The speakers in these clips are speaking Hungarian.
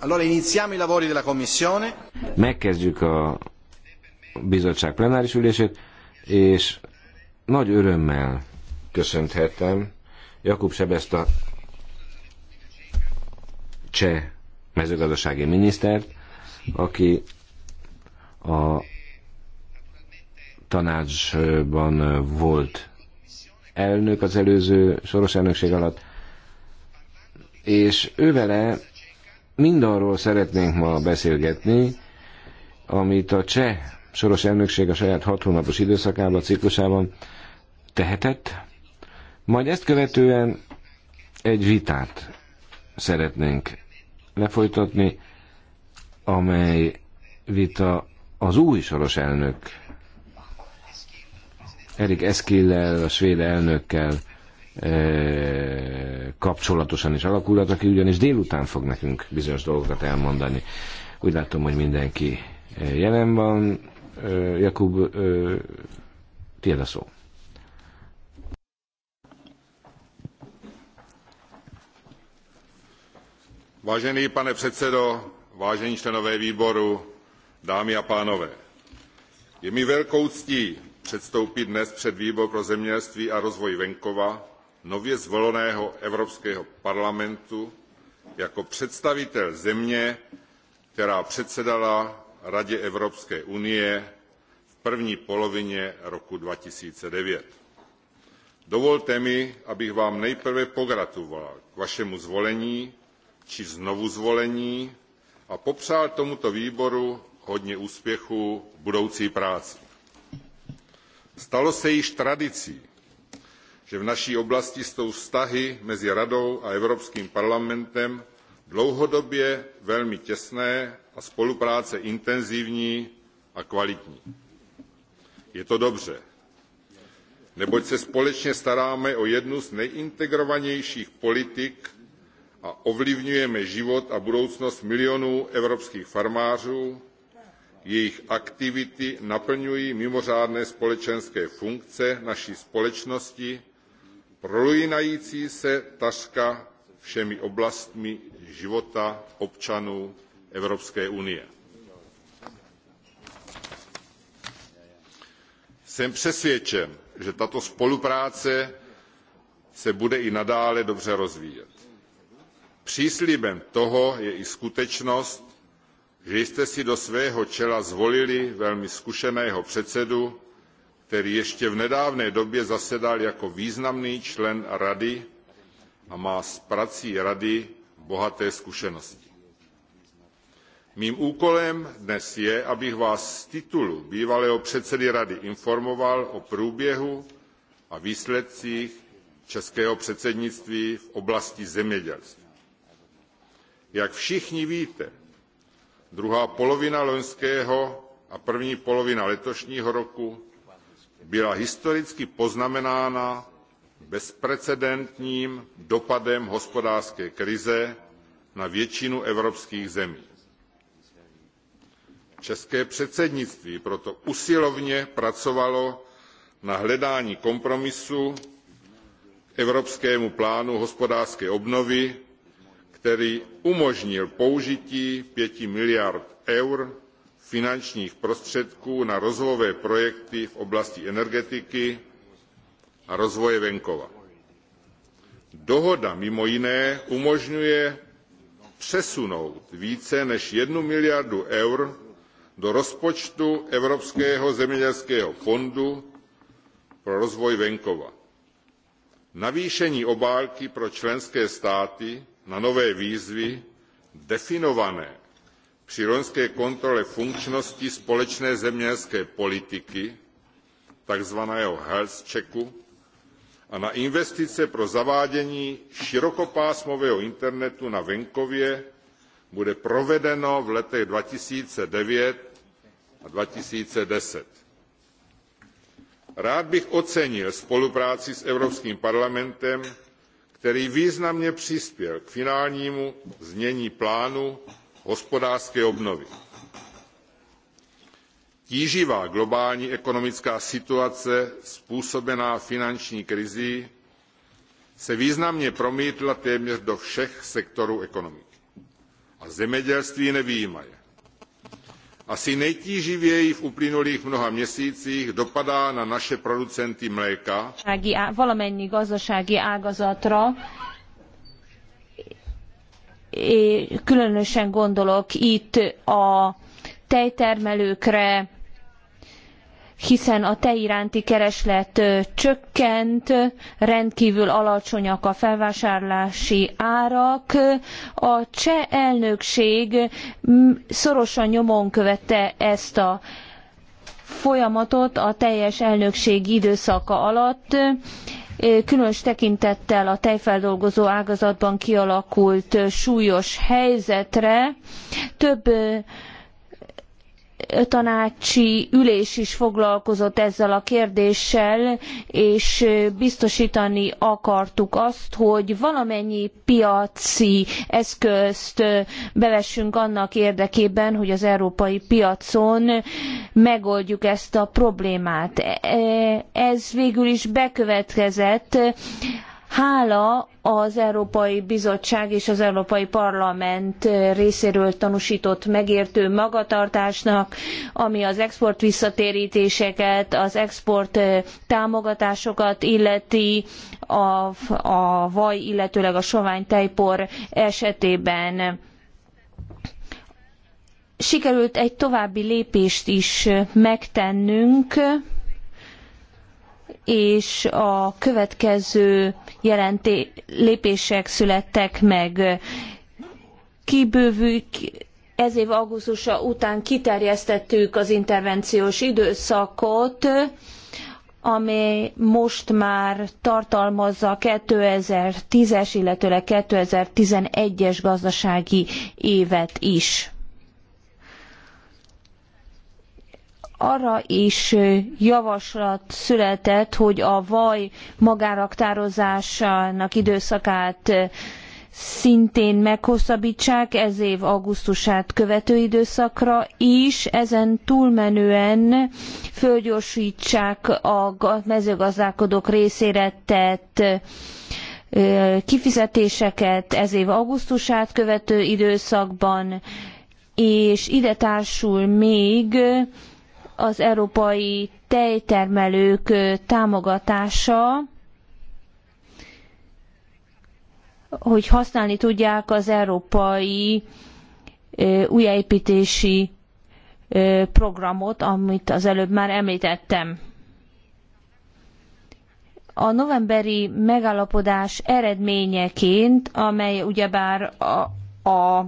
Allora iniziamo i lavori della commissione. Megkezdjük a bizottság plenáris ülését, és nagy örömmel köszönhetem Jakub a cseh mezőgazdasági minisztert, aki a tanácsban volt elnök az előző soros elnökség alatt, és ővele Mindarról szeretnénk ma beszélgetni, amit a cseh soros elnökség a saját hat hónapos időszakában, a ciklusában tehetett, majd ezt követően egy vitát szeretnénk lefolytatni, amely vita az új soros elnök Erik Eszkillel, a svéd elnökkel kapcsolatosan is alakulhat, aki ugyanis délután fog nekünk bizonyos dolgokat elmondani. Úgy látom, hogy mindenki jelen van. Jakub, tiéd a szó. Vážený pane předsedo, vážení členové výboru, dámy a pánové, je mi velkou ctí předstoupit dnes před výbor pro zemědělství a rozvoj venkova, nově zvoleného Evropského parlamentu jako představitel země, která předsedala Radě Evropské unie v první polovině roku 2009. Dovolte mi, abych vám nejprve pogratuloval k vašemu zvolení či znovuzvolení a popřál tomuto výboru hodně úspěchů v budoucí práci. Stalo se již tradicí, že v naší oblasti jsou vztahy mezi radou a evropským parlamentem dlouhodobě velmi těsné a spolupráce intenzivní a kvalitní. je to dobře neboť se společně staráme o jednu z nejintegrovanějších politik a ovlivňujeme život a budoucnost milionů evropských farmářů jejich aktivity naplňují mimořádné společenské funkce naší společnosti prolínající se takřka všemi oblastmi života občanů evropské unie. jsem přesvědčen že tato spolupráce se bude i nadále dobře rozvíjet. příslibem toho je i skutečnost že jste si do svého čela zvolili velmi zkušeného předsedu který ještě v nedávné době zasedal jako významný člen rady a má s prací rady bohaté zkušenosti. mým úkolem dnes je abych vás z titulu bývalého předsedy rady informoval o průběhu a výsledcích českého předsednictví v oblasti zemědělství. jak všichni víte druhá polovina loňského a první polovina letošního roku byla historicky poznamenána bezprecedentním dopadem hospodářské krize na většinu evropských zemí. české předsednictví proto usilovně pracovalo na hledání kompromisu k evropskému plánu hospodářské obnovy který umožnil použití five miliard eur finančních prostředků na rozvojové projekty v oblasti energetiky a rozvoje venkova. dohoda mimo jiné umožňuje přesunout více než jednu miliardu eur do rozpočtu evropského zemědělského fondu pro rozvoj venkova. navýšení obálky pro členské státy na nové výzvy definované při loňské kontrole funkčnosti společné zemědělské politiky takzvaného health checku a na investice pro zavádění širokopásmového internetu na venkově bude provedeno v letech two thousand and nine a two thousand and ten rád bych ocenil spolupráci s evropským parlamentem který významně přispěl k finálnímu znění plánu hospodářské obnovy. tíživá globální ekonomická situace způsobená finanční krizí se významně promítla téměř do všech sektorů ekonomiky a zemědělství nevyjímaje. asi nejtíživěji v uplynulých mnoha měsících dopadá na naše producenty mléka különösen gondolok itt a tejtermelőkre, hiszen a tej iránti kereslet csökkent, rendkívül alacsonyak a felvásárlási árak. A cseh elnökség szorosan nyomon követte ezt a folyamatot a teljes elnökség időszaka alatt Eh, különös tekintettel a tejfeldolgozó ágazatban kialakult eh, súlyos helyzetre több eh, tanácsi ülés is foglalkozott ezzel a kérdéssel, és biztosítani akartuk azt, hogy valamennyi piaci eszközt bevessünk annak érdekében, hogy az európai piacon megoldjuk ezt a problémát. E, ez végül is bekövetkezett Hála az Európai Bizottság és az Európai Parlament részéről tanúsított megértő magatartásnak, ami az export visszatérítéseket, az export támogatásokat illeti, a, a vaj, illetőleg a sovány tejpor esetében sikerült egy további lépést is megtennünk, és a következő jelenté lépések születtek meg. Kibővük, ez év augusztusa után kiterjesztettük az intervenciós időszakot, amely most már tartalmazza 2010-es, illetőleg 2011-es gazdasági évet is. arra is javaslat született, hogy a vaj magáraktározásának időszakát szintén meghosszabbítsák ez év augusztusát követő időszakra is, ezen túlmenően fölgyorsítsák a mezőgazdálkodók részére tett kifizetéseket ez év augusztusát követő időszakban, és ide társul még az európai tejtermelők támogatása, hogy használni tudják az európai újjáépítési programot, amit az előbb már említettem. A novemberi megállapodás eredményeként, amely ugyebár a, a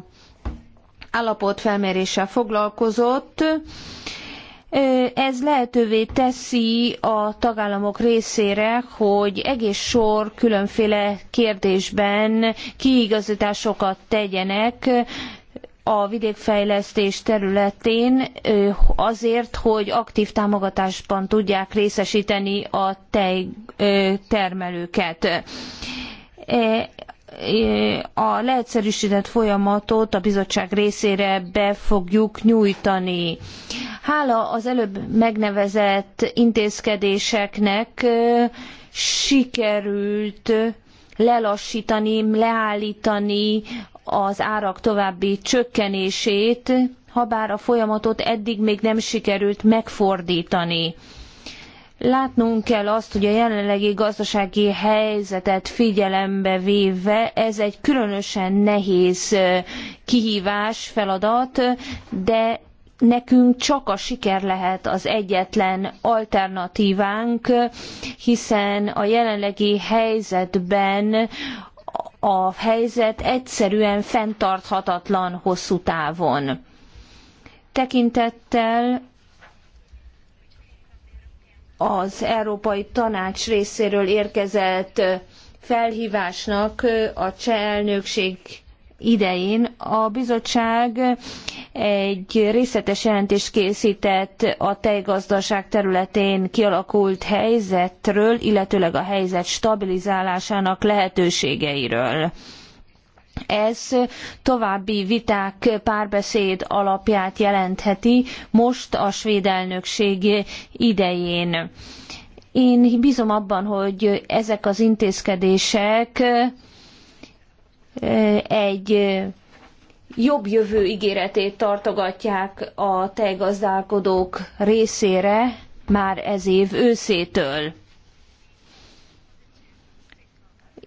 állapotfelméréssel foglalkozott, ez lehetővé teszi a tagállamok részére, hogy egész sor különféle kérdésben kiigazításokat tegyenek, a vidékfejlesztés területén azért, hogy aktív támogatásban tudják részesíteni a tejtermelőket a leegyszerűsített folyamatot a bizottság részére be fogjuk nyújtani. Hála az előbb megnevezett intézkedéseknek sikerült lelassítani, leállítani az árak további csökkenését, habár a folyamatot eddig még nem sikerült megfordítani. Látnunk kell azt, hogy a jelenlegi gazdasági helyzetet figyelembe véve ez egy különösen nehéz kihívás, feladat, de nekünk csak a siker lehet az egyetlen alternatívánk, hiszen a jelenlegi helyzetben a helyzet egyszerűen fenntarthatatlan hosszú távon. Tekintettel az Európai Tanács részéről érkezett felhívásnak a cseh elnökség idején a bizottság egy részletes jelentést készített a tejgazdaság területén kialakult helyzetről, illetőleg a helyzet stabilizálásának lehetőségeiről ez további viták, párbeszéd alapját jelentheti most a svéd elnökség idején. Én bízom abban, hogy ezek az intézkedések eh, egy jobb jövő ígéretét tartogatják a tejgazdálkodók részére már ez év őszétől.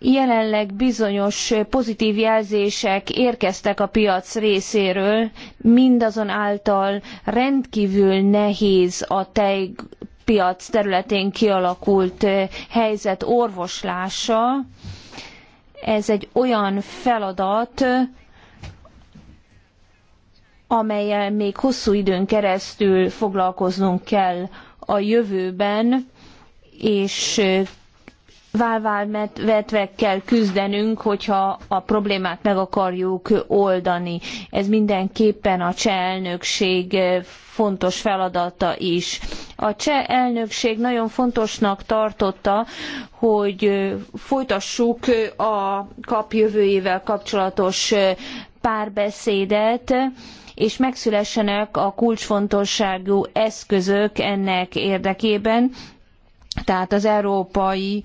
Jelenleg bizonyos pozitív jelzések érkeztek a piac részéről, mindazonáltal rendkívül nehéz a tej piac területén kialakult eh, helyzet orvoslása. Ez egy olyan feladat, amelyel még hosszú időn keresztül foglalkoznunk kell a jövőben, és eh, válválvetvekkel küzdenünk, hogyha a problémát meg akarjuk oldani. Ez mindenképpen a cseh elnökség fontos feladata is. A cseh elnökség nagyon fontosnak tartotta, hogy folytassuk a kap jövőjével kapcsolatos párbeszédet, és megszülessenek a kulcsfontosságú eszközök ennek érdekében, tehát az európai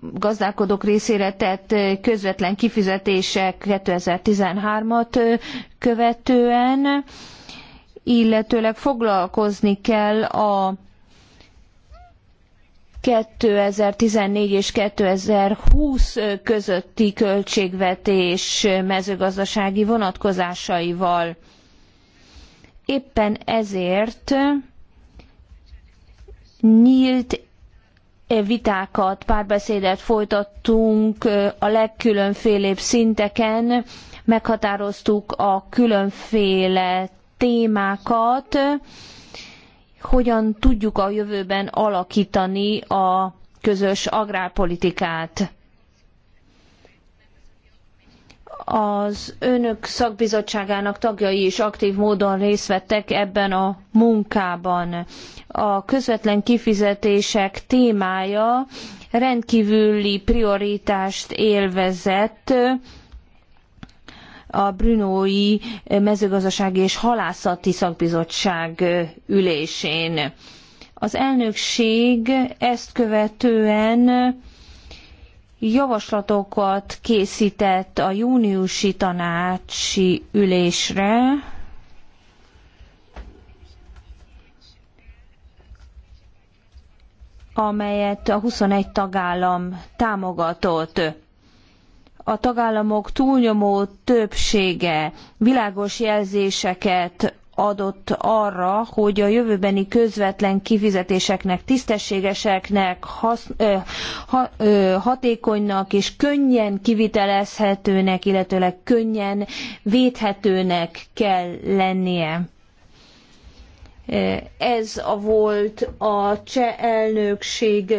gazdálkodók részére tett közvetlen kifizetések 2013-at követően, illetőleg foglalkozni kell a 2014 és 2020 közötti költségvetés mezőgazdasági vonatkozásaival. Éppen ezért nyílt vitákat, párbeszédet folytattunk a legkülönfélébb szinteken, meghatároztuk a különféle témákat, hogyan tudjuk a jövőben alakítani a közös agrárpolitikát az önök szakbizottságának tagjai is aktív módon részt vettek ebben a munkában. A közvetlen kifizetések témája rendkívüli prioritást élvezett a Brunói mezőgazdasági és halászati szakbizottság ülésén. Az elnökség ezt követően javaslatokat készített a júniusi tanácsi ülésre, amelyet a 21 tagállam támogatott. A tagállamok túlnyomó többsége világos jelzéseket adott arra, hogy a jövőbeni közvetlen kifizetéseknek, tisztességeseknek, hasz, ö, ha, ö, hatékonynak és könnyen kivitelezhetőnek, illetőleg könnyen védhetőnek kell lennie. Ez a volt a cseh elnökség,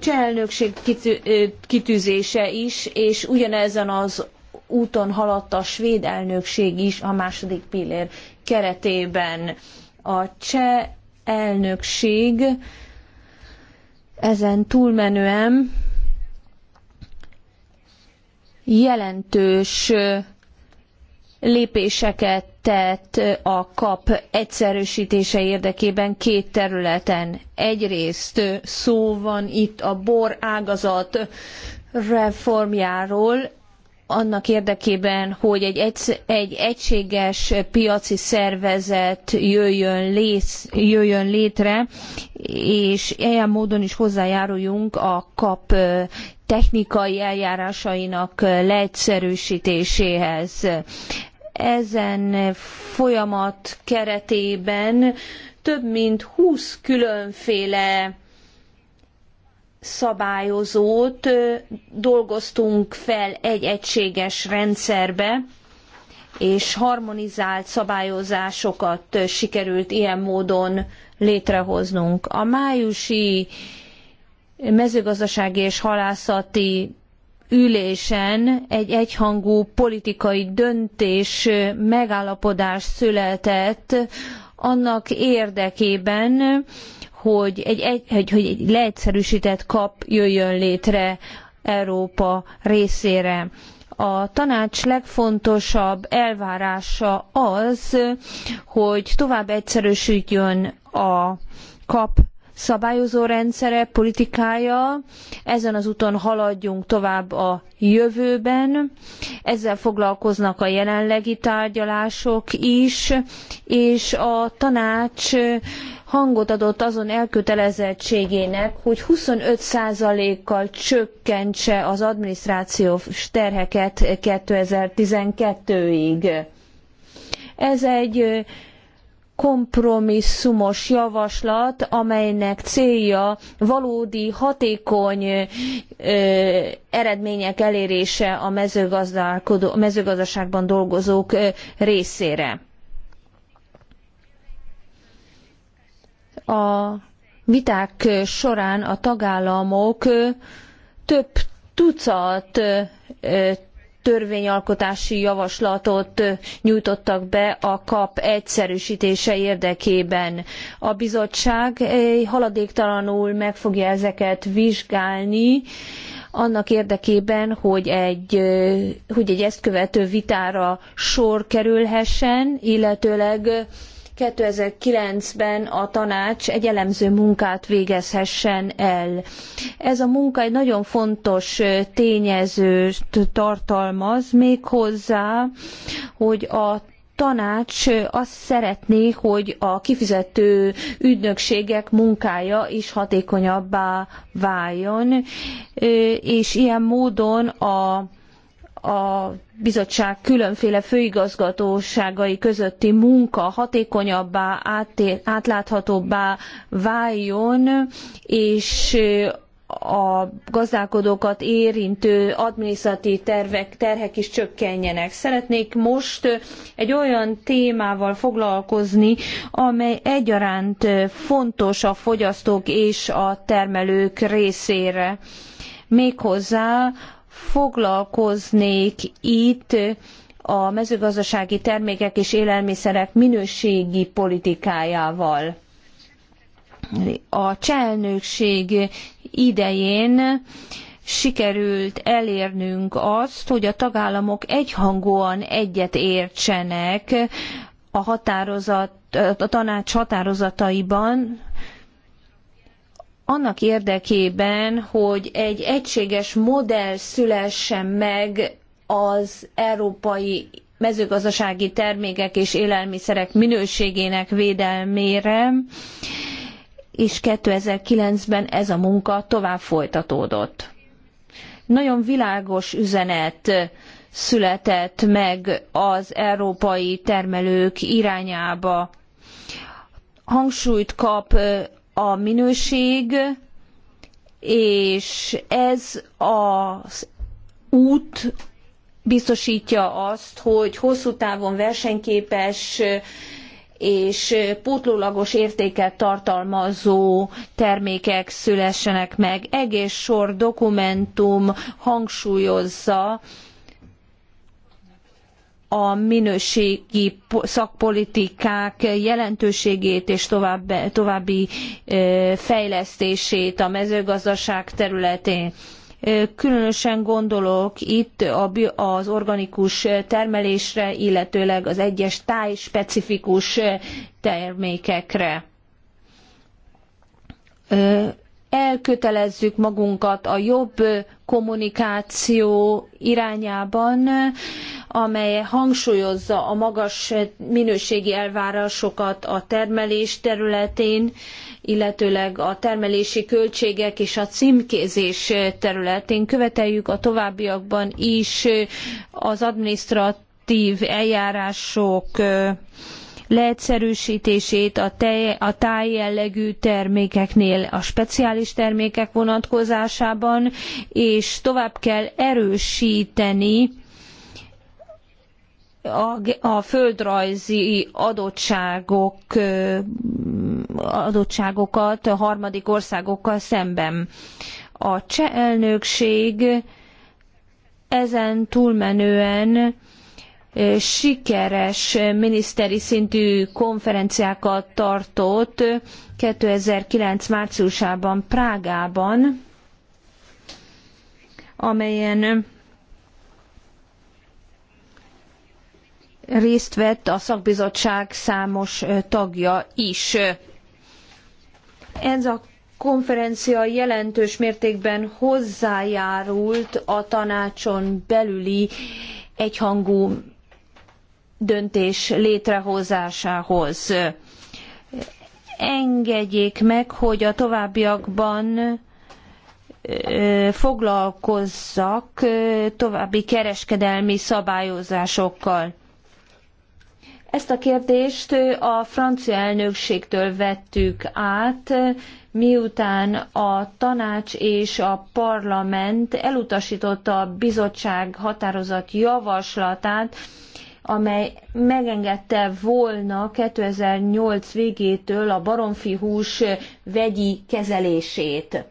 cseh elnökség kitűzése is, és ugyanezen az úton haladt a svéd elnökség is a második pillér keretében. A cseh elnökség ezen túlmenően jelentős lépéseket tett a kap egyszerűsítése érdekében két területen. Egyrészt szó van itt a bor ágazat reformjáról, annak érdekében, hogy egy, egy, egy egységes piaci szervezet jöjjön, lész, jöjjön, létre, és ilyen módon is hozzájáruljunk a kap technikai eljárásainak leegyszerűsítéséhez. Ezen folyamat keretében több mint 20 különféle szabályozót dolgoztunk fel egy egységes rendszerbe, és harmonizált szabályozásokat sikerült ilyen módon létrehoznunk. A májusi mezőgazdasági és halászati ülésen egy egyhangú politikai döntés megállapodás született annak érdekében, hogy egy, egy, hogy egy leegyszerűsített kap jöjjön létre Európa részére. A tanács legfontosabb elvárása az, hogy tovább egyszerűsítjön a kap szabályozó rendszere, politikája, ezen az úton haladjunk tovább a jövőben, ezzel foglalkoznak a jelenlegi tárgyalások is, és a tanács hangot adott azon elkötelezettségének, hogy 25%-kal csökkentse az adminisztrációs terheket 2012-ig. Ez egy kompromisszumos javaslat, amelynek célja valódi, hatékony eredmények elérése a mezőgazdaságban dolgozók részére a viták során a tagállamok több tucat törvényalkotási javaslatot nyújtottak be a kap egyszerűsítése érdekében. A bizottság haladéktalanul meg fogja ezeket vizsgálni, annak érdekében, hogy egy, hogy egy ezt követő vitára sor kerülhessen, illetőleg 2009-ben a tanács egy elemző munkát végezhessen el. Ez a munka egy nagyon fontos tényezőt tartalmaz, méghozzá, hogy a tanács azt szeretné, hogy a kifizető ügynökségek munkája is hatékonyabbá váljon, és ilyen módon a a bizottság különféle főigazgatóságai közötti munka hatékonyabbá, átláthatóbbá váljon, és a gazdálkodókat érintő adminisztratív tervek, terhek is csökkenjenek. Szeretnék most egy olyan témával foglalkozni, amely egyaránt fontos a fogyasztók és a termelők részére. Méghozzá foglalkoznék itt a mezőgazdasági termékek és élelmiszerek minőségi politikájával. A cselnökség idején sikerült elérnünk azt, hogy a tagállamok egyhangúan egyet értsenek a, határozat, a tanács határozataiban annak érdekében, hogy egy egységes modell szülessen meg az európai mezőgazdasági termékek és élelmiszerek minőségének védelmére, és 2009-ben ez a munka tovább folytatódott. Nagyon világos üzenet született meg az európai termelők irányába. Hangsúlyt kap a minőség, és ez az út biztosítja azt, hogy hosszú távon versenyképes és pótlólagos értéket tartalmazó termékek szülessenek meg. Egész sor dokumentum hangsúlyozza, a minőségi szakpolitikák jelentőségét és további fejlesztését a mezőgazdaság területén. Különösen gondolok itt az organikus termelésre, illetőleg az egyes tájspecifikus termékekre elkötelezzük magunkat a jobb kommunikáció irányában, amely hangsúlyozza a magas minőségi elvárásokat a termelés területén, illetőleg a termelési költségek és a címkézés területén. Követeljük a továbbiakban is az adminisztratív eljárások leegyszerűsítését a, tej, a tájjellegű termékeknél a speciális termékek vonatkozásában, és tovább kell erősíteni a, a földrajzi adottságok, adottságokat a harmadik országokkal szemben. A cseh elnökség ezen túlmenően sikeres miniszteri szintű konferenciákat tartott 2009 márciusában Prágában, amelyen részt vett a szakbizottság számos tagja is. Ez a konferencia jelentős mértékben hozzájárult a tanácson belüli egyhangú döntés létrehozásához. Engedjék meg, hogy a továbbiakban foglalkozzak további kereskedelmi szabályozásokkal. Ezt a kérdést a francia elnökségtől vettük át, miután a tanács és a parlament elutasította a bizottság határozat javaslatát, amely megengedte volna 2008 végétől a baromfi hús vegyi kezelését.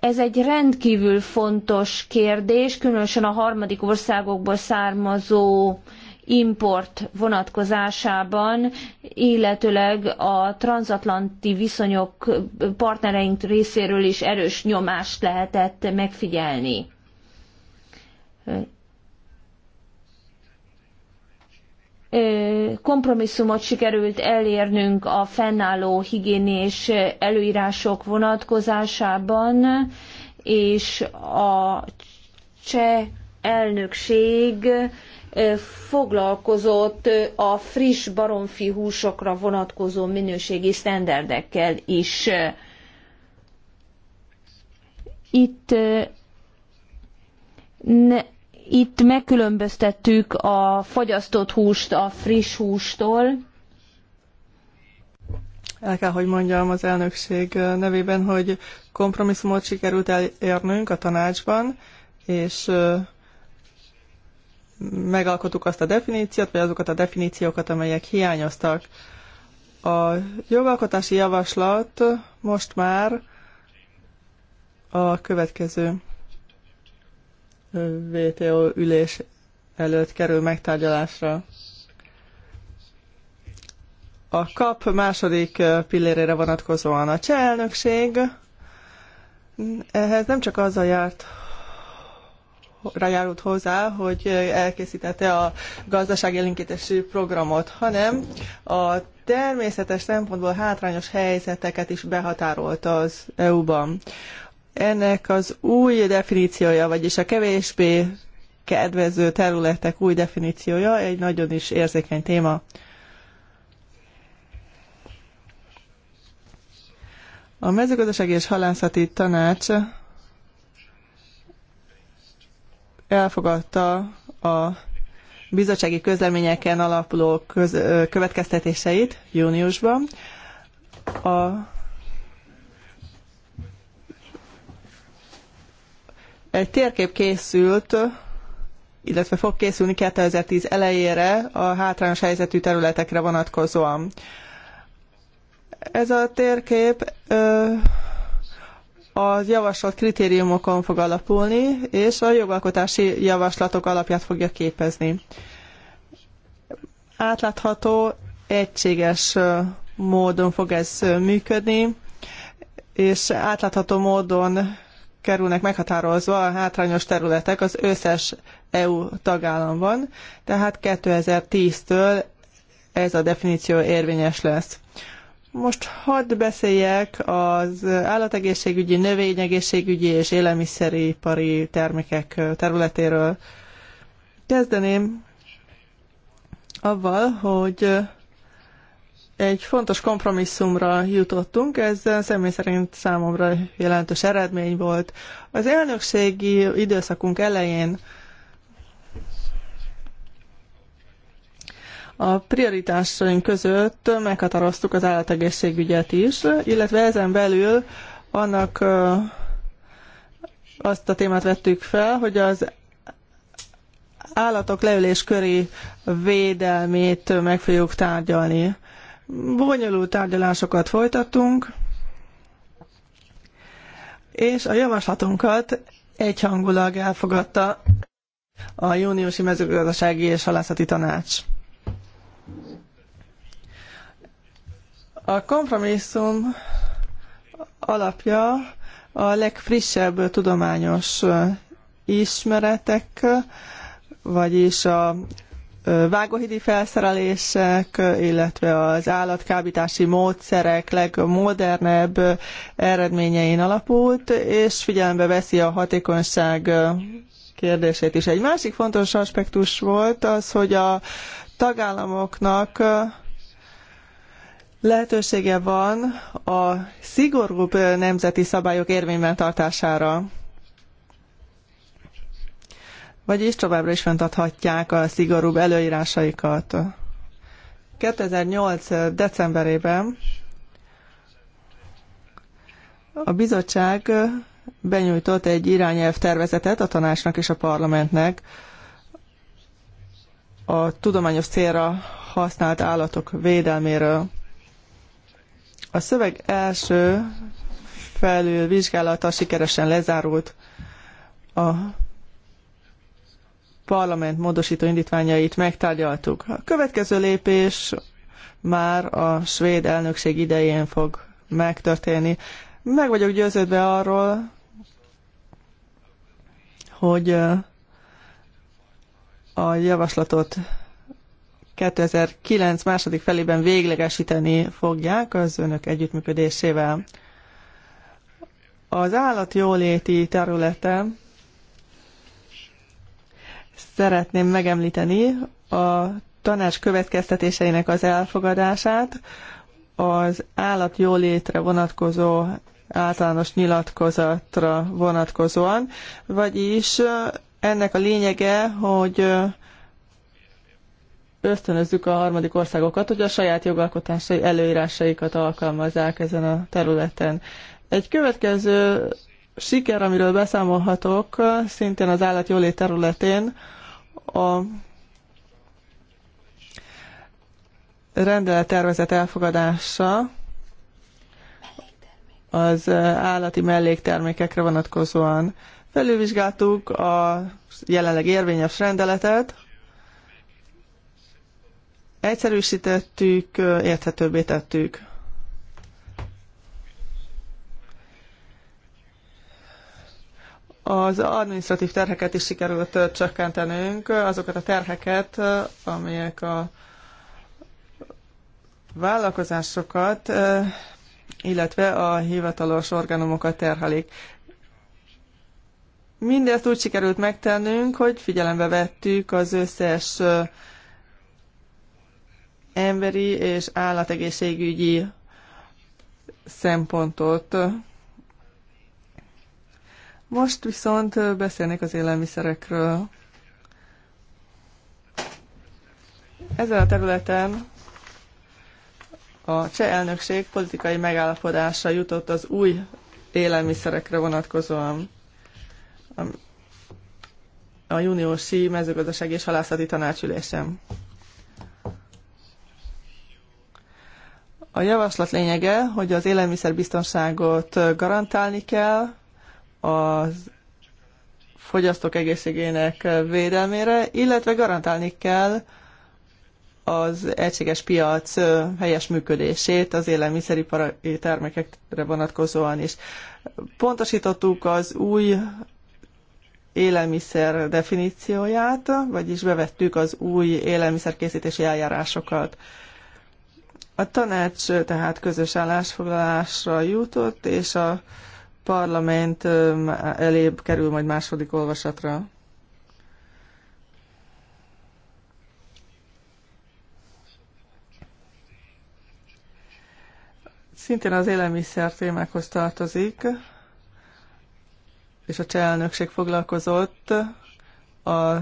Ez egy rendkívül fontos kérdés, különösen a harmadik országokból származó import vonatkozásában, illetőleg a transatlanti viszonyok partnereink részéről is erős nyomást lehetett megfigyelni. kompromisszumot sikerült elérnünk a fennálló higiénés előírások vonatkozásában, és a cseh elnökség foglalkozott a friss baromfi húsokra vonatkozó minőségi sztenderdekkel is. Itt ne, itt megkülönböztettük a fogyasztott húst a friss hústól. El kell, hogy mondjam az elnökség nevében, hogy kompromisszumot sikerült elérnünk a tanácsban, és megalkottuk azt a definíciót, vagy azokat a definíciókat, amelyek hiányoztak. A jogalkotási javaslat most már a következő. WTO ülés előtt kerül megtárgyalásra. A kap második pillérére vonatkozóan a cseh elnökség ehhez nem csak azzal járt, rájárult hozzá, hogy elkészítette a gazdaságélénkítési programot, hanem a természetes szempontból hátrányos helyzeteket is behatárolt az EU-ban. Ennek az új definíciója, vagyis a kevésbé kedvező területek új definíciója egy nagyon is érzékeny téma. A mezőgazdasági és halászati tanács elfogadta a bizottsági közleményeken alapuló köz, következtetéseit júniusban. A Egy térkép készült, illetve fog készülni 2010 elejére a hátrányos helyzetű területekre vonatkozóan. Ez a térkép ö, az javasolt kritériumokon fog alapulni, és a jogalkotási javaslatok alapját fogja képezni. Átlátható, egységes módon fog ez működni, és átlátható módon kerülnek meghatározva a hátrányos területek az összes EU tagállamban, tehát 2010-től ez a definíció érvényes lesz. Most hadd beszéljek az állategészségügyi, növényegészségügyi és élelmiszeripari termékek területéről. Kezdeném avval, hogy egy fontos kompromisszumra jutottunk, ez személy szerint számomra jelentős eredmény volt. Az elnökségi időszakunk elején a prioritásaink között meghatároztuk az állategészségügyet is, illetve ezen belül annak azt a témát vettük fel, hogy az állatok leülés köri védelmét meg fogjuk tárgyalni. Bonyolult tárgyalásokat folytattunk, és a javaslatunkat egyhangulag elfogadta a júniusi mezőgazdasági és halászati tanács. A kompromisszum alapja a legfrissebb tudományos ismeretek, vagyis a vágóhidi felszerelések, illetve az állatkábítási módszerek legmodernebb eredményein alapult, és figyelembe veszi a hatékonyság kérdését is. Egy másik fontos aspektus volt az, hogy a tagállamoknak lehetősége van a szigorúbb nemzeti szabályok érvényben tartására vagyis továbbra is fenntarthatják a szigorúbb előírásaikat. 2008. decemberében a bizottság benyújtott egy irányelv tervezetet a tanácsnak és a parlamentnek a tudományos célra használt állatok védelméről. A szöveg első felülvizsgálata sikeresen lezárult. A parlament módosító indítványait megtárgyaltuk. A következő lépés már a svéd elnökség idején fog megtörténni. Meg vagyok győződve arról, hogy a javaslatot 2009 második felében véglegesíteni fogják az önök együttműködésével. Az állatjóléti területen szeretném megemlíteni a tanács következtetéseinek az elfogadását, az állatjólétre vonatkozó általános nyilatkozatra vonatkozóan, vagyis ennek a lényege, hogy ösztönözzük a harmadik országokat, hogy a saját jogalkotásai előírásaikat alkalmazzák ezen a területen. Egy következő siker, amiről beszámolhatok, szintén az állatjólét területén a rendelettervezet elfogadása az állati melléktermékekre vonatkozóan. Felülvizsgáltuk a jelenleg érvényes rendeletet, egyszerűsítettük, érthetőbbé tettük. Az administratív terheket is sikerült csökkentenünk, azokat a terheket, amelyek a vállalkozásokat, illetve a hivatalos orgánumokat terhelik. Mindezt úgy sikerült megtennünk, hogy figyelembe vettük az összes emberi és állategészségügyi szempontot. Most viszont beszélnék az élelmiszerekről. Ezen a területen a cseh elnökség politikai megállapodásra jutott az új élelmiszerekre vonatkozóan. A júniusi mezőgazdasági és halászati tanácsülésem. A javaslat lényege, hogy az élelmiszerbiztonságot garantálni kell, a fogyasztók egészségének védelmére, illetve garantálni kell az egységes piac helyes működését az élelmiszeripari termékekre vonatkozóan is. Pontosítottuk az új élelmiszer definícióját, vagyis bevettük az új élelmiszerkészítési eljárásokat. A tanács tehát közös állásfoglalásra jutott, és a parlament elébb kerül majd második olvasatra. Szintén az élelmiszer témákhoz tartozik, és a cselnökség foglalkozott a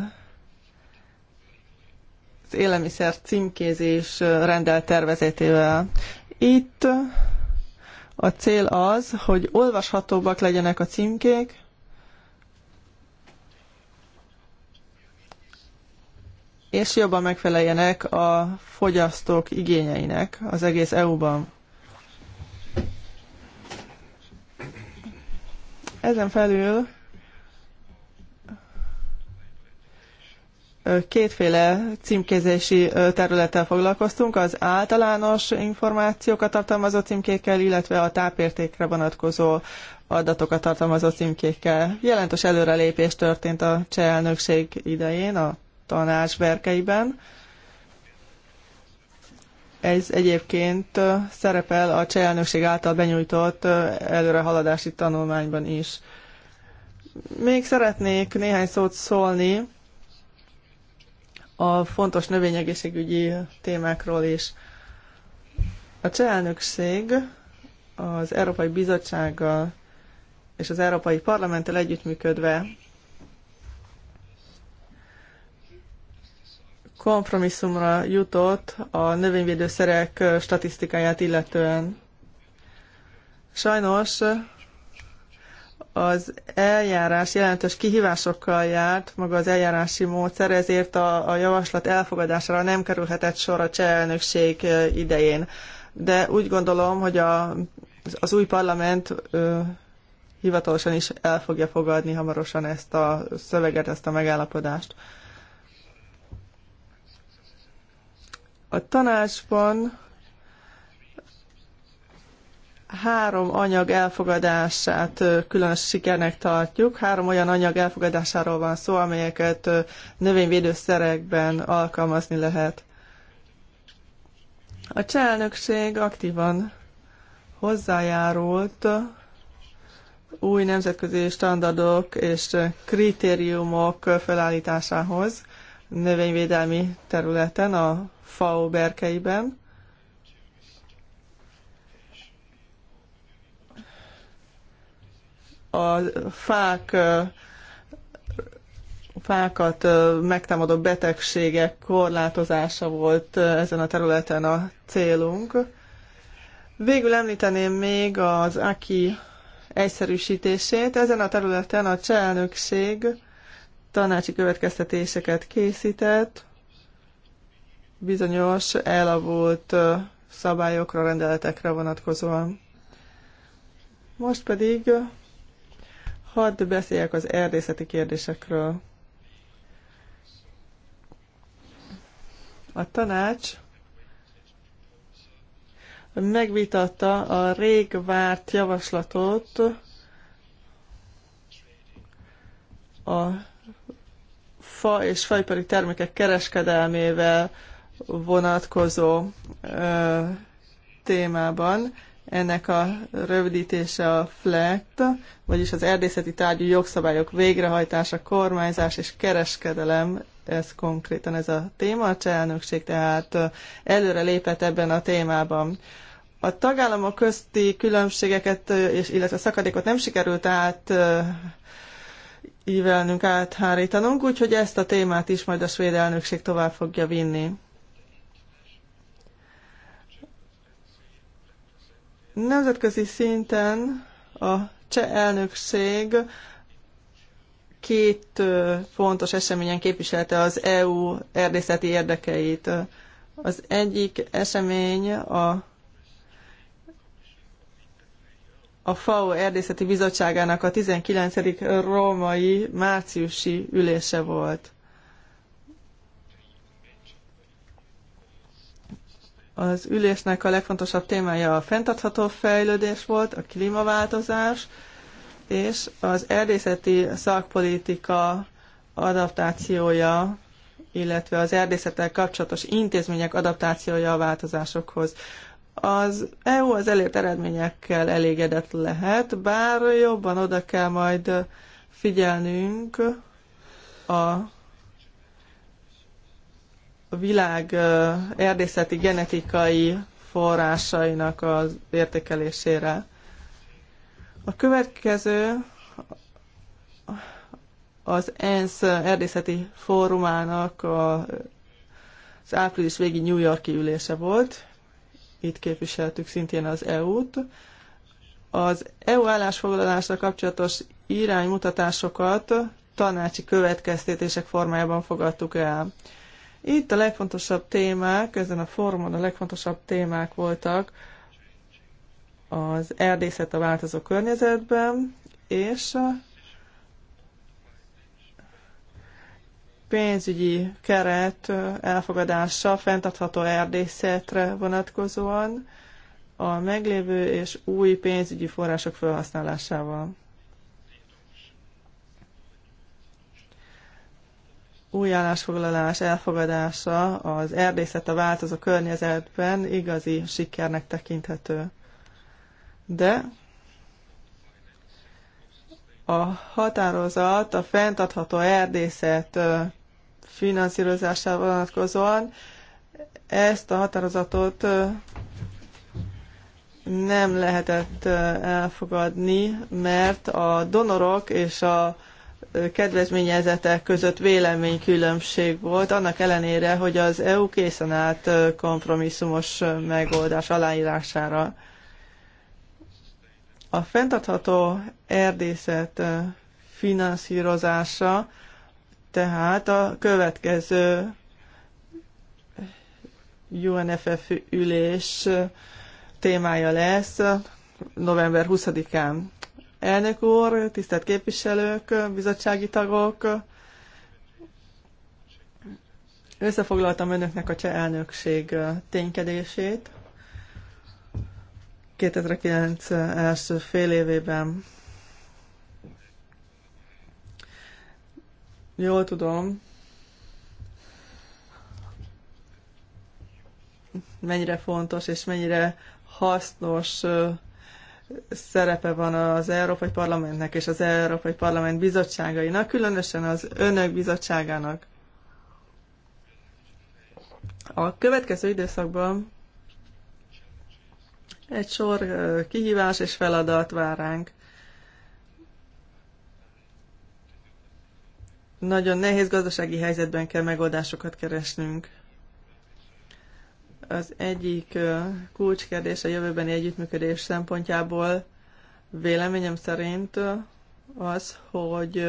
az élelmiszer címkézés rendelt tervezetével. Itt a cél az, hogy olvashatóbbak legyenek a címkék, és jobban megfeleljenek a fogyasztók igényeinek az egész EU-ban. Ezen felül kétféle címkézési területtel foglalkoztunk, az általános információkat tartalmazó címkékkel, illetve a tápértékre vonatkozó adatokat tartalmazó címkékkel. Jelentős előrelépés történt a cseh elnökség idején a tanács verkeiben. Ez egyébként szerepel a cseh elnökség által benyújtott előrehaladási tanulmányban is. Még szeretnék néhány szót szólni a fontos növényegészségügyi témákról is. A cseh elnökség az Európai Bizottsággal és az Európai Parlamenttel együttműködve kompromisszumra jutott a növényvédőszerek statisztikáját illetően. Sajnos az eljárás jelentős kihívásokkal járt, maga az eljárási módszer, ezért a, a javaslat elfogadására nem kerülhetett sor a cseh elnökség idején. De úgy gondolom, hogy a, az új parlament ö, hivatalosan is el fogja fogadni hamarosan ezt a szöveget, ezt a megállapodást. A tanácsban három anyag elfogadását különös sikernek tartjuk. Három olyan anyag elfogadásáról van szó, amelyeket növényvédőszerekben alkalmazni lehet. A cselnökség aktívan hozzájárult új nemzetközi standardok és kritériumok felállításához növényvédelmi területen, a FAO berkeiben a fák fákat megtámadó betegségek korlátozása volt ezen a területen a célunk. Végül említeném még az AKI egyszerűsítését. Ezen a területen a cselnökség tanácsi következtetéseket készített, bizonyos elavult szabályokra, rendeletekre vonatkozóan. Most pedig Hadd beszéljek az erdészeti kérdésekről. A tanács megvitatta a rég várt javaslatot a fa és fajpari termékek kereskedelmével vonatkozó ö, témában, ennek a rövidítése a FLECT, vagyis az erdészeti tárgyú jogszabályok végrehajtása, kormányzás és kereskedelem, ez konkrétan ez a téma, a cselnökség tehát előre lépett ebben a témában. A tagállamok közti különbségeket, és, illetve szakadékot nem sikerült át ívelnünk, áthárítanunk, úgyhogy ezt a témát is majd a svéd elnökség tovább fogja vinni. Nemzetközi szinten a cseh elnökség két fontos eseményen képviselte az EU erdészeti érdekeit. Az egyik esemény a a FAO Erdészeti Bizottságának a 19. római márciusi ülése volt. Az ülésnek a legfontosabb témája a fenntartható fejlődés volt, a klímaváltozás, és az erdészeti szakpolitika adaptációja, illetve az erdészettel kapcsolatos intézmények adaptációja a változásokhoz. Az EU az elért eredményekkel elégedett lehet, bár jobban oda kell majd figyelnünk a világ erdészeti genetikai forrásainak az értékelésére. A következő az ENSZ erdészeti fórumának a, az április végi New Yorki ülése volt. Itt képviseltük szintén az EU-t. Az EU állásfoglalásra kapcsolatos iránymutatásokat tanácsi következtetések formájában fogadtuk el. Itt a legfontosabb témák, ezen a formon a legfontosabb témák voltak az erdészet a változó környezetben, és a pénzügyi keret elfogadása fenntartható erdészetre vonatkozóan a meglévő és új pénzügyi források felhasználásával. új állásfoglalás elfogadása az erdészet a változó környezetben igazi sikernek tekinthető. De a határozat a fenntartható erdészet finanszírozásával vonatkozóan ezt a határozatot nem lehetett elfogadni, mert a donorok és a kedvezményezetek között véleménykülönbség volt, annak ellenére, hogy az EU készen állt kompromisszumos megoldás aláírására. A fenntartható erdészet finanszírozása tehát a következő UNFF ülés témája lesz november 20-án. Elnök úr, tisztelt képviselők, bizottsági tagok, összefoglaltam önöknek a cseh elnökség ténykedését 2009 első fél évében. Jól tudom, mennyire fontos és mennyire hasznos szerepe van az Európai Parlamentnek és az Európai Parlament bizottságainak, különösen az önök bizottságának. A következő időszakban egy sor kihívás és feladat vár ránk. Nagyon nehéz gazdasági helyzetben kell megoldásokat keresnünk. Az egyik kulcskérdés a jövőbeni együttműködés szempontjából véleményem szerint az, hogy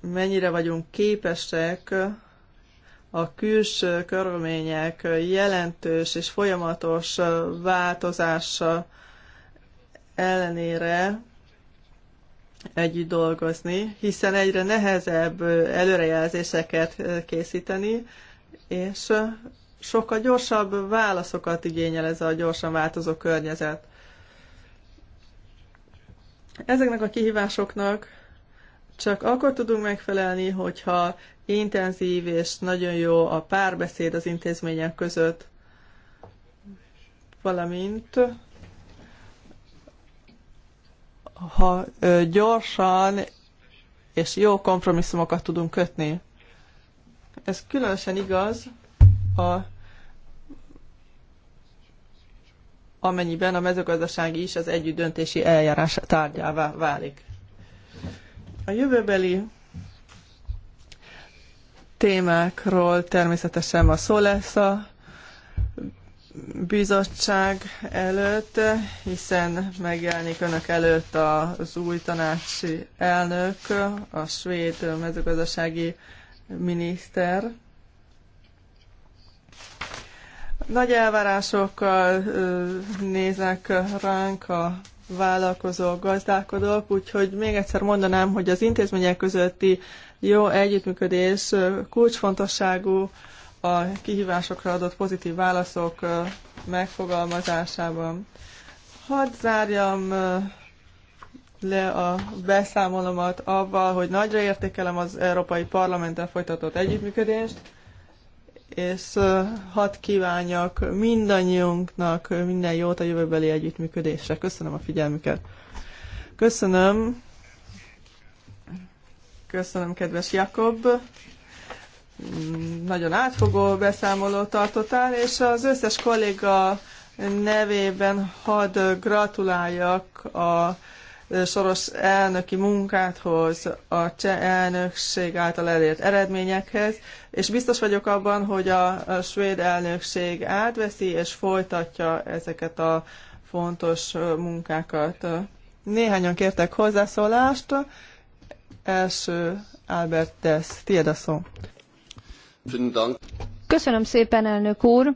mennyire vagyunk képesek a külső körülmények jelentős és folyamatos változása ellenére együtt dolgozni, hiszen egyre nehezebb előrejelzéseket készíteni, és sokkal gyorsabb válaszokat igényel ez a gyorsan változó környezet. Ezeknek a kihívásoknak csak akkor tudunk megfelelni, hogyha intenzív és nagyon jó a párbeszéd az intézmények között, valamint ha gyorsan és jó kompromisszumokat tudunk kötni. Ez különösen igaz, a, amennyiben a mezőgazdasági is az döntési eljárás tárgyává válik. A jövőbeli témákról természetesen ma szó lesz a bizottság előtt, hiszen megjelenik önök előtt az új tanácsi elnök, a svéd mezőgazdasági miniszter. Nagy elvárásokkal néznek ránk a vállalkozók, gazdálkodók, úgyhogy még egyszer mondanám, hogy az intézmények közötti jó együttműködés kulcsfontosságú a kihívásokra adott pozitív válaszok megfogalmazásában. Hadd zárjam le a beszámolomat avval, hogy nagyra értékelem az Európai Parlamenttel folytatott együttműködést, és hat kívánjak mindannyiunknak minden jót a jövőbeli együttműködésre. Köszönöm a figyelmüket. Köszönöm. Köszönöm, kedves Jakob. Nagyon átfogó beszámolót tartottál, és az összes kolléga nevében hadd gratuláljak a soros elnöki munkáthoz, a cseh elnökség által elért eredményekhez, és biztos vagyok abban, hogy a, svéd elnökség átveszi és folytatja ezeket a fontos munkákat. Néhányan kértek hozzászólást. Első Albert Dess, tiéd a szó. Köszönöm szépen, elnök úr!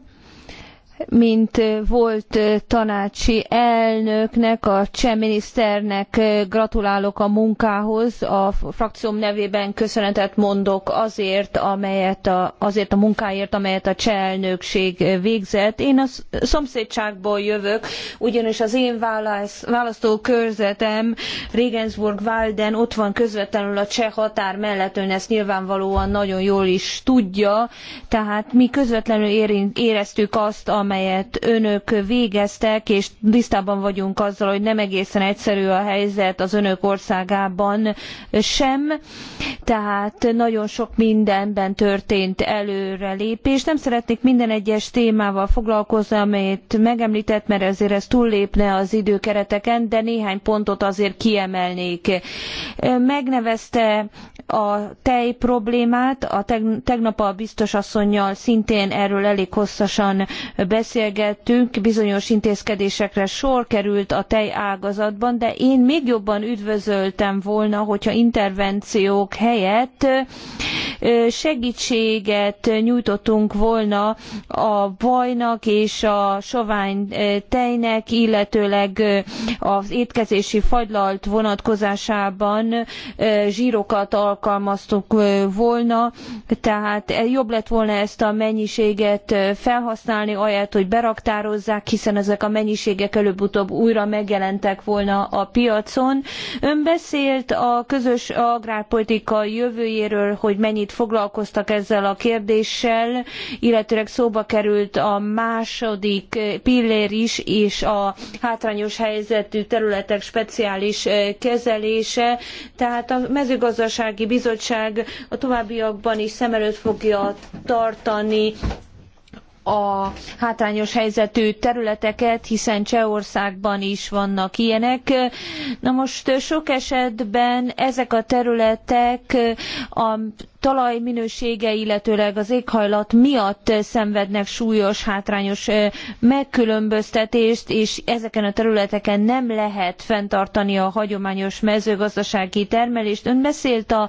mint volt tanácsi elnöknek, a cseh miniszternek gratulálok a munkához. A frakcióm nevében köszönetet mondok azért, amelyet a, azért a munkáért, amelyet a cseh elnökség végzett. Én a szomszédságból jövök, ugyanis az én válasz, választókörzetem Regensburg-Walden ott van közvetlenül a cseh határ mellett, ön ezt nyilvánvalóan nagyon jól is tudja, tehát mi közvetlenül éreztük azt, amelyet önök végeztek, és tisztában vagyunk azzal, hogy nem egészen egyszerű a helyzet az önök országában sem, tehát nagyon sok mindenben történt előrelépés. Nem szeretnék minden egyes témával foglalkozni, amelyet megemlített, mert ezért ez túllépne az időkereteken, de néhány pontot azért kiemelnék. Megnevezte a tej problémát. A tegnap a biztos asszonynal szintén erről elég hosszasan beszélgettünk, bizonyos intézkedésekre sor került a tej ágazatban, de én még jobban üdvözöltem volna, hogyha intervenciók helyett segítséget nyújtottunk volna a vajnak és a sovány tejnek, illetőleg az étkezési fagylalt vonatkozásában zsírokat alkalmaztuk volna, tehát jobb lett volna ezt a mennyiséget felhasználni, ahelyett, hogy beraktározzák, hiszen ezek a mennyiségek előbb-utóbb újra megjelentek volna a piacon. Ön beszélt a közös agrárpolitika jövőjéről, hogy mennyit foglalkoztak ezzel a kérdéssel, illetőleg szóba került a második pillér is, és a hátrányos helyzetű területek speciális kezelése, tehát a mezőgazdasági jogi bizottság a továbbiakban is szem előtt fogja tartani a hátrányos helyzetű területeket, hiszen Csehországban is vannak ilyenek. Na most sok esetben ezek a területek a talaj minősége, illetőleg az éghajlat miatt szenvednek súlyos, hátrányos megkülönböztetést, és ezeken a területeken nem lehet fenntartani a hagyományos mezőgazdasági termelést. Ön beszélt a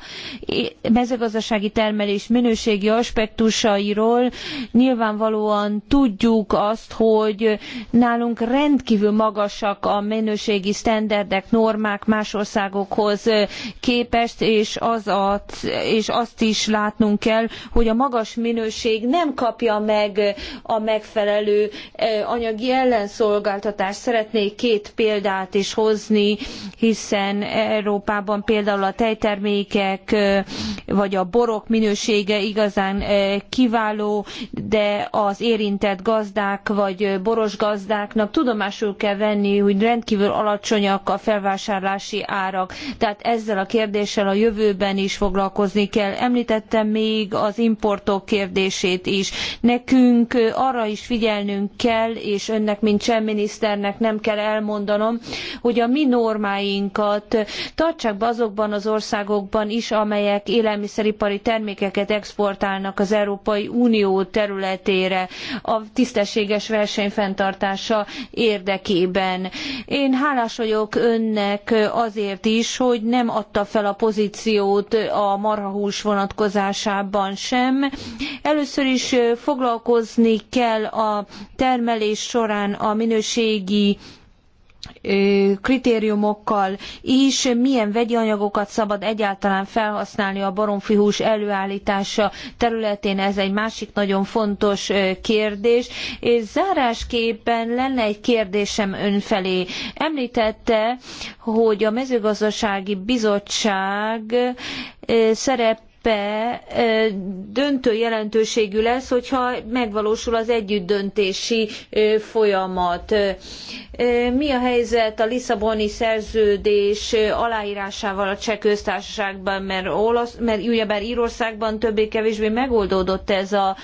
mezőgazdasági termelés minőségi aspektusairól. Nyilvánvalóan tudjuk azt, hogy nálunk rendkívül magasak a minőségi sztenderdek, normák más országokhoz képest, és, az a, és azt is látnunk kell, hogy a magas minőség nem kapja meg a megfelelő eh, anyagi ellenszolgáltatást. Szeretnék két példát is hozni, hiszen Európában például a tejtermékek eh, vagy a borok minősége igazán eh, kiváló, de az érintett gazdák vagy boros gazdáknak tudomásul kell venni, hogy rendkívül alacsonyak a felvásárlási árak. Tehát ezzel a kérdéssel a jövőben is foglalkozni kell Említette még az importok kérdését is. Nekünk arra is figyelnünk kell, és önnek, mint cseminiszternek nem kell elmondanom, hogy a mi normáinkat tartsák be azokban az országokban is, amelyek élelmiszeripari termékeket exportálnak az Európai Unió területére a tisztességes verseny fenntartása érdekében. Én hálás vagyok önnek azért is, hogy nem adta fel a pozíciót a marhahús vonatkozásában, vonatkozásában sem. Először is foglalkozni kell a termelés során a minőségi kritériumokkal is, milyen vegyi anyagokat szabad egyáltalán felhasználni a baromfihús előállítása területén, ez egy másik nagyon fontos kérdés. És zárásképpen lenne egy kérdésem önfelé. Említette, hogy a mezőgazdasági bizottság szerep szerepe döntő jelentőségű lesz, hogyha megvalósul az együttdöntési folyamat. Mi a helyzet a Lisszaboni szerződés aláírásával a cseh köztársaságban, mert, olasz, mert ugyebár Írországban többé-kevésbé megoldódott ez a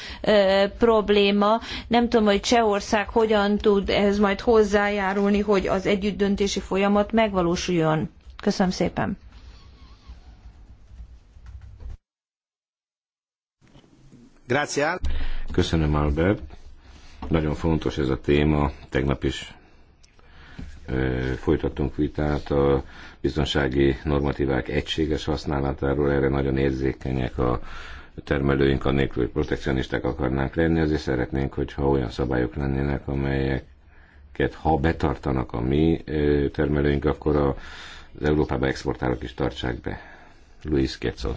probléma. Nem tudom, hogy Csehország hogyan tud ehhez majd hozzájárulni, hogy az együttdöntési folyamat megvalósuljon. Köszönöm szépen! Köszönöm, Albert. Nagyon fontos ez a téma. Tegnap is folytattunk vitát a biztonsági normatívák egységes használatáról, erre nagyon érzékenyek a termelőink, annélkül, hogy protekcionisták akarnánk lenni, azért szeretnénk, hogyha olyan szabályok lennének, amelyeket ha betartanak a mi termelőink, akkor az Európába exportálók is tartsák be. Luis Quetzal.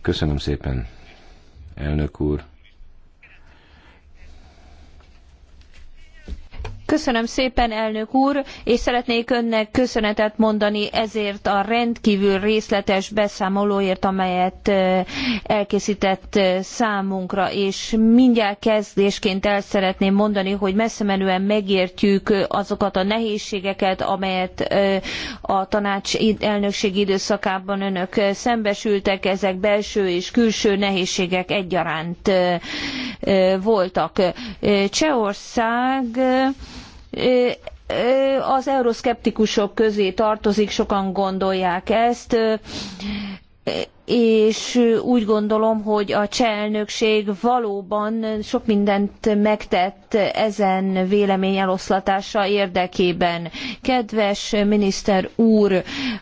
Köszönöm szépen, elnök úr. Köszönöm szépen, elnök úr, és szeretnék önnek köszönetet mondani ezért a rendkívül részletes beszámolóért, amelyet elkészített számunkra, és mindjárt kezdésként el szeretném mondani, hogy messzemenően megértjük azokat a nehézségeket, amelyet a tanács elnökségi időszakában önök szembesültek, ezek belső és külső nehézségek egyaránt voltak. Csehország az euroszkeptikusok közé tartozik, sokan gondolják ezt és úgy gondolom, hogy a cseh elnökség valóban sok mindent megtett ezen vélemény eloszlatása érdekében. Kedves miniszter úr,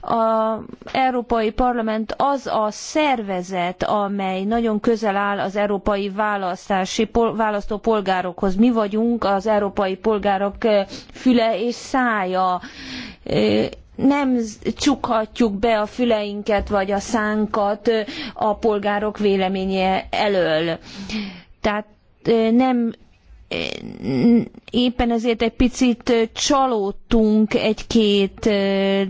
az Európai Parlament az a szervezet, amely nagyon közel áll az európai választási pol, választópolgárokhoz. Mi vagyunk az európai polgárok eh, füle és szája eh, nem csukhatjuk be a füleinket vagy a szánkat a polgárok véleménye elől. Tehát nem éppen ezért egy picit csalódtunk egy-két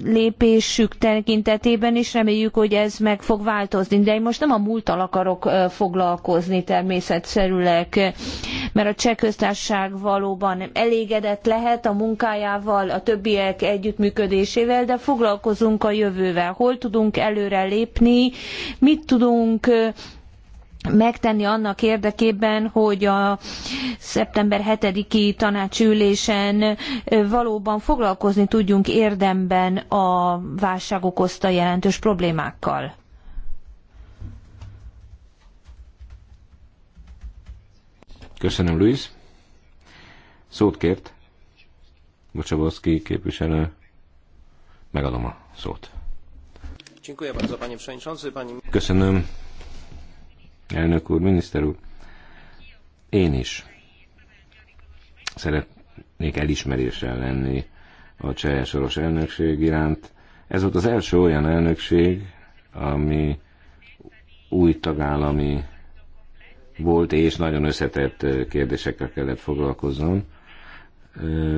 lépésük tekintetében, és reméljük, hogy ez meg fog változni. De én most nem a múlttal akarok foglalkozni természetszerűleg, mert a cseh köztársaság valóban elégedett lehet a munkájával, a többiek együttműködésével, de foglalkozunk a jövővel. Hol tudunk előre lépni, mit tudunk megtenni annak érdekében, hogy a szeptember 7-i tanácsülésen valóban foglalkozni tudjunk érdemben a válság okozta jelentős problémákkal. Köszönöm, Luis. Szót kért. Bocsabowski képviselő. Megadom a szót. Köszönöm, Elnök úr, miniszter úr, én is szeretnék elismeréssel lenni a Cseh Soros elnökség iránt. Ez volt az első olyan elnökség, ami új tagállami volt, és nagyon összetett kérdésekkel kellett foglalkoznom.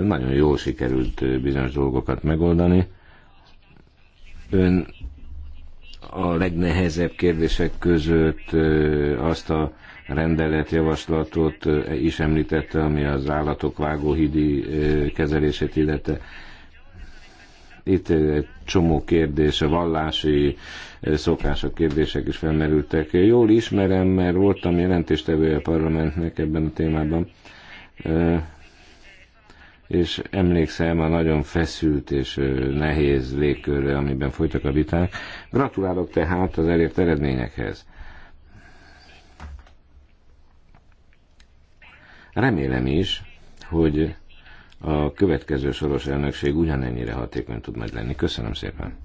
Nagyon jól sikerült bizonyos dolgokat megoldani. Ön a legnehezebb kérdések között azt a rendeletjavaslatot is említette, ami az állatok vágóhidi kezelését illette. Itt egy csomó kérdés, a vallási szokások, kérdések is felmerültek. Jól ismerem, mert voltam jelentéstevője a parlamentnek ebben a témában és emlékszem a nagyon feszült és nehéz légkörre, amiben folytak a viták. Gratulálok tehát az elért eredményekhez. Remélem is, hogy a következő soros elnökség ugyanennyire hatékony tud majd lenni. Köszönöm szépen.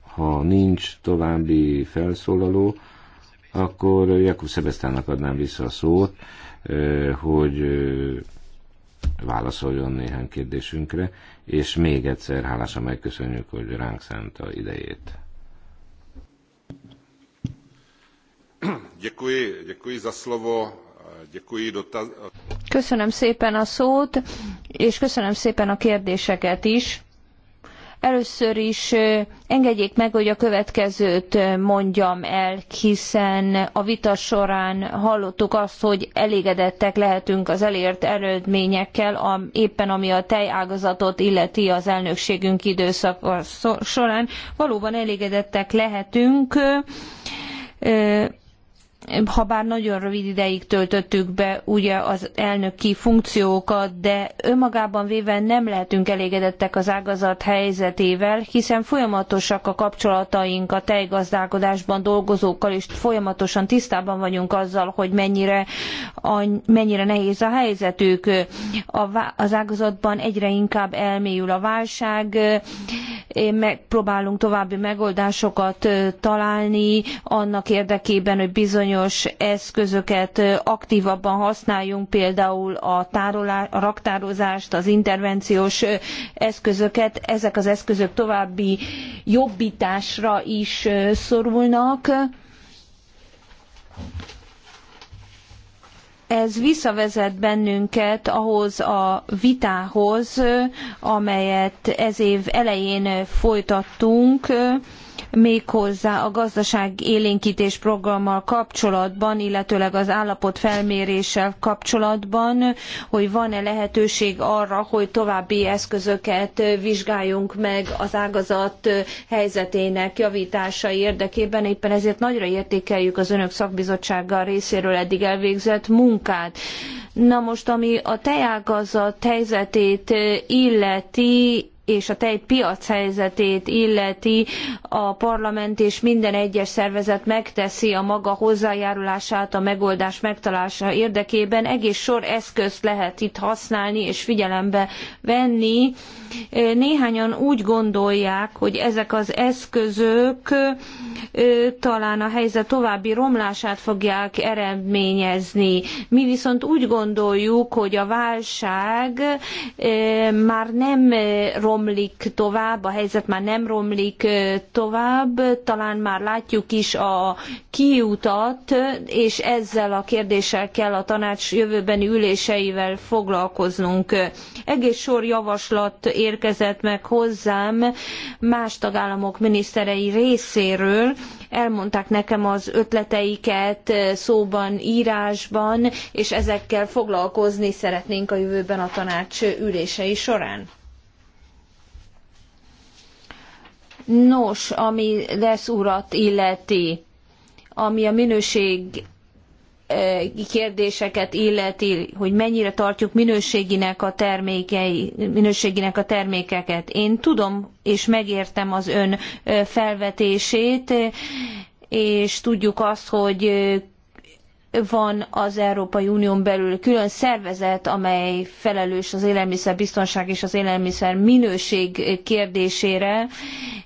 Ha nincs további felszólaló, akkor Jakub Szebesztának adnám vissza a szót, hogy válaszoljon néhány kérdésünkre, és még egyszer hálásan megköszönjük, hogy ránk szánta idejét. Köszönöm szépen a szót, és köszönöm szépen a kérdéseket is. Először is engedjék meg, hogy a következőt mondjam el, hiszen a vita során hallottuk azt, hogy elégedettek lehetünk az elért eredményekkel, éppen ami a tejágazatot illeti az elnökségünk időszaka során. Valóban elégedettek lehetünk ha bár nagyon rövid ideig töltöttük be ugye az elnöki funkciókat, de önmagában véve nem lehetünk elégedettek az ágazat helyzetével, hiszen folyamatosak a kapcsolataink a tejgazdálkodásban dolgozókkal, és folyamatosan tisztában vagyunk azzal, hogy mennyire, a, mennyire nehéz a helyzetük. A, az ágazatban egyre inkább elmélyül a válság, megpróbálunk további megoldásokat találni annak érdekében, hogy bizonyos bizonyos eszközöket aktívabban használjunk, például a, tárolá, a raktározást, az intervenciós eszközöket. Ezek az eszközök további jobbításra is szorulnak. ez visszavezet bennünket ahhoz a vitához, amelyet ez év elején folytattunk, méghozzá a gazdaság élénkítés programmal kapcsolatban, illetőleg az állapot felméréssel kapcsolatban, hogy van-e lehetőség arra, hogy további eszközöket vizsgáljunk meg az ágazat helyzetének javítása érdekében. Éppen ezért nagyra értékeljük az önök szakbizottsága részéről eddig elvégzett munkát. Na most, ami a tejágazat helyzetét illeti, és a tejpiac helyzetét illeti, a parlament és minden egyes szervezet megteszi a maga hozzájárulását a megoldás megtalálása érdekében. Egész sor eszközt lehet itt használni és figyelembe venni. Néhányan úgy gondolják, hogy ezek az eszközök talán a helyzet további romlását fogják eredményezni. Mi viszont úgy gondoljuk, hogy a válság már nem rom romlik tovább, a helyzet már nem romlik tovább, talán már látjuk is a kiutat, és ezzel a kérdéssel kell a tanács jövőbeni üléseivel foglalkoznunk. Egész sor javaslat érkezett meg hozzám más tagállamok miniszterei részéről, elmondták nekem az ötleteiket szóban, írásban, és ezekkel foglalkozni szeretnénk a jövőben a tanács ülései során. Nos, ami lesz urat illeti, ami a minőség eh, kérdéseket illeti, hogy mennyire tartjuk minőséginek a, termékei, minőséginek a termékeket. Én tudom és megértem az ön eh, felvetését, eh, és tudjuk azt, hogy van az Európai Unión belül külön szervezet, amely felelős az élelmiszerbiztonság és az élelmiszer minőség kérdésére,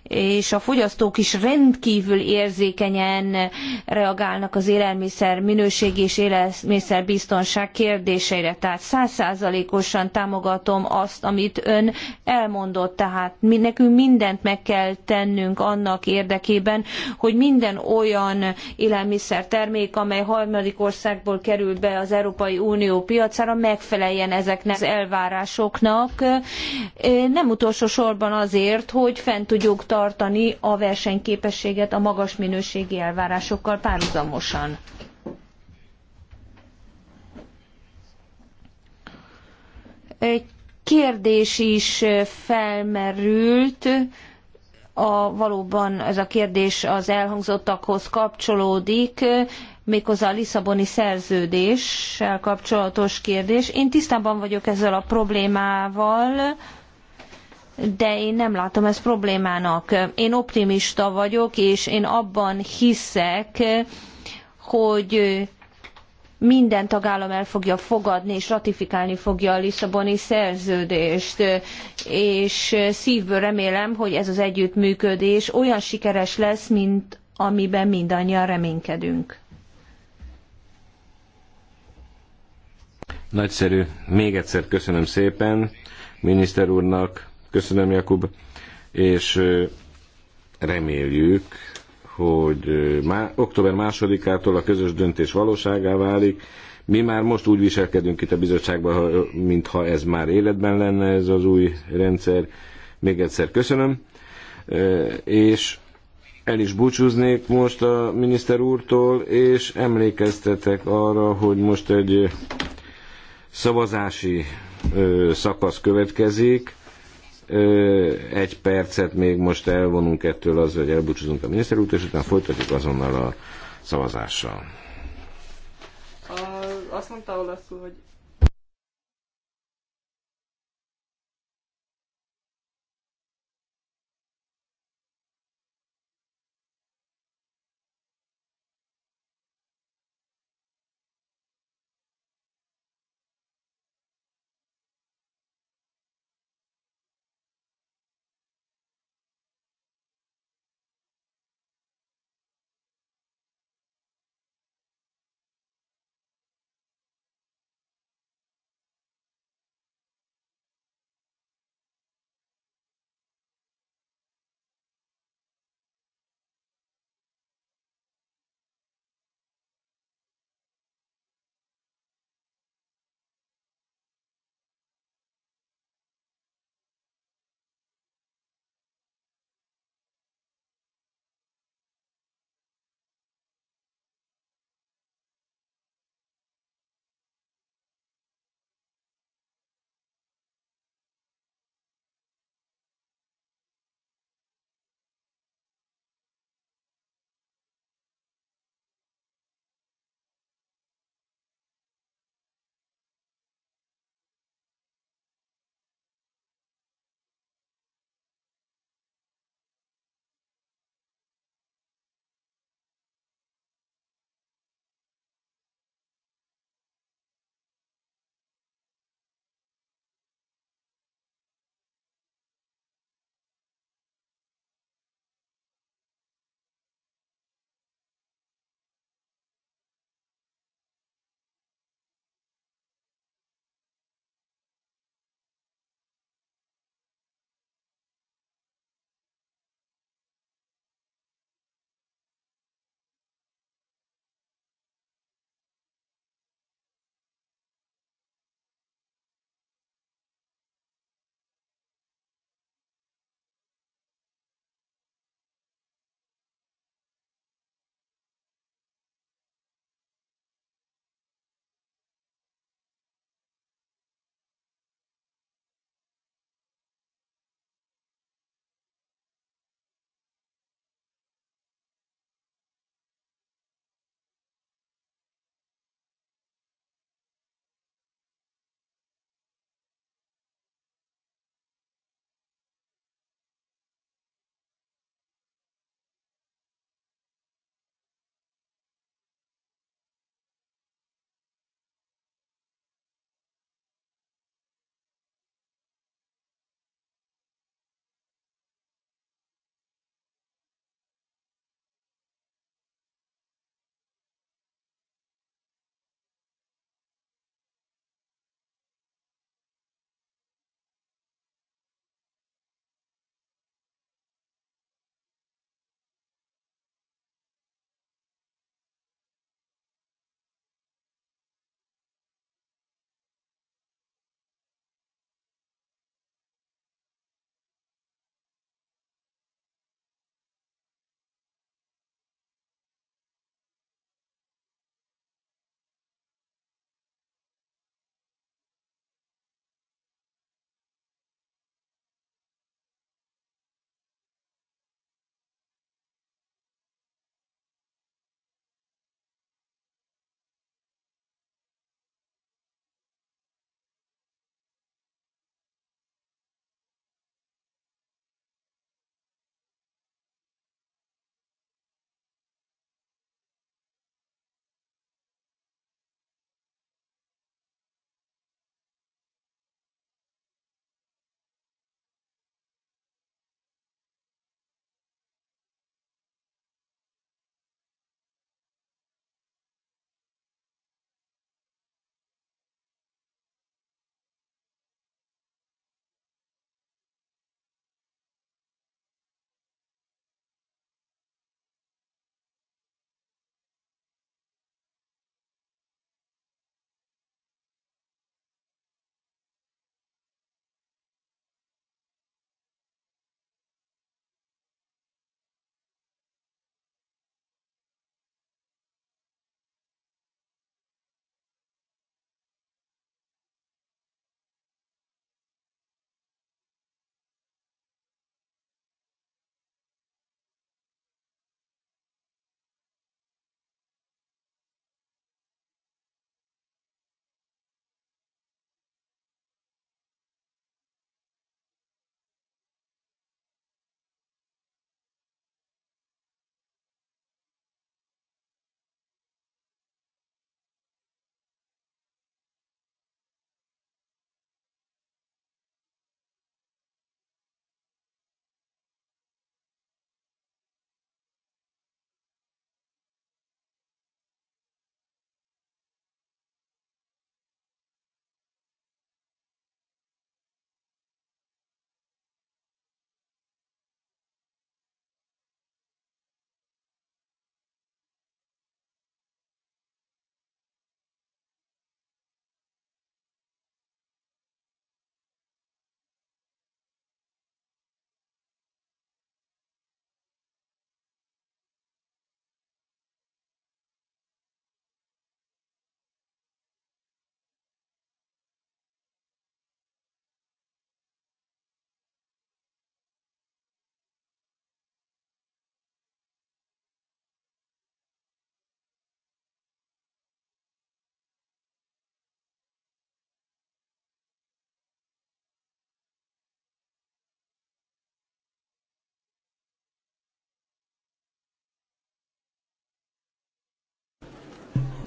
és a fogyasztók is rendkívül érzékenyen reagálnak az élelmiszer minőség és élelmiszer biztonság kérdéseire. Tehát százszázalékosan támogatom azt, amit ön elmondott, tehát mi, nekünk mindent meg kell tennünk annak érdekében, hogy minden olyan élelmiszertermék, amely harmadik harmadik országból került be az Európai Unió piacára, megfeleljen ezeknek az elvárásoknak, nem utolsó sorban azért, hogy fent tudjuk tartani a versenyképességet a magas minőségi elvárásokkal párhuzamosan. Egy kérdés is felmerült, a, valóban ez a kérdés az elhangzottakhoz kapcsolódik, méghozzá a Lisszaboni szerződéssel kapcsolatos kérdés. Én tisztában vagyok ezzel a problémával, de én nem látom ezt problémának. Én optimista vagyok, és én abban hiszek, hogy minden tagállam el fogja fogadni és ratifikálni fogja a Lisszaboni szerződést, és szívből remélem, hogy ez az együttműködés olyan sikeres lesz, mint amiben mindannyian reménykedünk. Nagyszerű. Még egyszer köszönöm szépen miniszter úrnak, köszönöm Jakub, és reméljük, hogy má, október másodikától a közös döntés valóságá válik. Mi már most úgy viselkedünk itt a bizottságban, mintha ez már életben lenne, ez az új rendszer. Még egyszer köszönöm. És el is búcsúznék most a miniszter úrtól, és emlékeztetek arra, hogy most egy Szavazási szakasz következik. Egy percet még most elvonunk ettől az, hogy elbúcsúzunk a miniszter úr, és utána folytatjuk azonnal a szavazással. A, azt mondta olaszul, hogy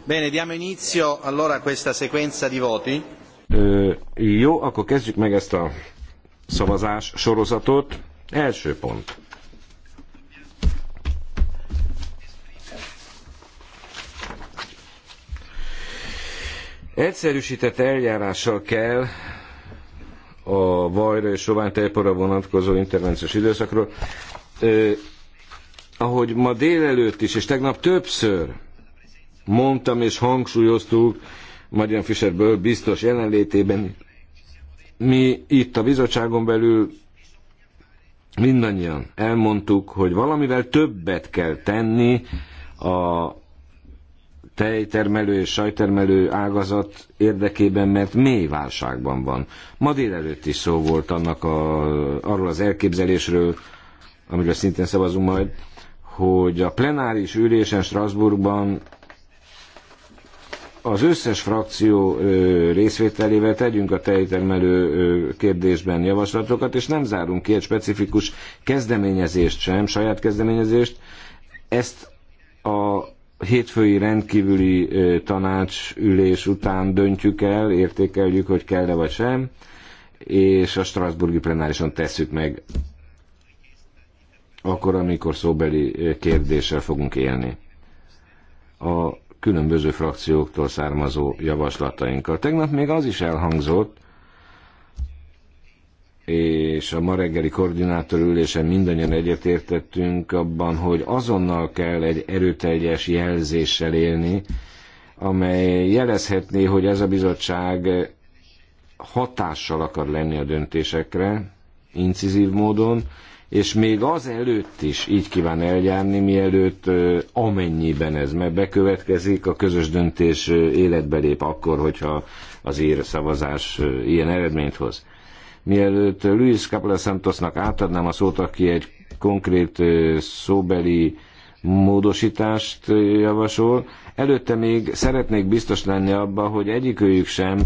Bene, diamo inizio allora a questa sequenza di voti. jó, akkor kezdjük meg ezt a szavazás sorozatot. Első pont. Egyszerűsített eljárással kell a vajra és sovány vonatkozó intervenciós időszakról. ahogy ma délelőtt is, és tegnap többször mondtam és hangsúlyoztuk Marian Fisherből biztos jelenlétében. Mi itt a bizottságon belül mindannyian elmondtuk, hogy valamivel többet kell tenni a tejtermelő és sajtermelő ágazat érdekében, mert mély válságban van. Ma délelőtt is szó volt annak a, arról az elképzelésről, amiről szintén szavazunk majd, hogy a plenáris ülésen Strasbourgban az összes frakció részvételével tegyünk a tejtermelő kérdésben javaslatokat, és nem zárunk ki egy specifikus kezdeményezést sem, saját kezdeményezést. Ezt a hétfői rendkívüli tanácsülés után döntjük el, értékeljük, hogy kell-e vagy sem, és a Strasburgi plenárison tesszük meg akkor, amikor szóbeli kérdéssel fogunk élni. A különböző frakcióktól származó javaslatainkkal. Tegnap még az is elhangzott, és a ma reggeli koordinátor ülésen mindannyian egyetértettünk abban, hogy azonnal kell egy erőteljes jelzéssel élni, amely jelezhetné, hogy ez a bizottság hatással akar lenni a döntésekre, incizív módon, és még az előtt is így kíván eljárni, mielőtt amennyiben ez meg bekövetkezik, a közös döntés életbe lép akkor, hogyha az ír szavazás ilyen eredményt hoz. Mielőtt Luis Capella Santosnak átadnám a szót, aki egy konkrét szóbeli módosítást javasol. Előtte még szeretnék biztos lenni abban, hogy egyikőjük sem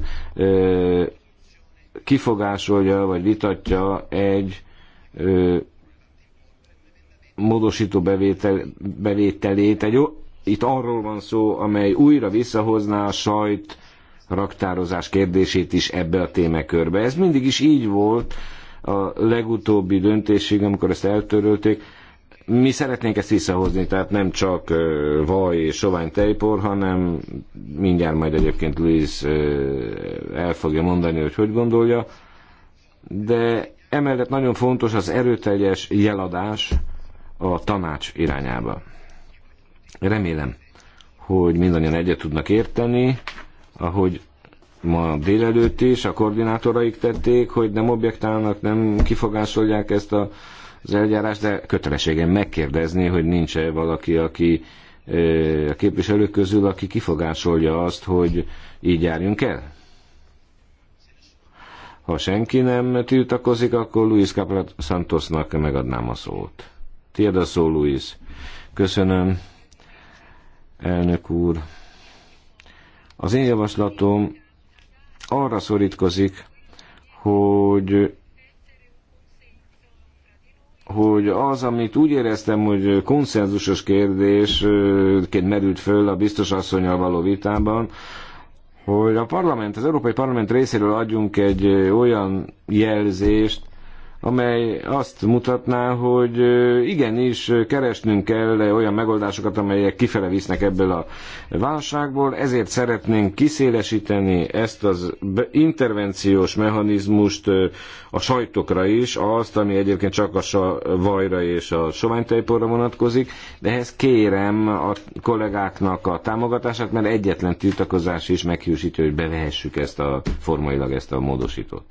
kifogásolja vagy vitatja egy módosító bevétel, bevételét. Egy, itt arról van szó, amely újra visszahozná a sajt raktározás kérdését is ebbe a témakörbe. Ez mindig is így volt a legutóbbi döntésig, amikor ezt eltörölték. Mi szeretnénk ezt visszahozni, tehát nem csak vaj és sovány tejpor, hanem mindjárt majd egyébként Luis el fogja mondani, hogy hogy gondolja. De emellett nagyon fontos az erőteljes jeladás, a tanács irányába. Remélem, hogy mindannyian egyet tudnak érteni, ahogy ma délelőtt is a koordinátoraik tették, hogy nem objektálnak, nem kifogásolják ezt a, az eljárást, de kötelességem megkérdezni, hogy nincs-e valaki, aki a képviselők közül, aki kifogásolja azt, hogy így járjunk el? Ha senki nem tiltakozik, akkor Luis Capra Santosnak megadnám a szót. Tiéd a szó, Luis. Köszönöm, elnök úr. Az én javaslatom arra szorítkozik, hogy hogy az, amit úgy éreztem, hogy konszenzusos kérdésként merült föl a biztos asszonyal való vitában, hogy a parlament, az Európai Parlament részéről adjunk egy olyan jelzést, amely azt mutatná, hogy igenis keresnünk kell olyan megoldásokat, amelyek kifele visznek ebből a válságból, ezért szeretnénk kiszélesíteni ezt az intervenciós mechanizmust a sajtokra is, azt, ami egyébként csak a vajra és a soványtejporra vonatkozik, de ehhez kérem a kollégáknak a támogatását, mert egyetlen tiltakozás is meghűsítő, hogy bevehessük ezt a formailag ezt a módosítót.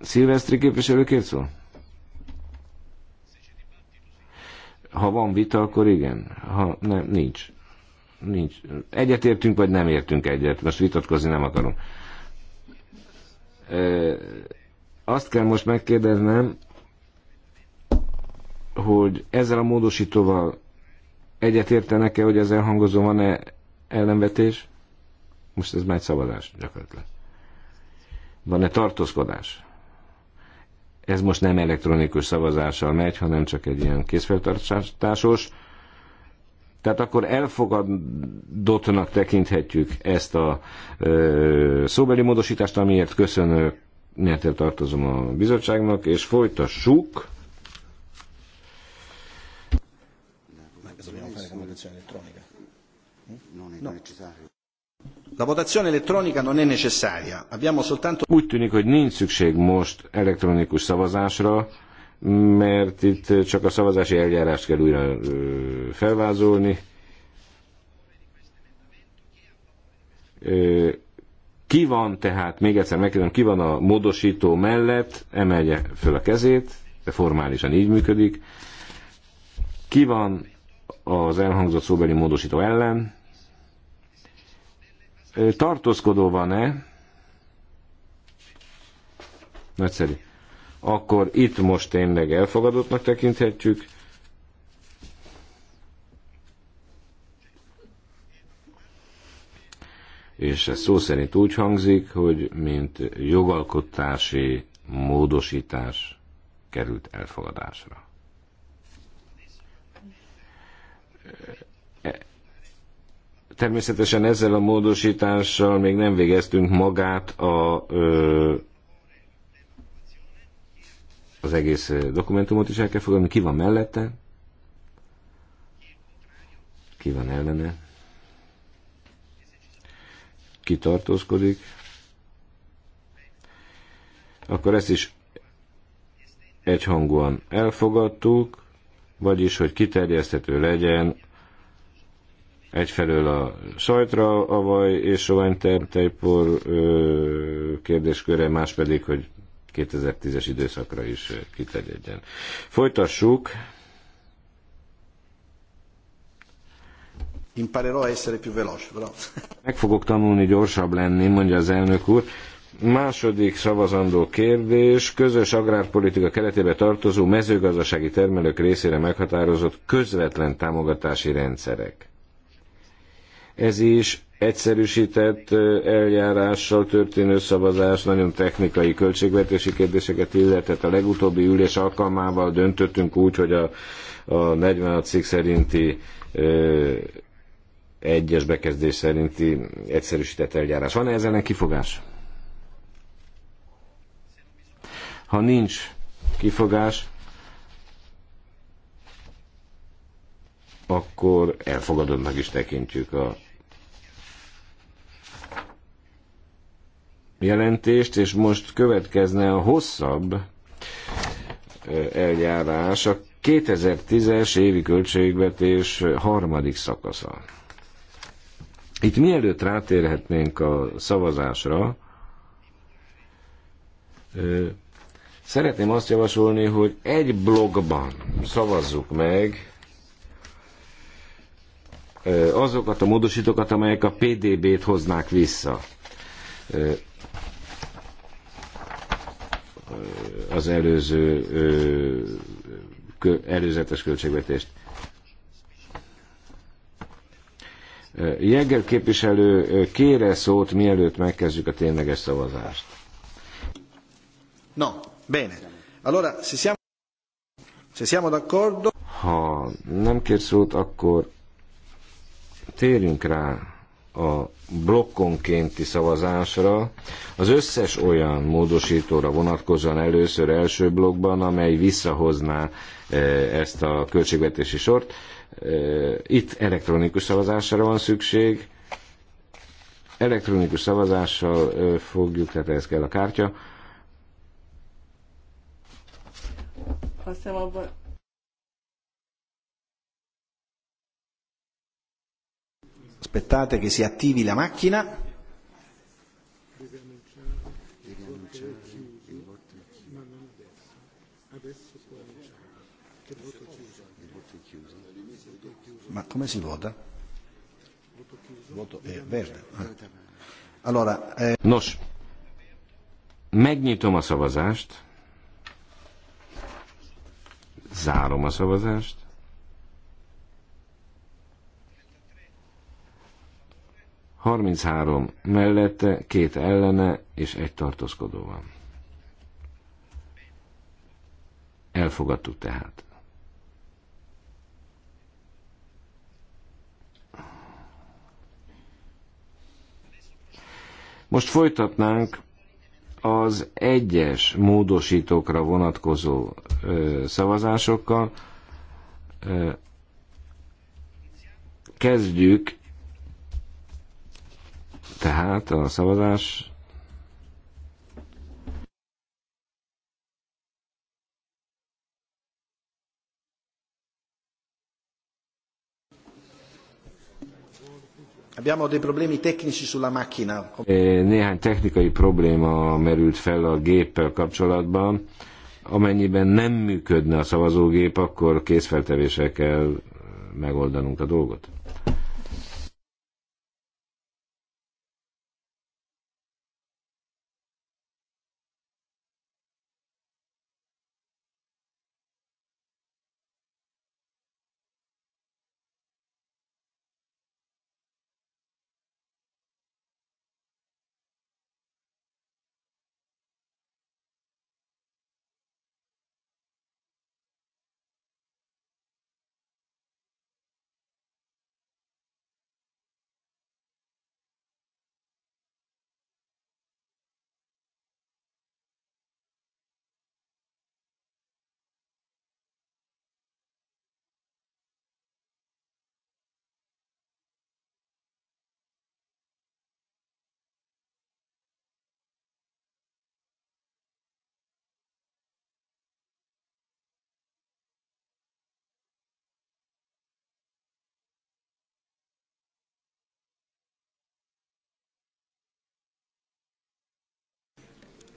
Szilvesztri képviselőkért szól? Ha van vita, akkor igen. Ha nem, nincs. Nincs. Egyetértünk, vagy nem értünk egyet. Most vitatkozni nem akarom. E, azt kell most megkérdeznem, hogy ezzel a módosítóval egyetértenek-e, hogy ezzel hangozó van-e ellenvetés? Most ez már egy szavazás gyakorlatilag. Van-e tartózkodás? Ez most nem elektronikus szavazással megy, hanem csak egy ilyen készfeltartásos. Tehát akkor elfogadottnak tekinthetjük ezt a ö, szóbeli módosítást, amiért köszönök, mert tartozom a bizottságnak, és folytassuk. Non è hm? no. La votazione elettronica non è necessaria. Abbiamo soltanto... Úgy tűnik, hogy nincs szükség most elektronikus szavazásra, mert itt csak a szavazási eljárást kell újra felvázolni. Ki van tehát, még egyszer megkérdezem, ki van a módosító mellett, emelje föl a kezét, de formálisan így működik. Ki van az elhangzott szóbeli módosító ellen, tartózkodó van-e? Nagyszerű. Akkor itt most tényleg elfogadottnak tekinthetjük. És ez szó szerint úgy hangzik, hogy mint jogalkotási módosítás került elfogadásra. Természetesen ezzel a módosítással még nem végeztünk magát a, ö, az egész dokumentumot is el kell fogadni. Ki van mellette? Ki van ellene? Ki tartózkodik? Akkor ezt is egyhangúan elfogadtuk, vagyis, hogy kiterjeszthető legyen egyfelől a sajtra a vaj és a tejpor kérdésköre, más pedig, hogy 2010-es időszakra is kiterjedjen. Folytassuk. Imparerò essere più veloce, però. Meg fogok tanulni gyorsabb lenni, mondja az elnök úr. Második szavazandó kérdés, közös agrárpolitika keretébe tartozó mezőgazdasági termelők részére meghatározott közvetlen támogatási rendszerek. Ez is egyszerűsített eljárással történő szavazás nagyon technikai költségvetési kérdéseket illetett. A legutóbbi ülés alkalmával döntöttünk úgy, hogy a, a 46 cikk szerinti ö, egyes bekezdés szerinti egyszerűsített eljárás. Van-e ezzel ellen kifogás? Ha nincs kifogás, akkor elfogadottnak is tekintjük a jelentést, és most következne a hosszabb eljárás, a 2010-es évi költségvetés harmadik szakasza. Itt mielőtt rátérhetnénk a szavazásra, szeretném azt javasolni, hogy egy blogban szavazzuk meg azokat a módosítókat, amelyek a PDB-t hoznák vissza az előző előzetes költségvetést. Jegger képviselő kére szót, mielőtt megkezdjük a tényleges szavazást. No, bene. Allora, se siamo, se siamo d'accordo... Ha nem kér szót, akkor térjünk rá a blokkonkénti szavazásra, az összes olyan módosítóra vonatkozóan először első blokkban, amely visszahozná e, ezt a költségvetési sort. E, itt elektronikus szavazásra van szükség. Elektronikus szavazással e, fogjuk, tehát ez kell a kártya. Azt hiszem abban Aspettate che si attivi la macchina. Ma come si vota? Voto eh, verde. Ah. Allora, eh... Nos, megnyitom a szavazást, zárom a szavazást, 33 mellette, két ellene és egy tartózkodó van. Elfogadtuk tehát. Most folytatnánk az egyes módosítókra vonatkozó ö, szavazásokkal. Ö, kezdjük tehát a szavazás Abbiamo dei problemi tecnici sulla macchina. Eh, néhány technikai probléma merült fel a géppel kapcsolatban. Amennyiben nem működne a szavazógép, akkor készfeltevéssel kell megoldanunk a dolgot.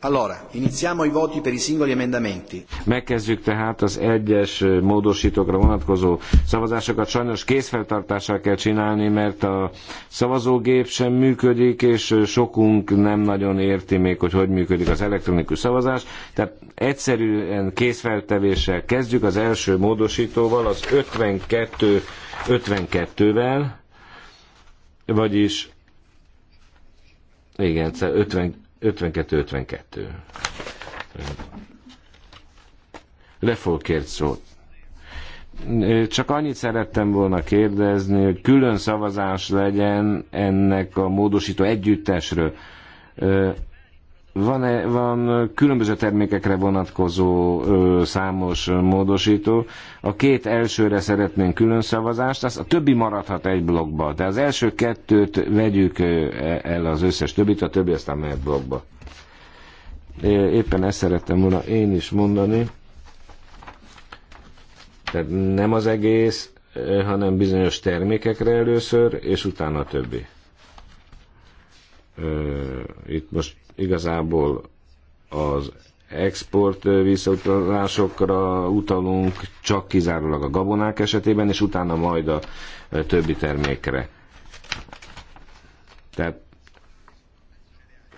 Allora, iniziamo i voti per i singoli emendamenti. Megkezdjük tehát az egyes módosítókra vonatkozó szavazásokat. Sajnos készfeltartással kell csinálni, mert a szavazógép sem működik, és sokunk nem nagyon érti még, hogy hogy működik az elektronikus szavazás. Tehát egyszerűen készfeltevéssel kezdjük az első módosítóval, az 52 52-vel, vagyis igen, 52 52-52. Lefol kért szót. Csak annyit szerettem volna kérdezni, hogy külön szavazás legyen ennek a módosító együttesről van, -e, van különböző termékekre vonatkozó ö, számos módosító. A két elsőre szeretnénk külön szavazást, az a többi maradhat egy blokkba. De az első kettőt vegyük el az összes többit, a többi aztán mehet blokkba. Éppen ezt szerettem volna én is mondani. Tehát nem az egész, hanem bizonyos termékekre először, és utána a többi. Itt most igazából az export visszautalásokra utalunk csak kizárólag a gabonák esetében, és utána majd a többi termékre. Tehát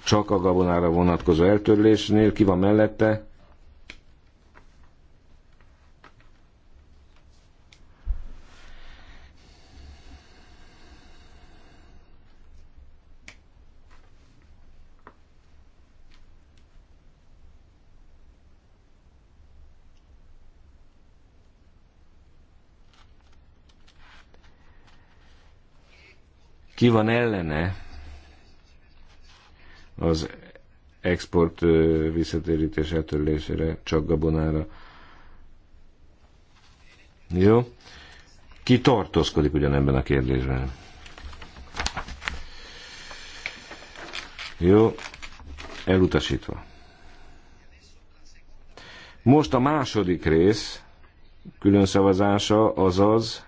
csak a gabonára vonatkozó eltörlésnél ki van mellette, Ki van ellene az export visszatérítés eltörlésére, csak gabonára? Jó? Ki tartózkodik ugyanebben a kérdésben? Jó, elutasítva. Most a második rész külön szavazása, azaz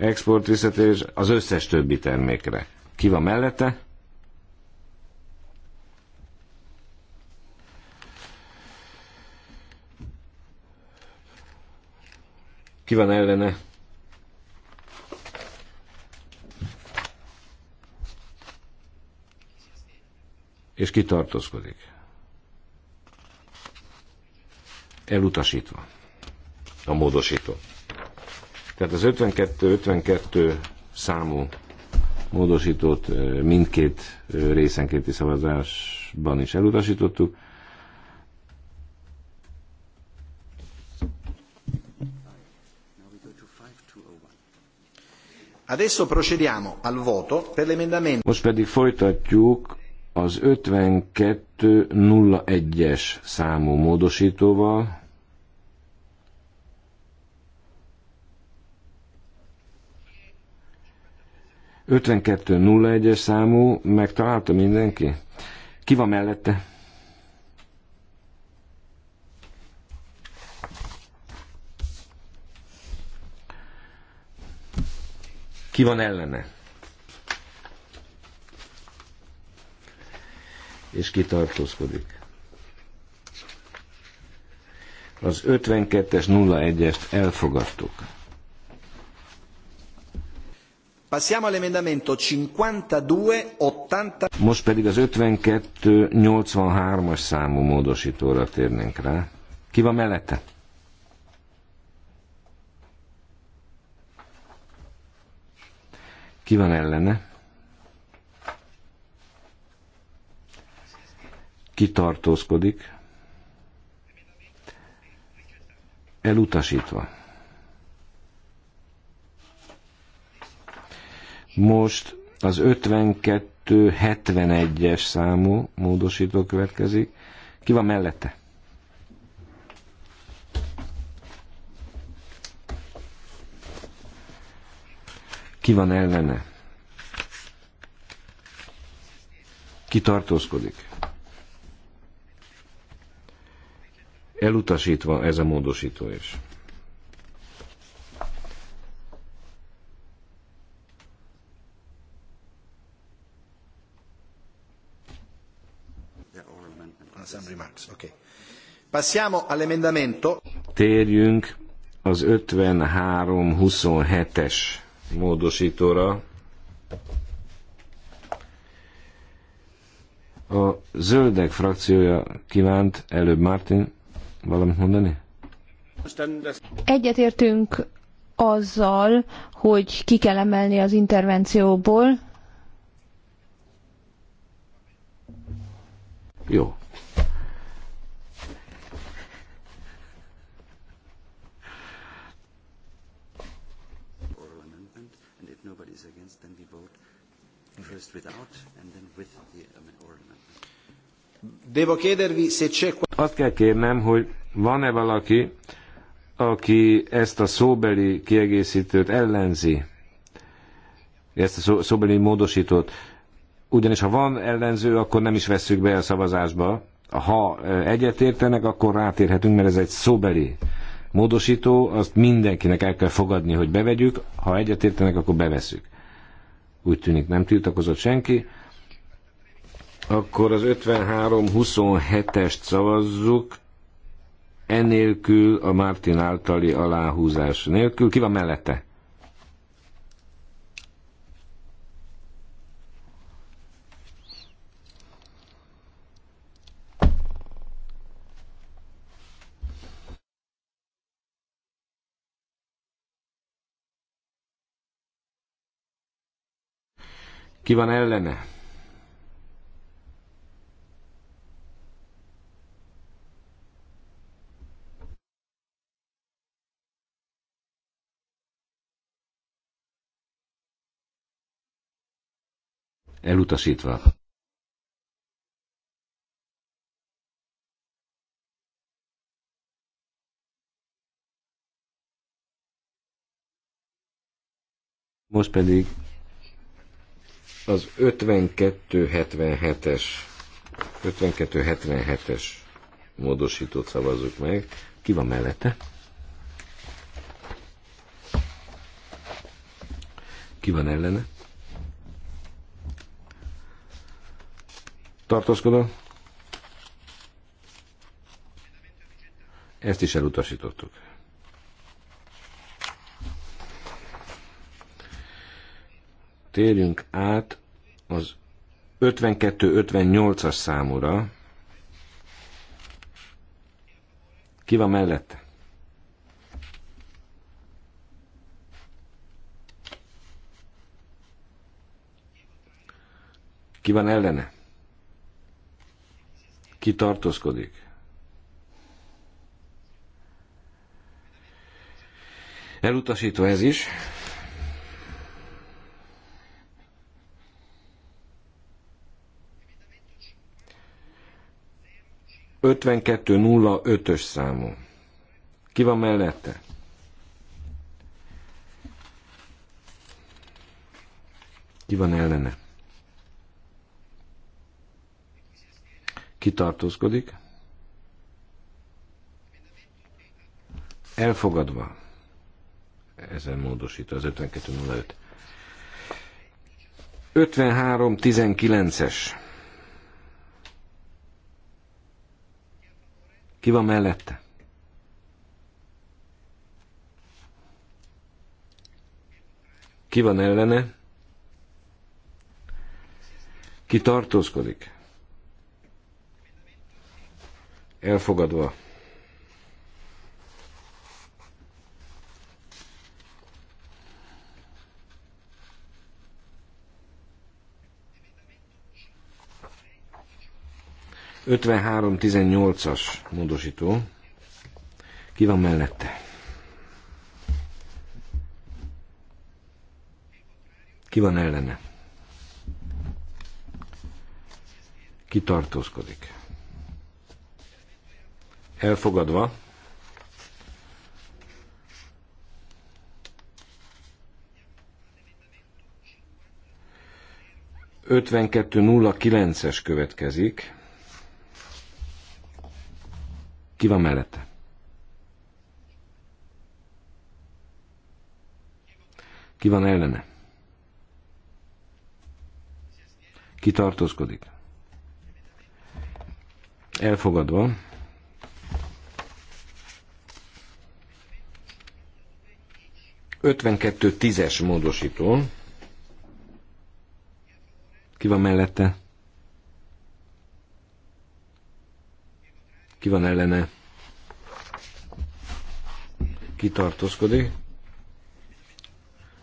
export visszatérés az összes többi termékre. Ki van mellette? Ki van ellene? És ki tartózkodik? Elutasítva. A módosító. Tehát az 52-52 számú módosítót mindkét részenkéti szavazásban is elutasítottuk. Adesso procediamo al voto per l'emendamento. Most pedig folytatjuk az 52 01 es számú módosítóval, 5201-es számú, megtalálta mindenki? Ki van mellette? Ki van ellene? És ki tartózkodik? Az 52-es 01-est elfogadtuk. Passiamo all'emendamento 5280. Most pedig az 52 83 as számú módosítóra térnénk rá. Ki van mellette? Ki van ellene? Ki tartózkodik? Elutasítva. Most az 52-71-es számú módosító következik. Ki van mellette? Ki van ellene? Ki tartózkodik? Elutasítva ez a módosító is. remarks. Okay. Passiamo all'emendamento. Térjünk az 53-27-es módosítóra. A zöldek frakciója kívánt előbb Martin valamit mondani? Egyetértünk azzal, hogy ki kell emelni az intervencióból. Jó. Devo chiedervi se c'è... Azt kell kérnem, hogy van-e valaki, aki ezt a szóbeli kiegészítőt ellenzi, ezt a szóbeli módosítót, ugyanis ha van ellenző, akkor nem is vesszük be a szavazásba. Ha e, egyetértenek, akkor rátérhetünk, mert ez egy szóbeli módosító, azt mindenkinek el kell fogadni, hogy bevegyük, ha egyetértenek, akkor beveszük. Úgy tűnik nem tiltakozott senki. Akkor az 53-27-est szavazzuk, enélkül a Martin általi aláhúzás nélkül. Ki van mellette? Ki van ellene? Elutasítva. Most pedig az 5277-es 5277-es módosítót szavazzuk meg. Ki van mellette? Ki van ellene? Tartózkodom. Ezt is elutasítottuk. Térjünk át az 52-58-as számúra. Ki van mellette? Ki van ellene? Ki tartózkodik? Elutasítva ez is. 5205-ös számú. Ki van mellette? Ki van ellene? Ki tartózkodik? Elfogadva. Ezen módosít az 5205. 5319-es. Ki van mellette? Ki van ellene? Ki tartózkodik? Elfogadva. 53-18-as módosító. Ki van mellette? Ki van ellene? Ki tartózkodik? Elfogadva. Ötvenkettő nulla kilences következik. Ki van mellette? Ki van ellene? Ki tartózkodik? Elfogadva. Ötvenkettő tízes módosító. Ki van mellette? Ki van ellene? kitartózkodik,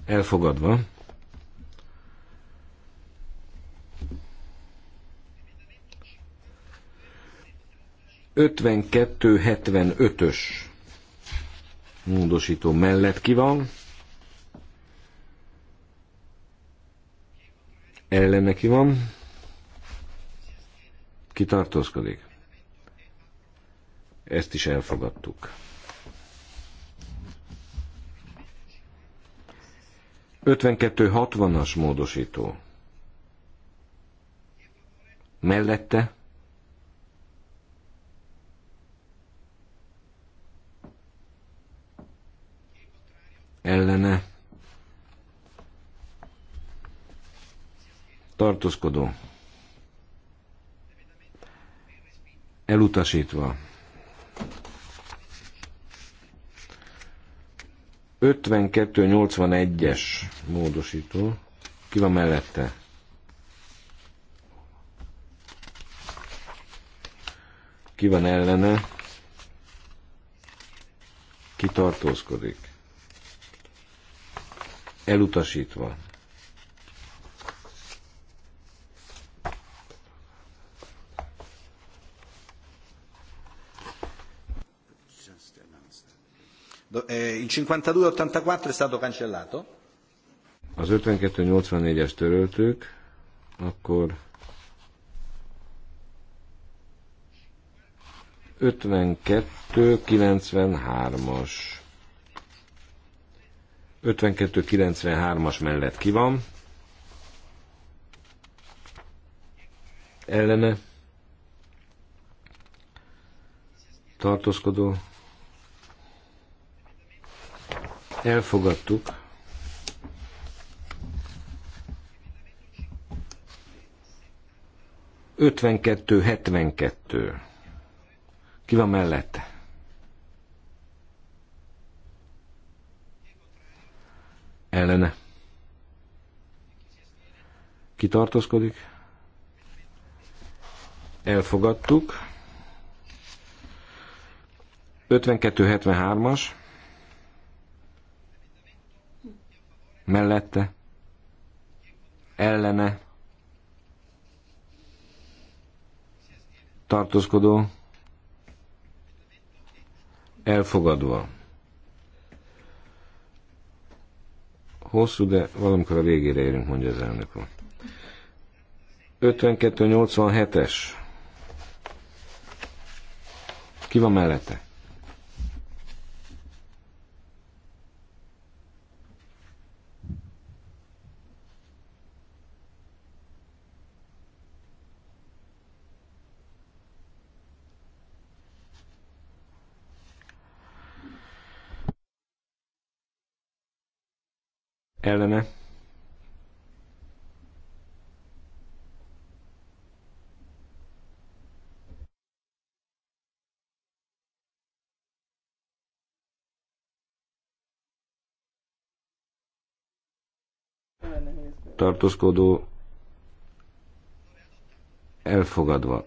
Elfogadva. ös módosító mellett ki van. Ellene ki van. Kitartózkodik. Ezt is elfogadtuk. 52-60-as módosító. Mellette ellene tartózkodó elutasítva 5281-es módosító. Ki van mellette? Ki van ellene? Ki tartózkodik? Elutasítva. 52-84 è stato cancellato. Az 52-84-es töröltük, akkor 52-93-as. 52-93-as mellett ki van. Ellene. Tartózkodó Elfogadtuk. Ötvenkettő, hetvenkettő. Ki van mellette? Ellene. Ki tartózkodik? Elfogadtuk. 52-73-as. mellette, ellene, tartózkodó, elfogadva. Hosszú, de valamikor a végére érünk, mondja az elnök úr. 52-87-es. Ki van mellette? ellene tartózkodó elfogadva.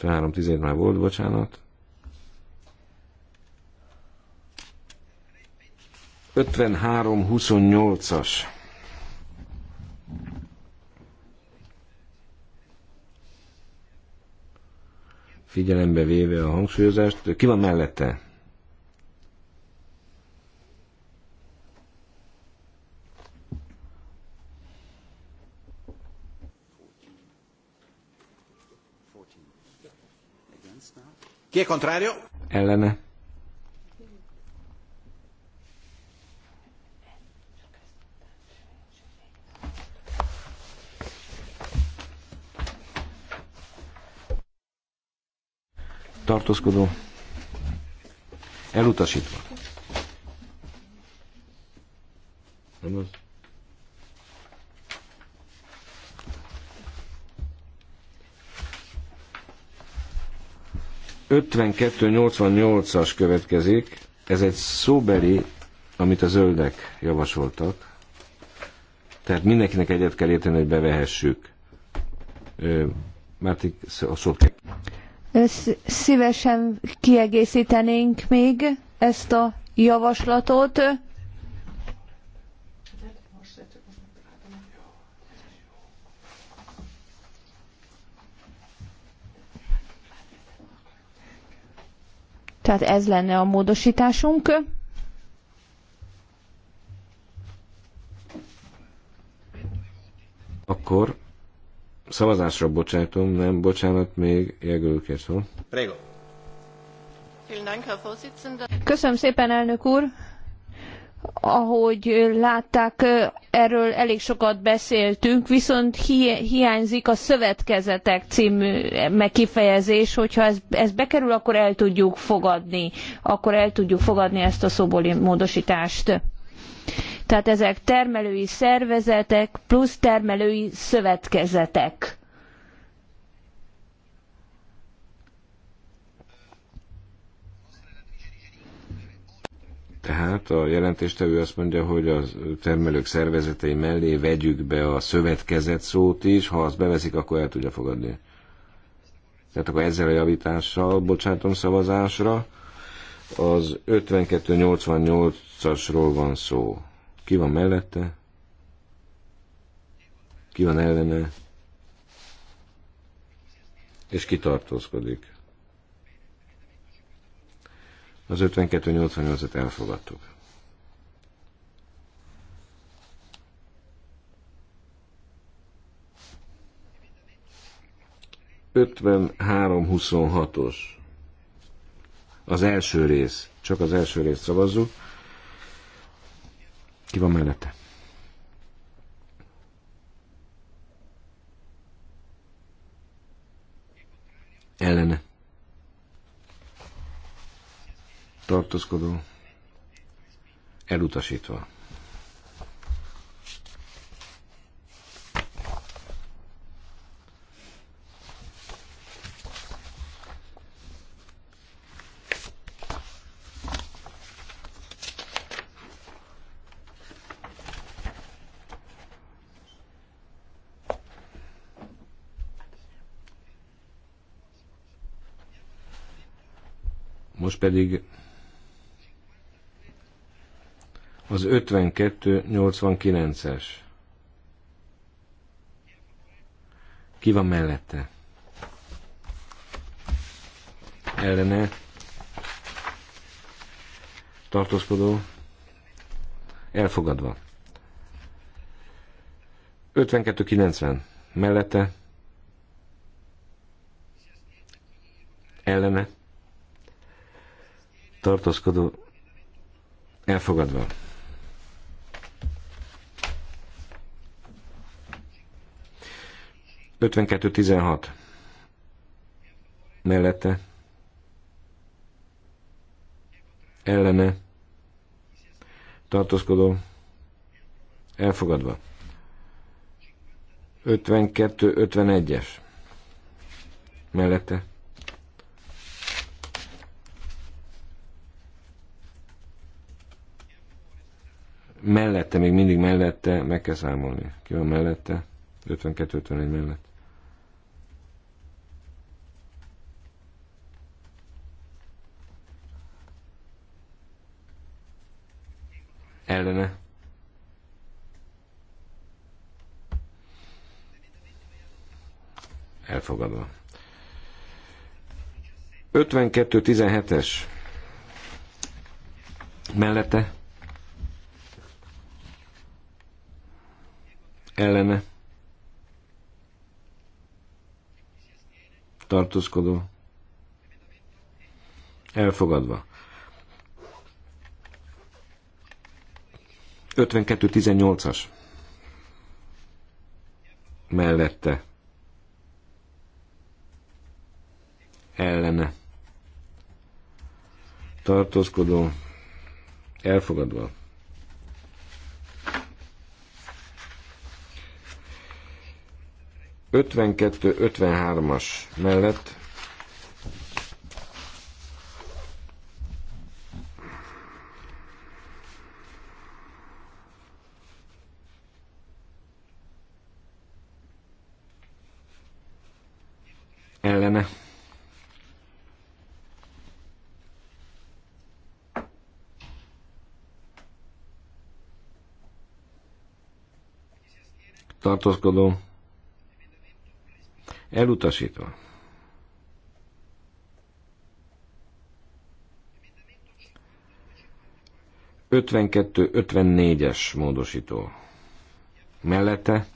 Három tized már volt, bocsánat. 53-28-as. Figyelembe véve a hangsúlyozást, ki van mellette? Ki è contrario? Ellene. tartózkodó elutasítva. Nem az. as következik, ez egy szóbeli, amit a zöldek javasoltak. Tehát mindenkinek egyet kell érteni, hogy bevehessük. Mártik, a szót Szívesen kiegészítenénk még ezt a javaslatot. Tehát ez lenne a módosításunk. Akkor Szavazásra bocsátom, nem, bocsánat, még Jegő Kerszó. Prego. Köszönöm szépen, elnök úr! Ahogy látták, erről elég sokat beszéltünk, viszont hi hiányzik a szövetkezetek című megkifejezés, hogyha ez, ez bekerül, akkor el tudjuk fogadni, akkor el tudjuk fogadni ezt a szóbóli módosítást. Tehát ezek termelői szervezetek plusz termelői szövetkezetek. Tehát a jelentéstevő azt mondja, hogy a termelők szervezetei mellé vegyük be a szövetkezet szót is, ha azt beveszik, akkor el tudja fogadni. Tehát akkor ezzel a javítással bocsátom szavazásra. Az 5288-asról van szó. Ki van mellette? Ki van ellene? És tartózkodik. Az 52-88-et elfogadtuk. Ötven három huszonhatos. Az első rész. Csak az első részt szavazzuk. Ki van mellette? Ellene. Tartózkodó. Elutasítva. pedig az 52-89-es. Ki van mellette? Ellene tartózkodó elfogadva. 52-90 mellette ellene tartózkodó elfogadva. Ötvenkettő tizenhat mellette ellene tartózkodó elfogadva. 52-51-es mellette mellette, még mindig mellette, meg kell számolni. Ki van mellette? 52-51 mellett. Ellene. Elfogadva. 52-17-es. Mellette ellene tartózkodó elfogadva. 52-18-as mellette ellene tartózkodó elfogadva. 52-53-as mellett ellene. Tartózkodó. Elutasítva. Ötvenkettő, ötvennégyes módosító. Mellette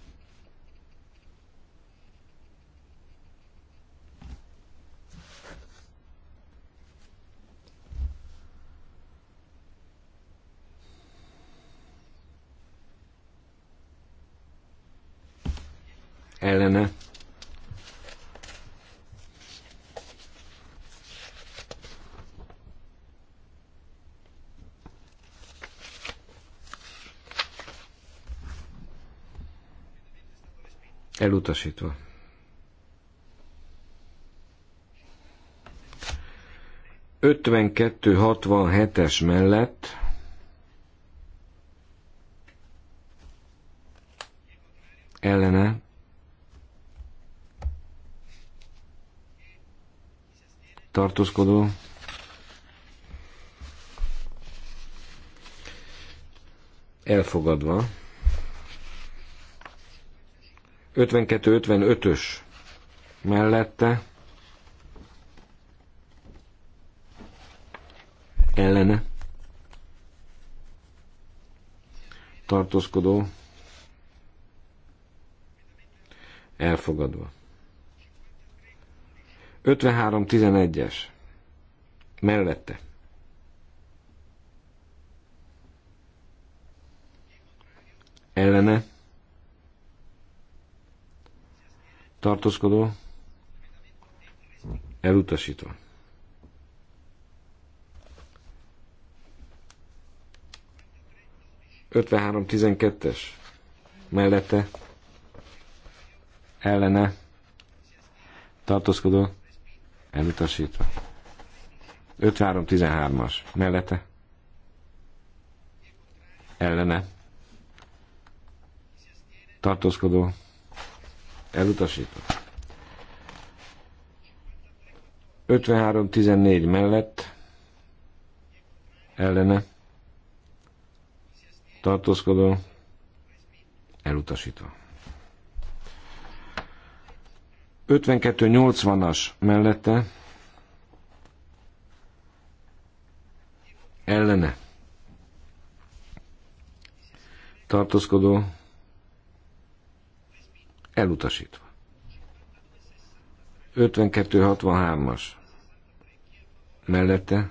elutasítva. Ötvenkettő hatvan hetes mellett ellene tartózkodó elfogadva 52-55-ös mellette ellene tartózkodó elfogadva. 53-11-es mellette ellene tartózkodó, elutasítva. Ötvenhárom tizenkettes mellette ellene tartózkodó elutasítva. 53 tizenhármas, as mellette ellene tartózkodó elutasított. 53-14 mellett ellene tartózkodó elutasítva. 52-80-as mellette ellene tartózkodó Elutasítva. 52-63-as. Mellette.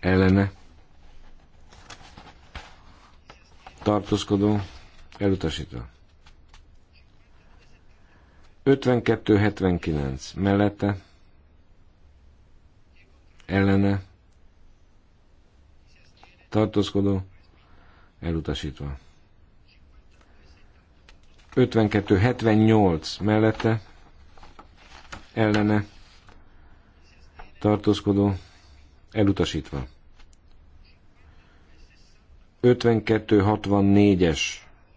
Ellene. Tartózkodó. Elutasítva. 52-79. Mellette. Ellene. Tartózkodó. Elutasítva. 52-78 mellette ellene tartózkodó elutasítva. 52-64-es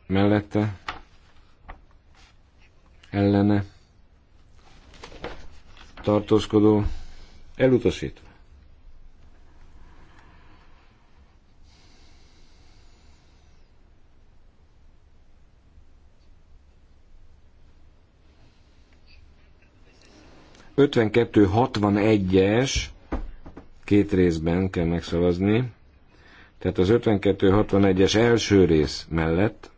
mellette ellene tartózkodó elutasítva. 52-61-es, két részben kell megszavazni, tehát az 52-61-es első rész mellett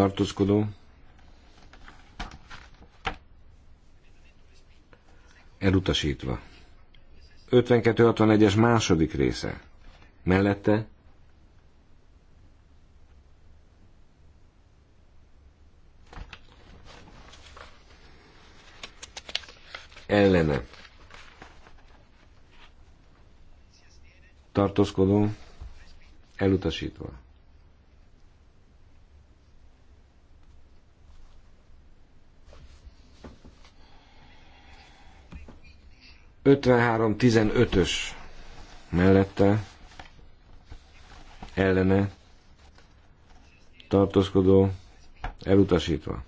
tartózkodó. Elutasítva. 5261-es második része. Mellette ellene. Tartózkodó, elutasítva. 53-15-ös mellette ellene tartózkodó elutasítva.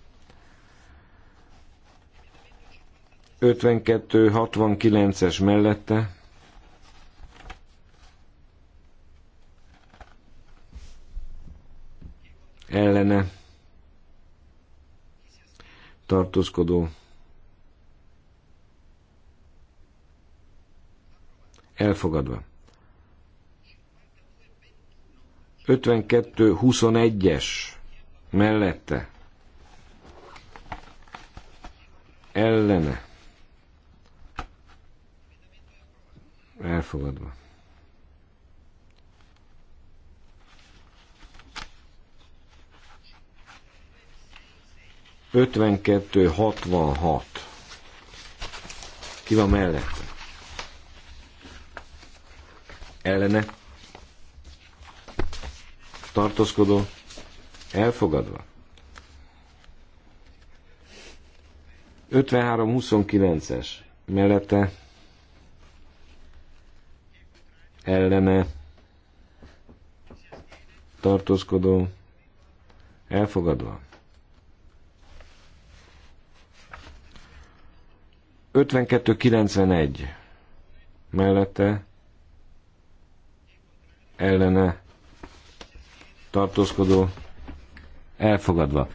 52-69-es mellette ellene tartózkodó elfogadva. 52-21-es mellette ellene elfogadva. Ötvenkettő, 66. Ki van mellette? ellene tartózkodó elfogadva. 53-29-es mellette ellene tartózkodó elfogadva. 52-91 mellette ellene tartózkodó elfogadva.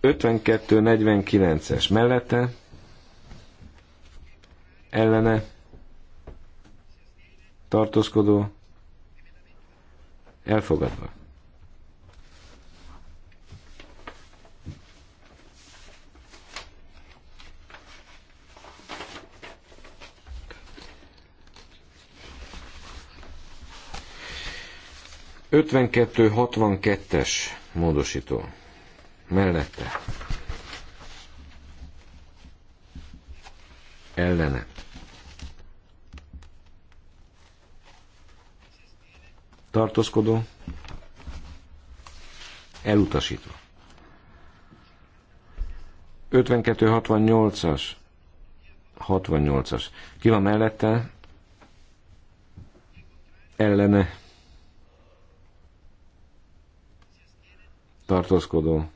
Ötvenkettő negyvenkilences mellette ellene tartózkodó elfogadva. 52-62-es módosító. Mellette. Ellene. Tartózkodó. Elutasító. 52-68-as. 68-as. Ki van mellette? Ellene tartózkodó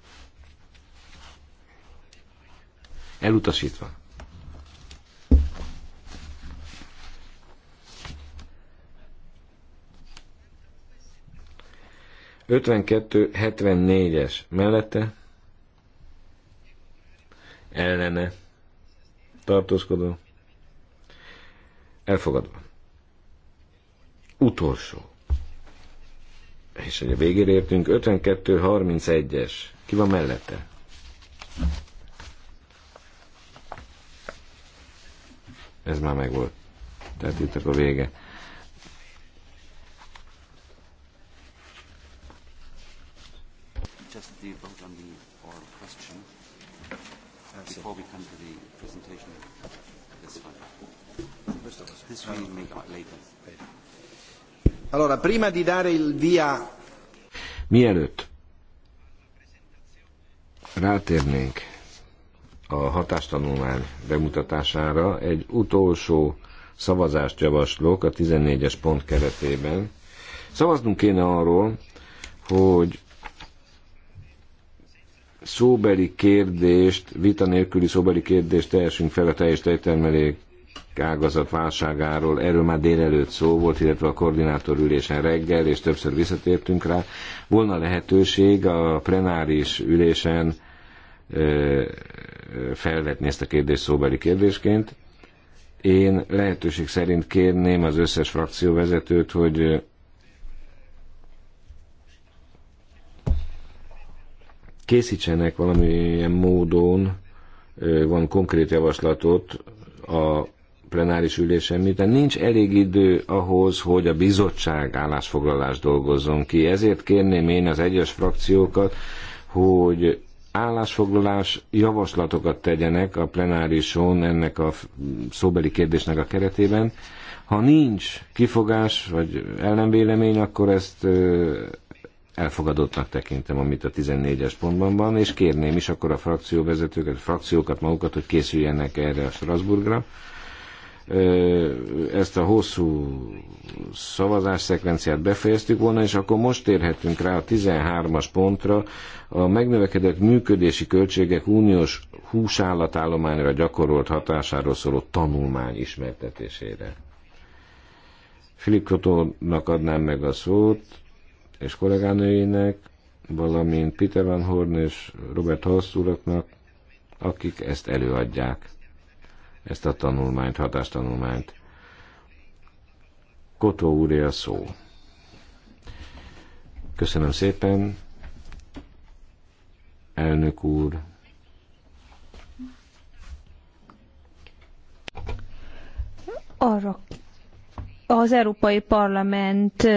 elutasítva. Ötvenkettő, hetvennégyes mellette ellene tartózkodó elfogadva. Utolsó és hogy a végére értünk, 52-31-es. Ki van mellette? Ez már meg volt Tehát itt a vége. Just the vote on the oral question before we come to the presentation. This one. This we make later. Allora, prima di dare il via... Mielőtt rátérnénk a hatástanulmány bemutatására, egy utolsó szavazást javaslok a 14-es pont keretében. Szavaznunk kéne arról, hogy szóbeli kérdést, vita nélküli szóbeli kérdést teljesünk fel a teljes tejtermelék ágazat válságáról, erről már délelőtt szó volt, illetve a koordinátor ülésen reggel, és többször visszatértünk rá. Volna lehetőség a plenáris ülésen felvetni ezt a kérdést szóbeli kérdésként. Én lehetőség szerint kérném az összes frakcióvezetőt, hogy készítsenek valamilyen módon, van konkrét javaslatot a plenáris ülésen, miután nincs elég idő ahhoz, hogy a bizottság állásfoglalást dolgozzon ki. Ezért kérném én az egyes frakciókat, hogy állásfoglalás javaslatokat tegyenek a plenárison ennek a szóbeli kérdésnek a keretében. Ha nincs kifogás vagy ellenvélemény, akkor ezt elfogadottnak tekintem, amit a 14-es pontban van, és kérném is akkor a frakcióvezetőket, a frakciókat magukat, hogy készüljenek erre a Strasbourgra ezt a hosszú szavazás szekvenciát befejeztük volna, és akkor most térhetünk rá a 13-as pontra, a megnövekedett működési költségek uniós húsállatállományra gyakorolt hatásáról szóló tanulmány ismertetésére. Filip Kotónak adnám meg a szót, és kollégánőinek, valamint Peter Van Horn és Robert Halsz akik ezt előadják ezt a tanulmányt, hatástanulmányt. Kotó úré a szó. Köszönöm szépen, elnök úr. Arra az Európai Parlament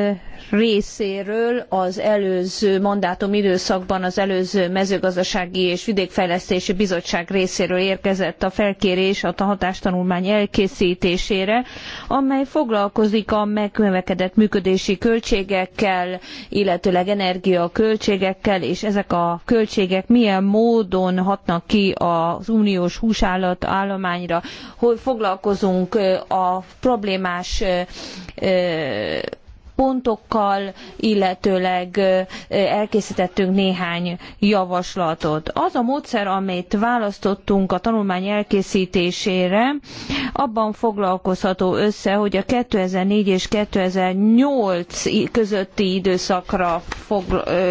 részéről az előző mandátum időszakban az előző mezőgazdasági és vidékfejlesztési bizottság részéről érkezett a felkérés a hatástanulmány elkészítésére, amely foglalkozik a megnövekedett működési költségekkel, illetőleg energiaköltségekkel, és ezek a költségek milyen módon hatnak ki az uniós húsállat állományra, hogy foglalkozunk a problémás pontokkal, illetőleg elkészítettünk néhány javaslatot. Az a módszer, amit választottunk a tanulmány elkészítésére, abban foglalkozható össze, hogy a 2004 és 2008 közötti időszakra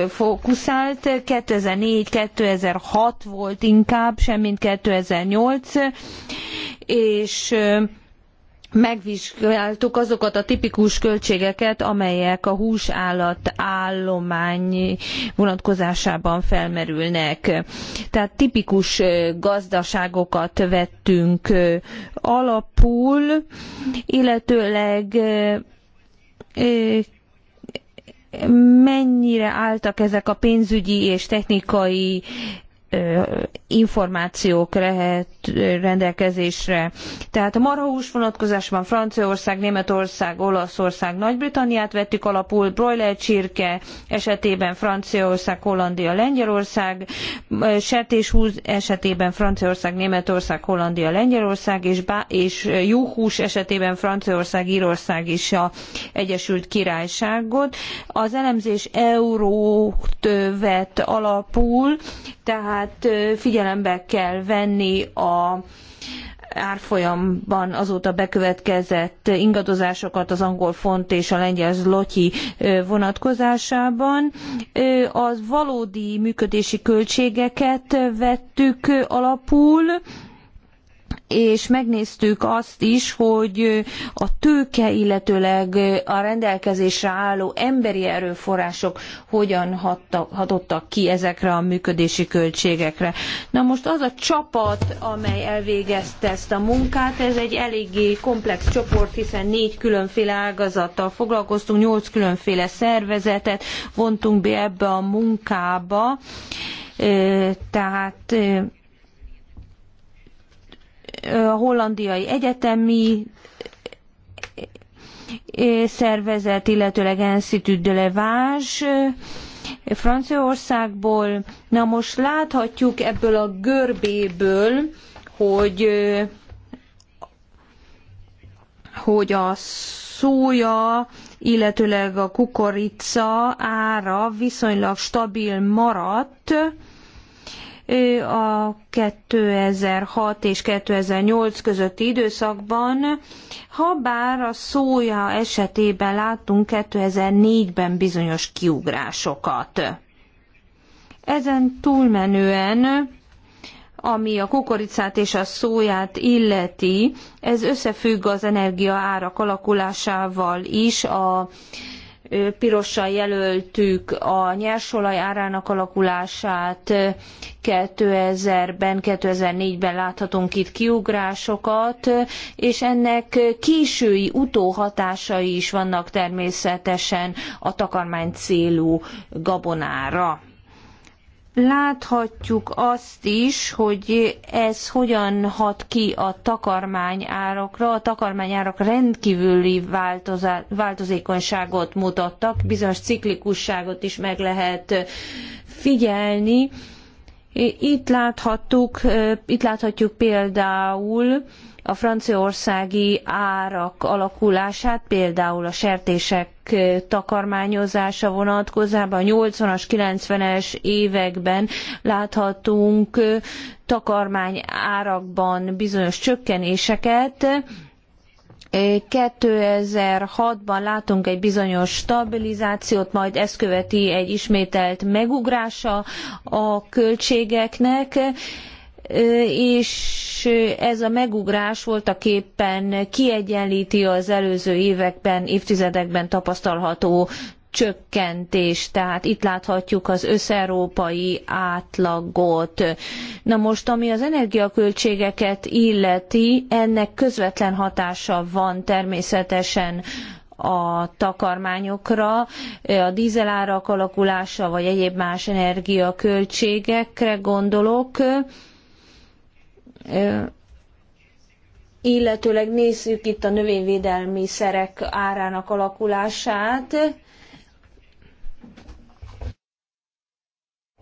fókuszált, 2004-2006 volt inkább, semmint 2008, és megvizsgáltuk azokat a tipikus költségeket, amelyek a húsállat állomány vonatkozásában felmerülnek. Tehát tipikus gazdaságokat vettünk alapul, illetőleg mennyire álltak ezek a pénzügyi és technikai információk lehet rendelkezésre. Tehát a marhahús vonatkozásban Franciaország, Németország, Olaszország, Nagy-Britanniát vettük alapul, broiler csirke esetében Franciaország, Hollandia, Lengyelország, sertéshús esetében Franciaország, Németország, Hollandia, Lengyelország, és, bá- és juhús esetében Franciaország, Írország és a Egyesült Királyságot. Az elemzés eurót vett alapul, tehát tehát figyelembe kell venni a árfolyamban azóta bekövetkezett ingadozásokat az angol font és a lengyel zloty vonatkozásában. Az valódi működési költségeket vettük alapul, és megnéztük azt is, hogy a tőke, illetőleg a rendelkezésre álló emberi erőforrások hogyan hatottak ki ezekre a működési költségekre. Na most az a csapat, amely elvégezte ezt a munkát, ez egy eléggé komplex csoport, hiszen négy különféle ágazattal foglalkoztunk, nyolc különféle szervezetet vontunk be ebbe a munkába, tehát a hollandiai egyetemi szervezet, illetőleg Institut de Levage Franciaországból. Na most láthatjuk ebből a görbéből, hogy hogy a szója, illetőleg a kukorica ára viszonylag stabil maradt, a 2006 és 2008 közötti időszakban, ha bár a szója esetében láttunk 2004-ben bizonyos kiugrásokat. Ezen túlmenően ami a kukoricát és a szóját illeti, ez összefügg az energiaárak alakulásával is, a pirossal jelöltük a nyersolaj árának alakulását, 2000-ben, 2004-ben láthatunk itt kiugrásokat, és ennek késői utóhatásai is vannak természetesen a takarmány célú gabonára láthatjuk azt is, hogy ez hogyan hat ki a takarmányárakra. A takarmányárak rendkívüli változékonyságot mutattak, bizonyos ciklikusságot is meg lehet figyelni. Itt, láthattuk, itt láthatjuk például, a franciaországi árak alakulását, például a sertések eh, takarmányozása vonatkozában. A 80-as, 90-es években láthatunk eh, takarmány árakban bizonyos csökkenéseket, 2006-ban eh, látunk egy bizonyos stabilizációt, majd ezt követi egy ismételt megugrása a költségeknek, és ez a megugrás voltaképpen kiegyenlíti az előző években, évtizedekben tapasztalható csökkentés, tehát itt láthatjuk az összeurópai átlagot. Na most, ami az energiaköltségeket illeti, ennek közvetlen hatása van természetesen a takarmányokra, a dízelárak alakulása, vagy egyéb más energiaköltségekre gondolok illetőleg nézzük itt a növényvédelmi szerek árának alakulását.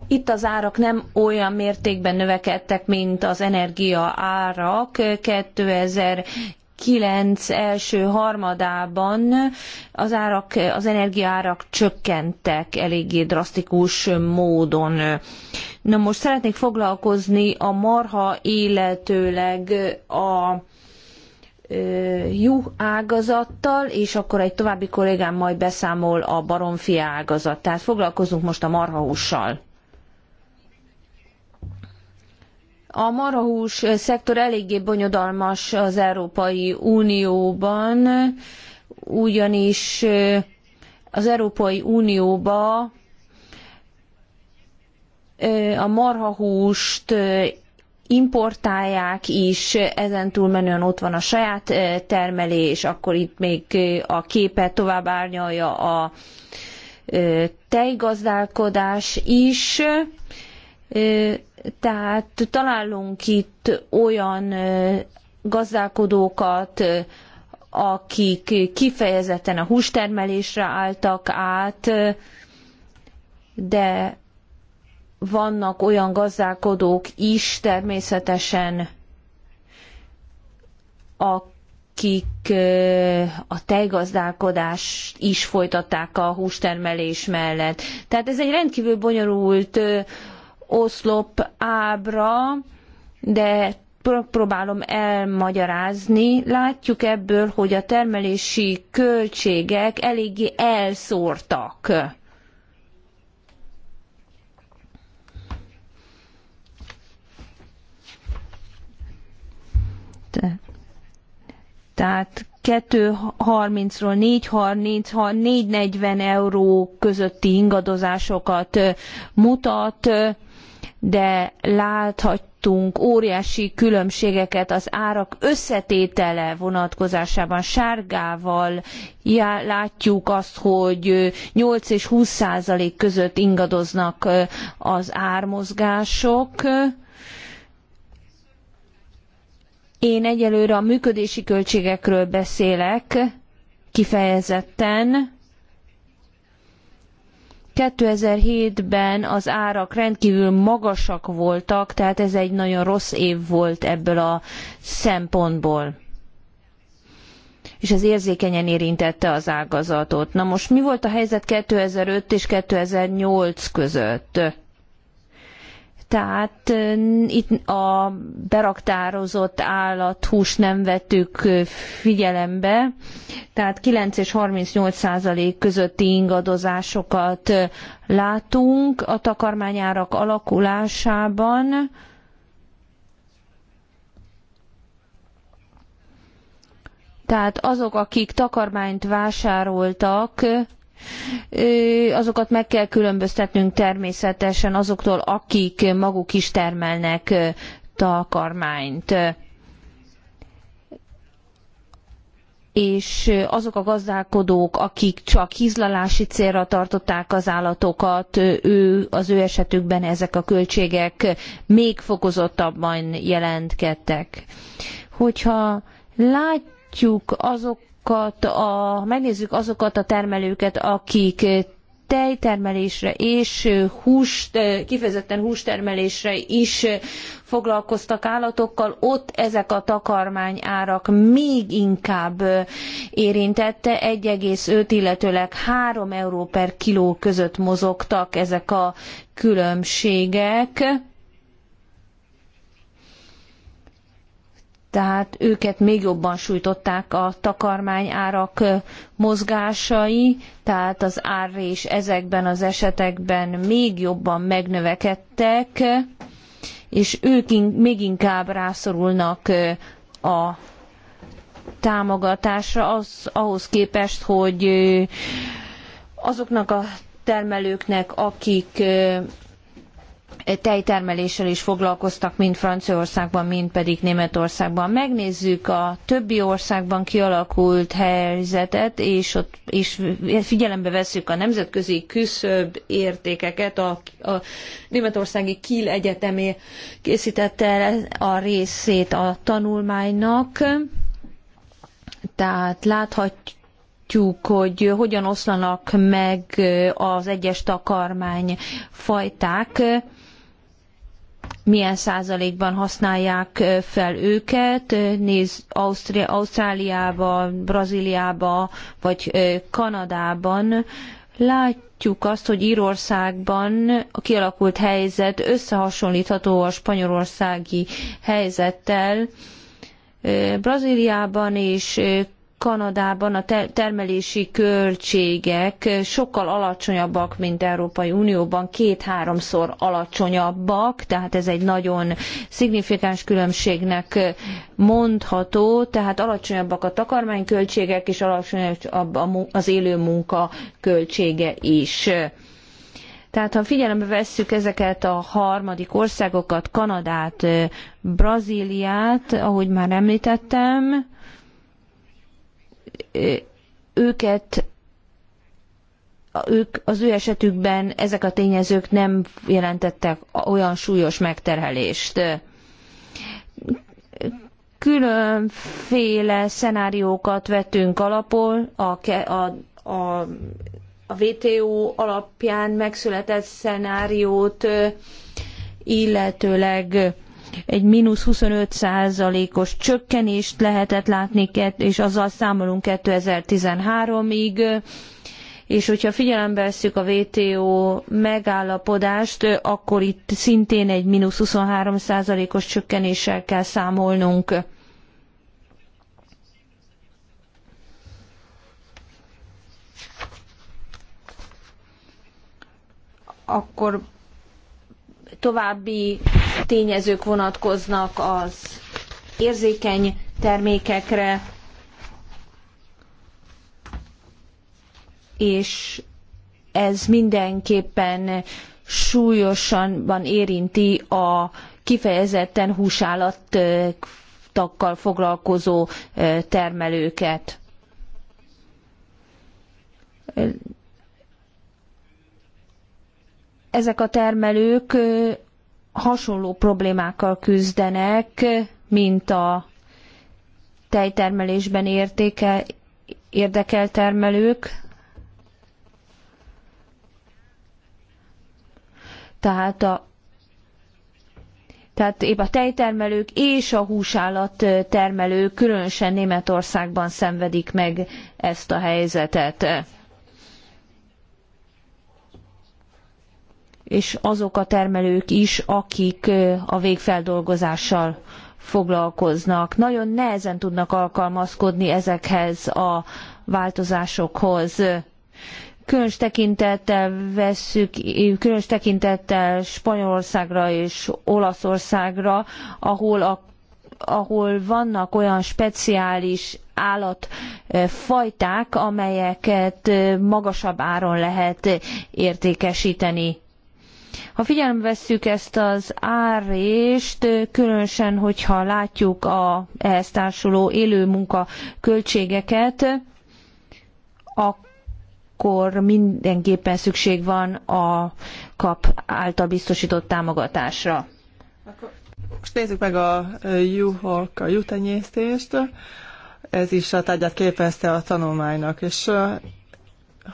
Itt az árak nem olyan mértékben növekedtek, mint az energia árak. 2000 kilenc első harmadában az árak, az energiaárak csökkentek eléggé drasztikus módon. Na most szeretnék foglalkozni a marha, illetőleg a juhágazattal ágazattal, és akkor egy további kollégám majd beszámol a baromfi ágazat. Tehát foglalkozunk most a marhahússal. A marahús szektor eléggé bonyodalmas az Európai Unióban, ugyanis az Európai Unióba a marhahúst importálják is, ezen túlmenően ott van a saját termelés, akkor itt még a képet tovább árnyalja a tejgazdálkodás is tehát találunk itt olyan gazdálkodókat, akik kifejezetten a hústermelésre álltak át, de vannak olyan gazdálkodók is természetesen, akik a tejgazdálkodást is folytatták a hústermelés mellett. Tehát ez egy rendkívül bonyolult oszlop ábra, de próbálom elmagyarázni, látjuk ebből, hogy a termelési költségek eléggé elszórtak. Tehát 2.30-ról 4.30-4.40 euró közötti ingadozásokat mutat de láthattunk óriási különbségeket az árak összetétele vonatkozásában. Sárgával látjuk azt, hogy 8 és 20 százalék között ingadoznak az ármozgások. Én egyelőre a működési költségekről beszélek kifejezetten, 2007-ben az árak rendkívül magasak voltak, tehát ez egy nagyon rossz év volt ebből a szempontból és ez érzékenyen érintette az ágazatot. Na most mi volt a helyzet 2005 és 2008 között? Tehát itt a beraktározott állathús nem vettük figyelembe, tehát 9 és 38 százalék közötti ingadozásokat látunk a takarmányárak alakulásában. Tehát azok, akik takarmányt vásároltak, azokat meg kell különböztetnünk természetesen azoktól, akik maguk is termelnek takarmányt. és azok a gazdálkodók, akik csak hizlalási célra tartották az állatokat, ő, az ő esetükben ezek a költségek még fokozottabban jelentkedtek. Hogyha látjuk azok azokat a, megnézzük azokat a termelőket, akik tejtermelésre és hús, kifejezetten hústermelésre is foglalkoztak állatokkal, ott ezek a takarmányárak még inkább érintette, 1,5, illetőleg 3 euró per kiló között mozogtak ezek a különbségek tehát őket még jobban sújtották a takarmányárak mozgásai, tehát az árrés ezekben az esetekben még jobban megnövekedtek, és ők még inkább rászorulnak a támogatásra az, ahhoz képest, hogy azoknak a termelőknek, akik tejtermeléssel is foglalkoztak, mind Franciaországban, mind pedig Németországban. Megnézzük a többi országban kialakult helyzetet, és, ott, és figyelembe vesszük a nemzetközi küszöbb értékeket. A, a Németországi Kiel Egyetemé készítette el a részét a tanulmánynak, tehát láthatjuk, látjuk, hogy hogyan oszlanak meg az egyes takarmány fajták milyen százalékban használják fel őket, néz Ausztria, Ausztráliában, Brazíliában vagy Kanadában, látjuk azt, hogy Írországban a kialakult helyzet összehasonlítható a spanyolországi helyzettel. Brazíliában és Kanadában a termelési költségek sokkal alacsonyabbak, mint Európai Unióban, két-háromszor alacsonyabbak, tehát ez egy nagyon szignifikáns különbségnek mondható, tehát alacsonyabbak a takarmányköltségek, és alacsonyabb az élő munka költsége is. Tehát ha figyelembe vesszük ezeket a harmadik országokat, Kanadát, Brazíliát, ahogy már említettem, őket ők az ő esetükben ezek a tényezők nem jelentettek olyan súlyos megterhelést. Különféle szenáriókat vettünk alapul, a, a, a, a WTO alapján megszületett szenáriót, illetőleg egy mínusz 25 százalékos csökkenést lehetett látni, és azzal számolunk 2013-ig és hogyha figyelembe vesszük a WTO megállapodást, akkor itt szintén egy mínusz 23 százalékos csökkenéssel kell számolnunk. Akkor további tényezők vonatkoznak az érzékeny termékekre, és ez mindenképpen súlyosan érinti a kifejezetten húsállattakkal foglalkozó termelőket. Ezek a termelők hasonló problémákkal küzdenek, mint a tejtermelésben értéke, érdekelt termelők. Tehát a tehát épp a tejtermelők és a húsállat termelők különösen Németországban szenvedik meg ezt a helyzetet. és azok a termelők is, akik a végfeldolgozással foglalkoznak. Nagyon nehezen tudnak alkalmazkodni ezekhez a változásokhoz. Különös tekintettel vesszük, különös tekintettel Spanyolországra és Olaszországra, ahol a ahol vannak olyan speciális állatfajták, amelyeket magasabb áron lehet értékesíteni. Ha figyelembe vesszük ezt az árést, különösen, hogyha látjuk a ehhez társuló élő munka költségeket, akkor mindenképpen szükség van a kap által biztosított támogatásra. Most nézzük meg a juhok, a jutenyésztést. Ez is a tárgyát képezte a tanulmánynak, és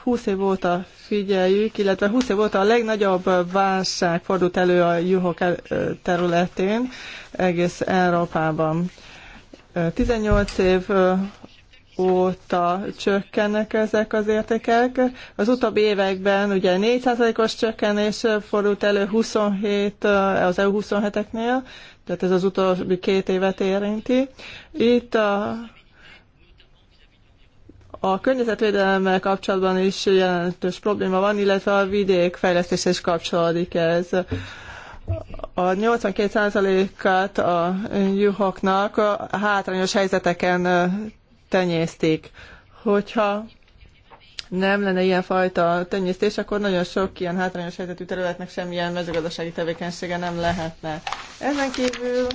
20 év óta figyeljük, illetve 20 év óta a legnagyobb válság fordult elő a juhok területén, egész Európában. 18 év óta csökkennek ezek az értékek. Az utóbbi években ugye 4%-os csökkenés fordult elő 27, az EU 27-eknél, tehát ez az utóbbi két évet érinti. Itt a a környezetvédelemmel kapcsolatban is jelentős probléma van, illetve a vidék fejlesztése is kapcsolódik ez. A 82%-át a juhoknak a hátrányos helyzeteken tenyésztik. Hogyha nem lenne ilyenfajta tenyésztés, akkor nagyon sok ilyen hátrányos helyzetű területnek semmilyen mezőgazdasági tevékenysége nem lehetne. Ezen kívül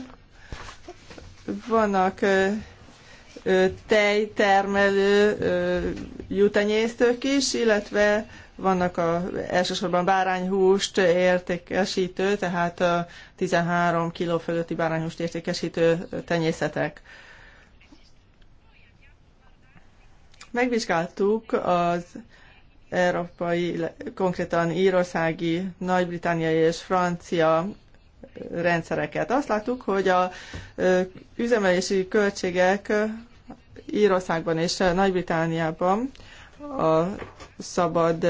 vannak tejtermelő jutenyésztők is, illetve vannak a, elsősorban bárányhúst értékesítő, tehát a 13 kg fölötti bárányhúst értékesítő tenyészetek. Megvizsgáltuk az európai, konkrétan írországi, nagy-britániai és francia rendszereket. Azt láttuk, hogy a üzemelési költségek Írországban és Nagy-Britániában a szabad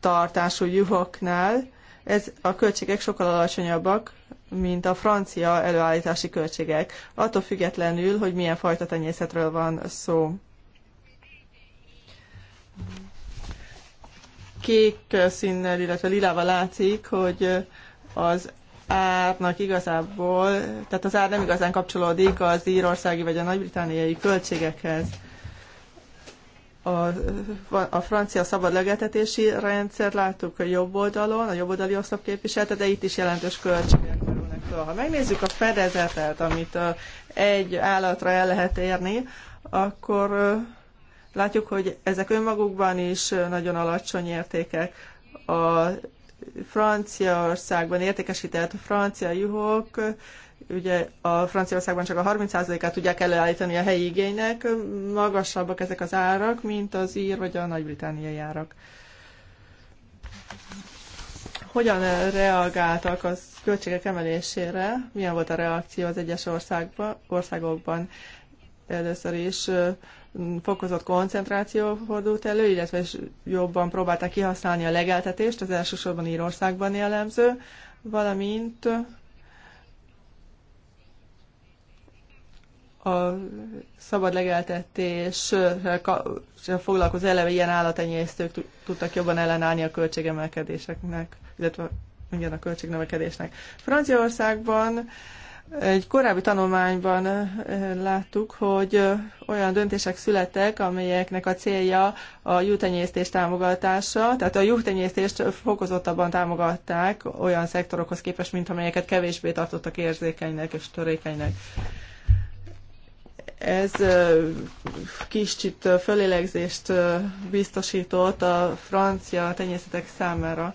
tartású juhoknál ez a költségek sokkal alacsonyabbak, mint a francia előállítási költségek, attól függetlenül, hogy milyen fajta tenyészetről van szó. Kék színnel, illetve lilával látszik, hogy az árnak igazából, tehát az ár nem igazán kapcsolódik az írországi vagy a nagybritániai költségekhez. A, a francia szabad legetetési rendszer láttuk a jobb oldalon, a jobb oldali oszlop képviselte, de itt is jelentős költségek merülnek fel. Ha megnézzük a fedezetet, amit egy állatra el lehet érni, akkor látjuk, hogy ezek önmagukban is nagyon alacsony értékek. A Franciaországban értékesített francia juhok, ugye a Franciaországban csak a 30%-át tudják előállítani a helyi igénynek, magasabbak ezek az árak, mint az ír vagy a nagy-britániai árak. Hogyan eh, reagáltak az költségek emelésére? Milyen volt a reakció az egyes országba, országokban? Először is eh, fokozott koncentráció fordult elő, illetve is jobban próbálták kihasználni a legeltetést, az elsősorban Írországban jellemző, valamint a szabad legeltetés foglalkozó eleve ilyen állatenyésztők tudtak jobban ellenállni a költségemelkedéseknek, illetve ugyan a költségnövekedésnek. Franciaországban egy korábbi tanulmányban eh, eh, láttuk, hogy eh, olyan döntések születtek, amelyeknek a célja a juhtenyésztés támogatása, tehát a juhtenyésztést fokozottabban támogatták olyan szektorokhoz képest, mint amelyeket kevésbé tartottak érzékenynek és törékenynek. Ez kicsit fölélegzést biztosított a francia tenyészetek számára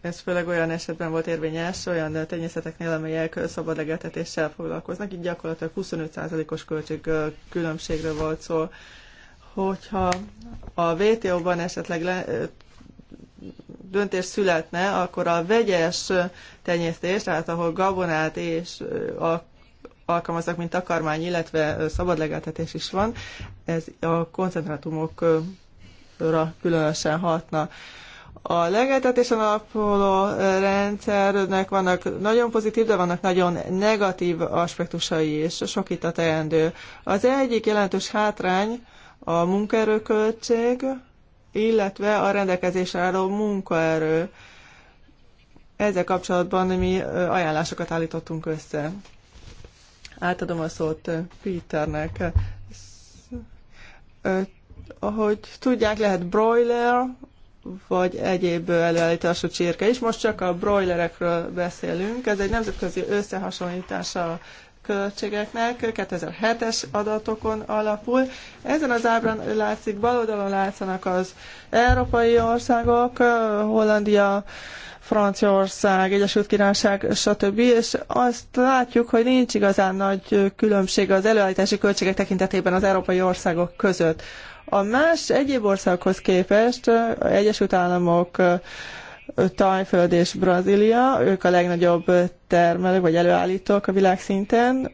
ez főleg olyan esetben volt érvényes, olyan tenyészeteknél, amelyek legeltetéssel foglalkoznak, így gyakorlatilag 25%-os költség különbségről volt szó. Hogyha a WTO-ban esetleg le, döntés születne, akkor a vegyes tenyésztés, tehát ahol gabonát és a alkalmaznak, mint takarmány, illetve legeltetés is van, ez a koncentrátumokra különösen hatna. A legeltetésen alapuló rendszernek vannak nagyon pozitív, de vannak nagyon negatív aspektusai is, sok itt a teendő. Az egyik jelentős hátrány a munkaerőköltség, illetve a rendelkezésre álló munkaerő. Ezzel kapcsolatban mi ajánlásokat állítottunk össze. Átadom a szót Peternek. Ahogy tudják, lehet broiler, vagy egyéb előállítású csirke is. Most csak a broilerekről beszélünk. Ez egy nemzetközi összehasonlítása a költségeknek, 2007-es adatokon alapul. Ezen az ábrán látszik, bal oldalon látszanak az európai országok, Hollandia, Franciaország, Egyesült Királyság, stb. És azt látjuk, hogy nincs igazán nagy különbség az előállítási költségek tekintetében az európai országok között. A más egyéb országhoz képest Egyesült Államok, Tajföld és Brazília, ők a legnagyobb termelők vagy előállítók a világszinten,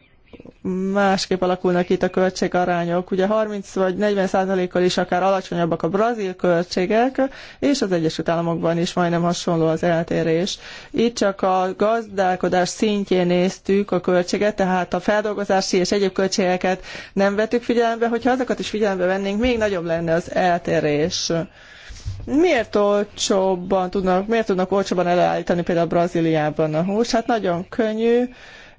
másképp alakulnak itt a költségarányok. Ugye 30 vagy 40 százalékkal is akár alacsonyabbak a brazil költségek, és az Egyesült Államokban is majdnem hasonló az eltérés. Itt csak a gazdálkodás szintjén néztük a költséget, tehát a feldolgozási és egyéb költségeket nem vettük figyelembe, hogyha azokat is figyelembe vennénk, még nagyobb lenne az eltérés. Miért olcsóbban tudnak, miért tudnak olcsóban előállítani például Brazíliában a hús? Hát nagyon könnyű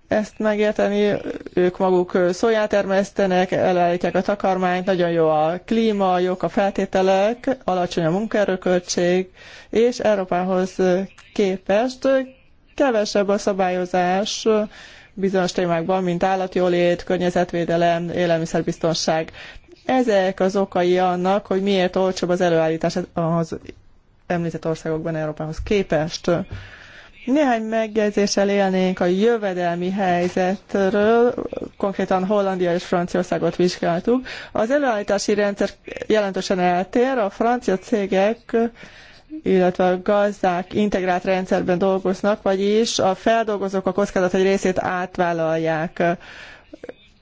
ezt megérteni. Ők maguk szóját termesztenek, előállítják a takarmányt, nagyon jó a klíma, jók a feltételek, alacsony a munkaerőköltség, és Európához képest kevesebb a szabályozás bizonyos témákban, mint állatjólét, környezetvédelem, élelmiszerbiztonság. Ezek az okai annak, hogy miért olcsóbb az előállítás az említett országokban Európához képest. Néhány megjegyzéssel élnénk a jövedelmi helyzetről, konkrétan Hollandia és Franciaországot vizsgáltuk. Az előállítási rendszer jelentősen eltér, a francia cégek illetve a gazdák integrált rendszerben dolgoznak, vagyis a feldolgozók a kockázat egy részét átvállalják,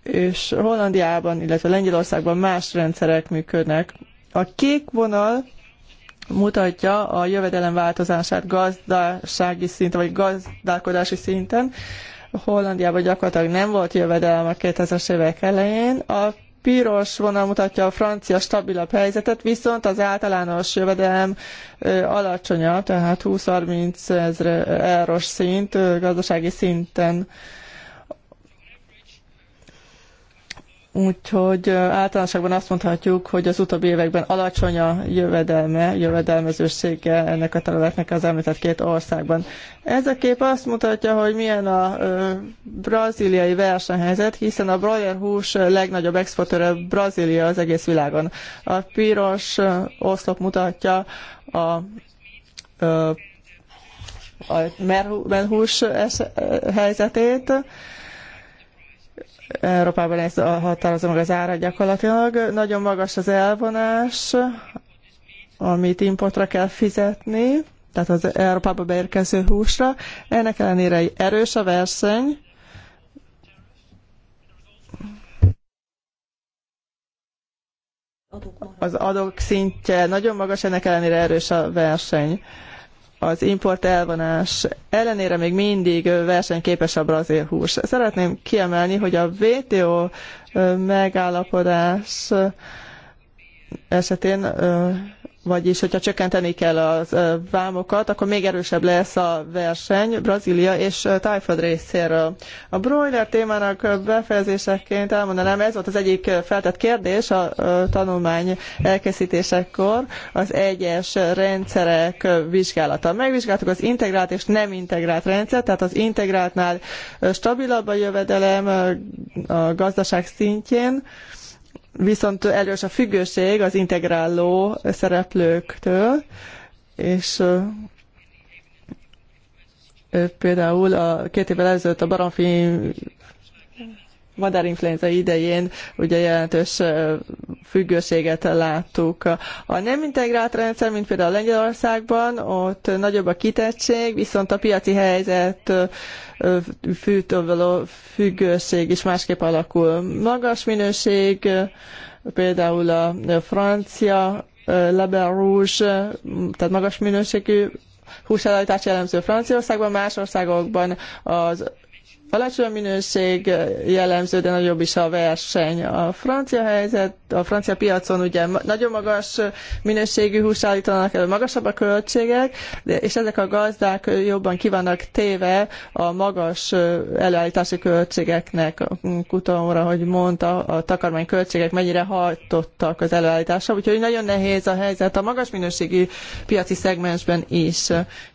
és Hollandiában, illetve Lengyelországban más rendszerek működnek. A kék vonal mutatja a jövedelem változását gazdasági szinten, vagy gazdálkodási szinten. Hollandiában gyakorlatilag nem volt jövedelem a 2000-es évek elején. A piros vonal mutatja a francia stabilabb helyzetet, viszont az általános jövedelem alacsonyabb, tehát 20-30 ezer eurós szint gazdasági szinten Úgyhogy általánosságban azt mondhatjuk, hogy az utóbbi években alacsony a jövedelme, jövedelmezősége ennek a területnek az említett két országban. Ez a kép azt mutatja, hogy milyen a ö, braziliai versenyhelyzet, hiszen a broiler hús legnagyobb exportőre Brazília az egész világon. A piros oszlop mutatja a ö, a merhús helyzetét, Európában ez határozza meg az árat gyakorlatilag. Nagyon magas az elvonás, amit importra kell fizetni, tehát az Európába beérkező húsra. Ennek ellenére erős a verseny, az adók szintje nagyon magas, ennek ellenére erős a verseny az import elvonás ellenére még mindig versenyképes a brazil hús. Szeretném kiemelni, hogy a WTO megállapodás esetén vagyis, hogyha csökkenteni kell a vámokat, akkor még erősebb lesz a verseny Brazília és Tájföld részéről. A broiler témának befejezéseként elmondanám, ez volt az egyik feltett kérdés a tanulmány elkészítésekor, az egyes rendszerek vizsgálata. Megvizsgáltuk az integrált és nem integrált rendszert, tehát az integráltnál stabilabb a jövedelem a gazdaság szintjén, viszont erős a függőség az integráló szereplőktől, és például a két évvel ezelőtt a Baromfi madárinfluenza idején ugye jelentős függőséget láttuk. A nem integrált rendszer, mint például Lengyelországban, ott nagyobb a kitettség, viszont a piaci helyzet fűtől függőség is másképp alakul. Magas minőség, például a francia Label Rouge, tehát magas minőségű húsállalítás jellemző Franciaországban, más országokban az alacsony minőség jellemző, de nagyobb is a verseny. A francia helyzet, a francia piacon ugye nagyon magas minőségű hús állítanak elő, magasabb a költségek, és ezek a gazdák jobban kivannak téve a magas előállítási költségeknek. Kutomra, hogy mondta, a takarmány költségek mennyire hajtottak az előállításra, úgyhogy nagyon nehéz a helyzet a magas minőségű piaci szegmensben is,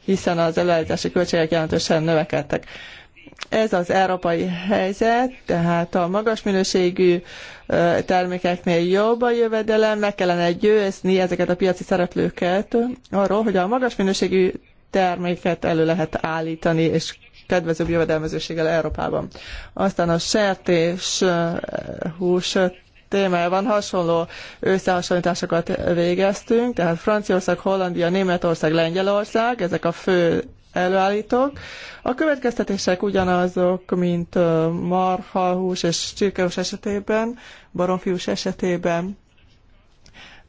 hiszen az előállítási költségek jelentősen növekedtek ez az európai helyzet, tehát a magas minőségű termékeknél jobb a jövedelem, meg kellene győzni ezeket a piaci szereplőket arról, hogy a magas minőségű terméket elő lehet állítani, és kedvezőbb jövedelmezőséggel Európában. Aztán a sertés hús témájában hasonló összehasonlításokat végeztünk, tehát Franciaország, Hollandia, Németország, Lengyelország, ezek a fő előállítok. A következtetések ugyanazok, mint marhahús és csirkehús esetében, baromfiús esetében.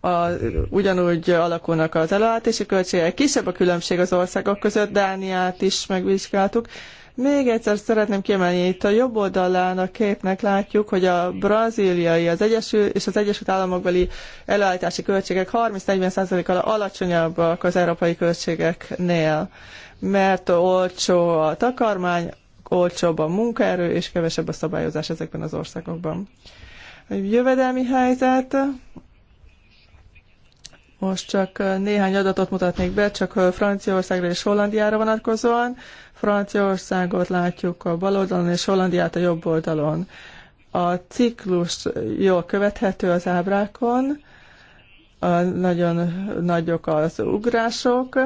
A, ugyanúgy alakulnak az előállítási költségek. Kisebb a különbség az országok között, Dániát is megvizsgáltuk. Még egyszer szeretném kiemelni, itt a jobb oldalán a képnek látjuk, hogy a braziliai az Egyesül, és az Egyesült Államokbeli előállítási költségek 30-40%-kal alacsonyabbak az európai költségeknél mert olcsó a takarmány, olcsóbb a munkaerő, és kevesebb a szabályozás ezekben az országokban. A jövedelmi helyzet, most csak néhány adatot mutatnék be, csak Franciaországra és Hollandiára vonatkozóan. Franciaországot látjuk a bal oldalon, és Hollandiát a jobb oldalon. A ciklus jól követhető az ábrákon, a nagyon nagyok az ugrások,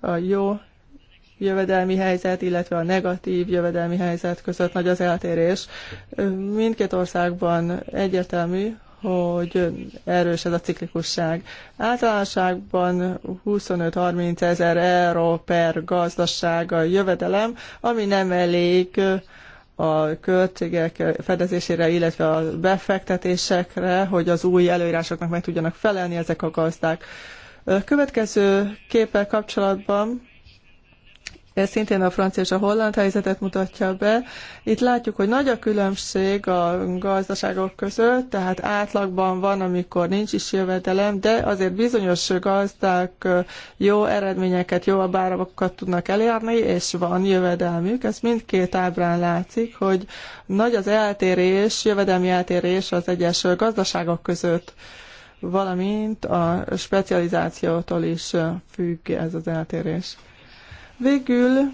a jó jövedelmi helyzet, illetve a negatív jövedelmi helyzet között nagy az eltérés. Mindkét országban egyértelmű, hogy erős ez a ciklikusság. Általánosságban 25-30 ezer euró per gazdaság a jövedelem, ami nem elég a költségek fedezésére, illetve a befektetésekre, hogy az új előírásoknak meg tudjanak felelni ezek a gazdák. Következő képpel kapcsolatban ez szintén a francia és a holland helyzetet mutatja be. Itt látjuk, hogy nagy a különbség a gazdaságok között, tehát átlagban van, amikor nincs is jövedelem, de azért bizonyos gazdák jó eredményeket, jó abárakat tudnak elérni, és van jövedelmük. Ez mindkét ábrán látszik, hogy nagy az eltérés, jövedelmi eltérés az egyes gazdaságok között valamint a specializációtól is függ ez az eltérés. Végül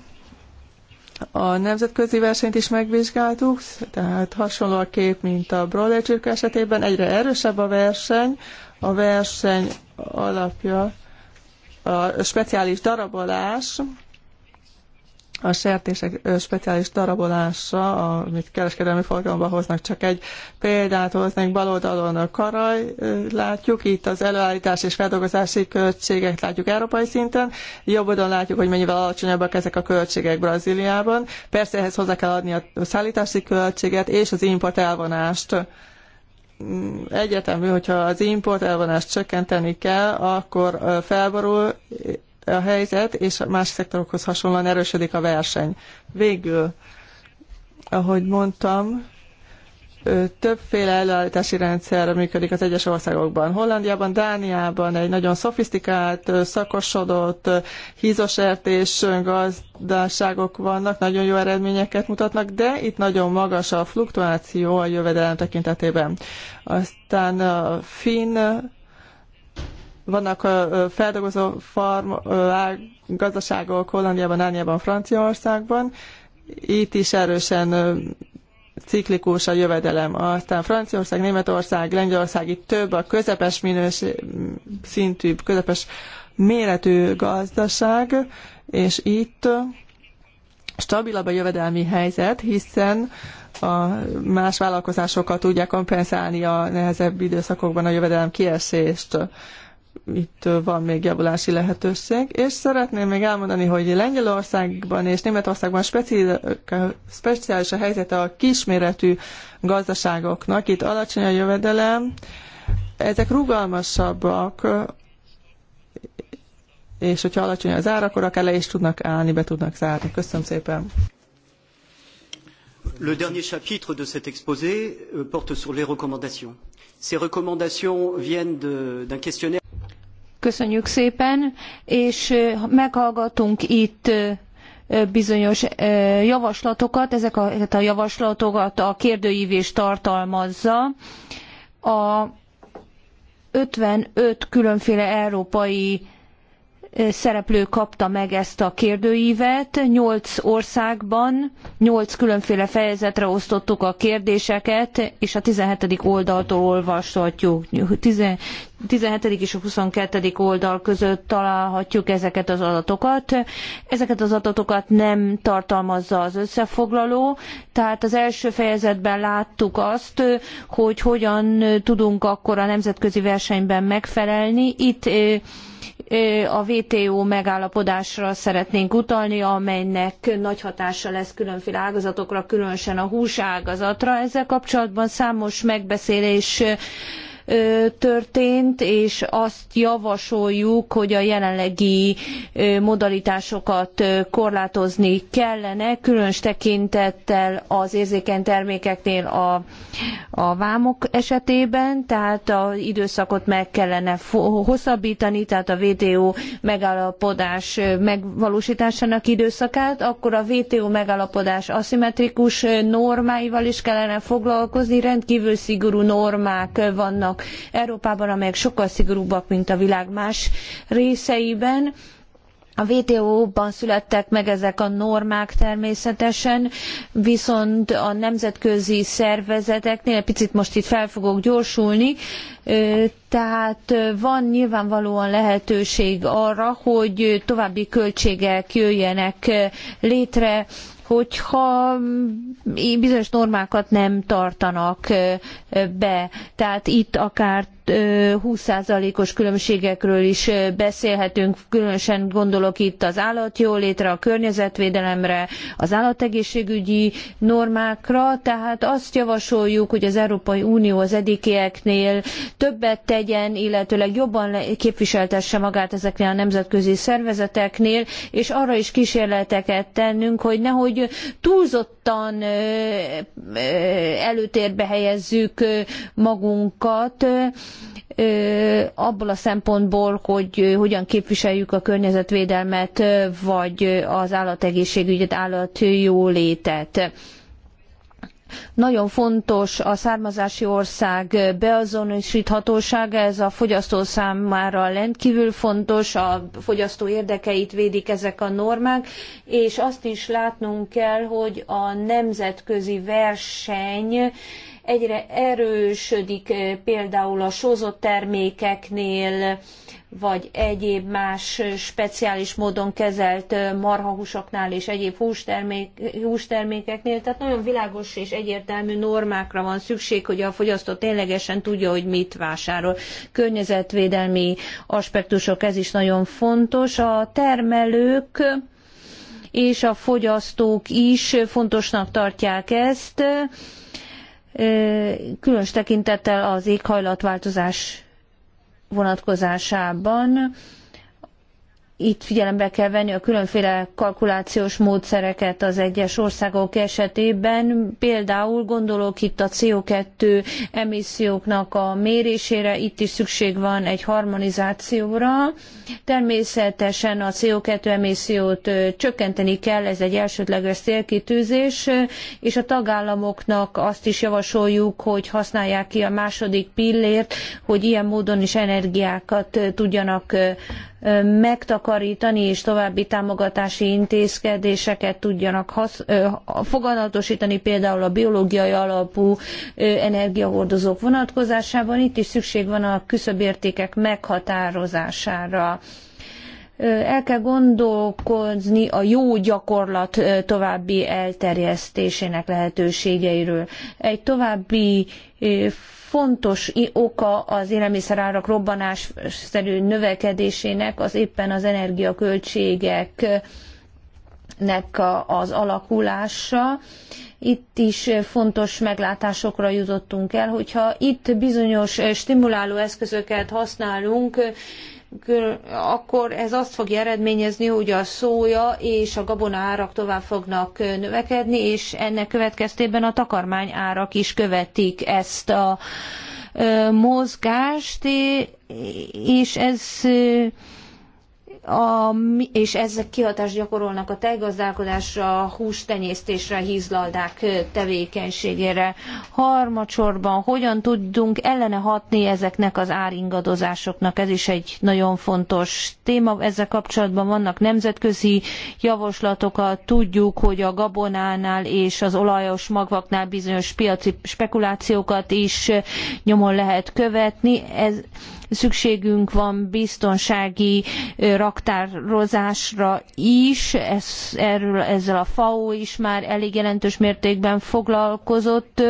a nemzetközi versenyt is megvizsgáltuk, tehát hasonló a kép, mint a Brawler csirke esetében. Egyre erősebb a verseny, a verseny alapja a speciális darabolás, a sertések speciális darabolása, amit kereskedelmi forgalomba hoznak, csak egy példát hoznak, bal oldalon a karaj látjuk, itt az előállítás és feldolgozási költségek látjuk európai szinten, jobb oldalon látjuk, hogy mennyivel alacsonyabbak ezek a költségek Brazíliában. Persze ehhez hozzá kell adni a szállítási költséget és az import elvonást egyetemű, hogyha az import elvonást csökkenteni kell, akkor felborul, a helyzet, és más szektorokhoz hasonlóan erősödik a verseny. Végül, ahogy mondtam, többféle előállítási rendszer működik az egyes országokban. Hollandiában, Dániában egy nagyon szofisztikált, szakosodott, hízosértés gazdaságok vannak, nagyon jó eredményeket mutatnak, de itt nagyon magas a fluktuáció a jövedelem tekintetében. Aztán a finn vannak a feldolgozó farm, gazdaságok Hollandiában, Ániában, Franciaországban. Itt is erősen ciklikus a jövedelem. Aztán Franciaország, Németország, Lengyelország itt több a közepes minőség szintű, közepes méretű gazdaság, és itt stabilabb a jövedelmi helyzet, hiszen a más vállalkozásokkal tudják kompenzálni a nehezebb időszakokban a jövedelem kiesést itt van még javulási lehetőség, és szeretném még elmondani, hogy Lengyelországban és Németországban speciális a helyzet a kisméretű gazdaságoknak. Itt alacsony a jövedelem, ezek rugalmasabbak, és hogyha alacsony az ár, akkor akár le is tudnak állni, be tudnak zárni. Köszönöm szépen! Le dernier chapitre de cet exposé euh, porte sur les recommandations. Ces recommandations viennent d'un questionnaire Köszönjük szépen, és meghallgatunk itt bizonyos javaslatokat, ezeket a javaslatokat a kérdőív is tartalmazza. A 55 különféle európai szereplő kapta meg ezt a kérdőívet. Nyolc országban, nyolc különféle fejezetre osztottuk a kérdéseket, és a 17. oldaltól olvashatjuk. 17. és a 22. oldal között találhatjuk ezeket az adatokat. Ezeket az adatokat nem tartalmazza az összefoglaló, tehát az első fejezetben láttuk azt, hogy hogyan tudunk akkor a nemzetközi versenyben megfelelni. Itt eh, a WTO megállapodásra szeretnénk utalni, amelynek nagy hatása lesz különféle ágazatokra, különösen a húságazatra. Ezzel kapcsolatban számos megbeszélés történt, és azt javasoljuk, hogy a jelenlegi modalitásokat korlátozni kellene, különös tekintettel az érzékeny termékeknél a, a vámok esetében, tehát az időszakot meg kellene hosszabbítani, tehát a WTO megállapodás megvalósításának időszakát, akkor a WTO megállapodás aszimmetrikus normáival is kellene foglalkozni, rendkívül szigorú normák vannak Európában, amelyek sokkal szigorúbbak, mint a világ más részeiben. A WTO-ban születtek meg ezek a normák természetesen, viszont a nemzetközi szervezeteknél, picit most itt fel fogok gyorsulni, tehát van nyilvánvalóan lehetőség arra, hogy további költségek jöjjenek létre hogyha bizonyos normákat nem tartanak be. Tehát itt akár 20%-os különbségekről is beszélhetünk, különösen gondolok itt az állatjólétre, a környezetvédelemre, az állategészségügyi normákra, tehát azt javasoljuk, hogy az Európai Unió az edikieknél többet tegyen, illetőleg jobban képviseltesse magát ezeknél a nemzetközi szervezeteknél, és arra is kísérleteket tennünk, hogy nehogy túlzottan előtérbe helyezzük magunkat, abból a szempontból, hogy hogyan képviseljük a környezetvédelmet, vagy az állategészségügyet, állatjólétet. Nagyon fontos a származási ország beazonosíthatósága, ez a fogyasztó számára rendkívül fontos, a fogyasztó érdekeit védik ezek a normák, és azt is látnunk kell, hogy a nemzetközi verseny Egyre erősödik eh, például a sózott termékeknél, vagy egyéb más speciális módon kezelt eh, marhahúsoknál és egyéb hústermék, hústermékeknél. Tehát nagyon világos és egyértelmű normákra van szükség, hogy a fogyasztó ténylegesen tudja, hogy mit vásárol. Környezetvédelmi aspektusok, ez is nagyon fontos. A termelők és a fogyasztók is fontosnak tartják ezt különös tekintettel az éghajlatváltozás vonatkozásában itt figyelembe kell venni a különféle kalkulációs módszereket az egyes országok esetében. Például gondolok itt a CO2 emisszióknak a mérésére, itt is szükség van egy harmonizációra. Természetesen a CO2 emissziót csökkenteni kell, ez egy elsődleges célkitűzés, és a tagállamoknak azt is javasoljuk, hogy használják ki a második pillért, hogy ilyen módon is energiákat tudjanak megtakarítani és további támogatási intézkedéseket tudjanak hasz, foganatosítani, például a biológiai alapú energiahordozók vonatkozásában. Itt is szükség van a küszöbértékek meghatározására el kell gondolkozni a jó gyakorlat további elterjesztésének lehetőségeiről. Egy további fontos oka az élelmiszerárak robbanásszerű növekedésének az éppen az energiaköltségeknek az alakulása. Itt is fontos meglátásokra jutottunk el, hogyha itt bizonyos stimuláló eszközöket használunk, akkor ez azt fogja eredményezni, hogy a szója és a gabona árak tovább fognak növekedni, és ennek következtében a takarmány árak is követik ezt a mozgást, és ez a, és ezek kihatást gyakorolnak a tejgazdálkodásra, a hústenyésztésre, a hízlaldák tevékenységére. Harmadsorban hogyan tudunk ellene hatni ezeknek az áringadozásoknak? Ez is egy nagyon fontos téma. Ezzel kapcsolatban vannak nemzetközi javaslatokat. Tudjuk, hogy a gabonánál és az olajos magvaknál bizonyos piaci spekulációkat is nyomon lehet követni. Ez, szükségünk van biztonsági raktározásra is, ez, erről, ezzel a FAO is már elég jelentős mértékben foglalkozott,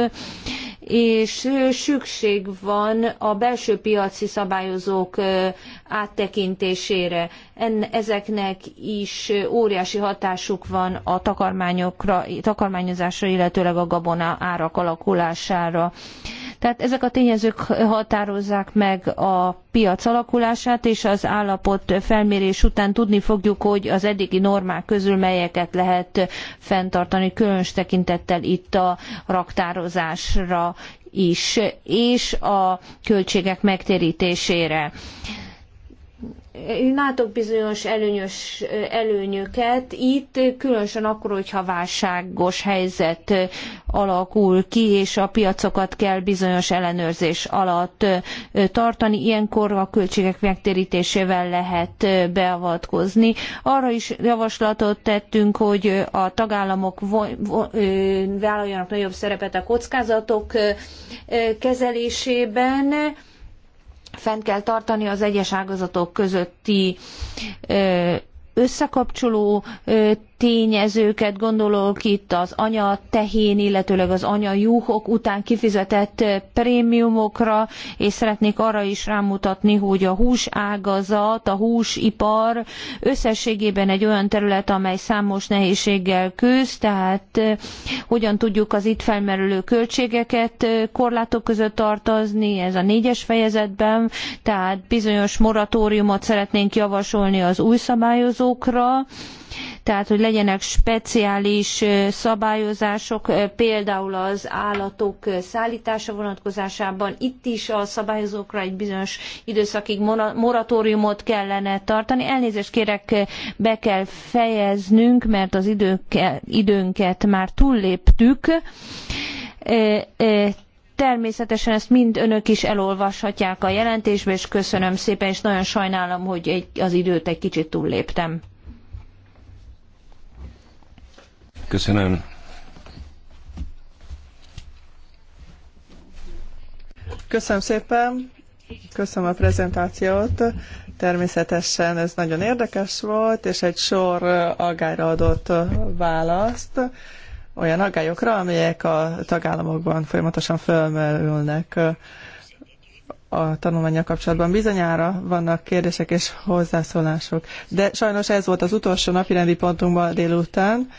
és szükség van a belső piaci szabályozók áttekintésére. ezeknek is óriási hatásuk van a takarmányokra, takarmányozásra, illetőleg a gabona árak alakulására. Tehát ezek a tényezők határozzák meg a piac alakulását, és az állapot felmérés után tudni fogjuk, hogy az eddigi normák közül melyeket lehet fenntartani, különös tekintettel itt a raktározásra is, és a költségek megtérítésére látok bizonyos előnyös, előnyöket itt, különösen akkor, hogyha válságos helyzet alakul ki, és a piacokat kell bizonyos ellenőrzés alatt tartani. Ilyenkor a költségek megtérítésével lehet beavatkozni. Arra is javaslatot tettünk, hogy a tagállamok vállaljanak nagyobb szerepet a kockázatok kezelésében, fent kell tartani az egyes ágazatok közötti összekapcsoló tényezőket, gondolok itt az anya tehén, illetőleg az anya juhok után kifizetett prémiumokra, és szeretnék arra is rámutatni, hogy a húságazat, a húsipar összességében egy olyan terület, amely számos nehézséggel küzd, tehát hogyan tudjuk az itt felmerülő költségeket korlátok között tartozni, ez a négyes fejezetben, tehát bizonyos moratóriumot szeretnénk javasolni az új szabályozó adókra, tehát hogy legyenek speciális szabályozások, például az állatok szállítása vonatkozásában. Itt is a szabályozókra egy bizonyos időszakig moratóriumot kellene tartani. Elnézést kérek, be kell fejeznünk, mert az időnket már túlléptük Természetesen ezt mind önök is elolvashatják a jelentésbe, és köszönöm szépen, és nagyon sajnálom, hogy egy, az időt egy kicsit túlléptem. Köszönöm. Köszönöm szépen, köszönöm a prezentációt. Természetesen ez nagyon érdekes volt, és egy sor agályra adott választ olyan aggályokra, amelyek a tagállamokban folyamatosan fölmerülnek a tanulmányok kapcsolatban. Bizonyára vannak kérdések és hozzászólások. De sajnos ez volt az utolsó napirendi pontunk ma délután.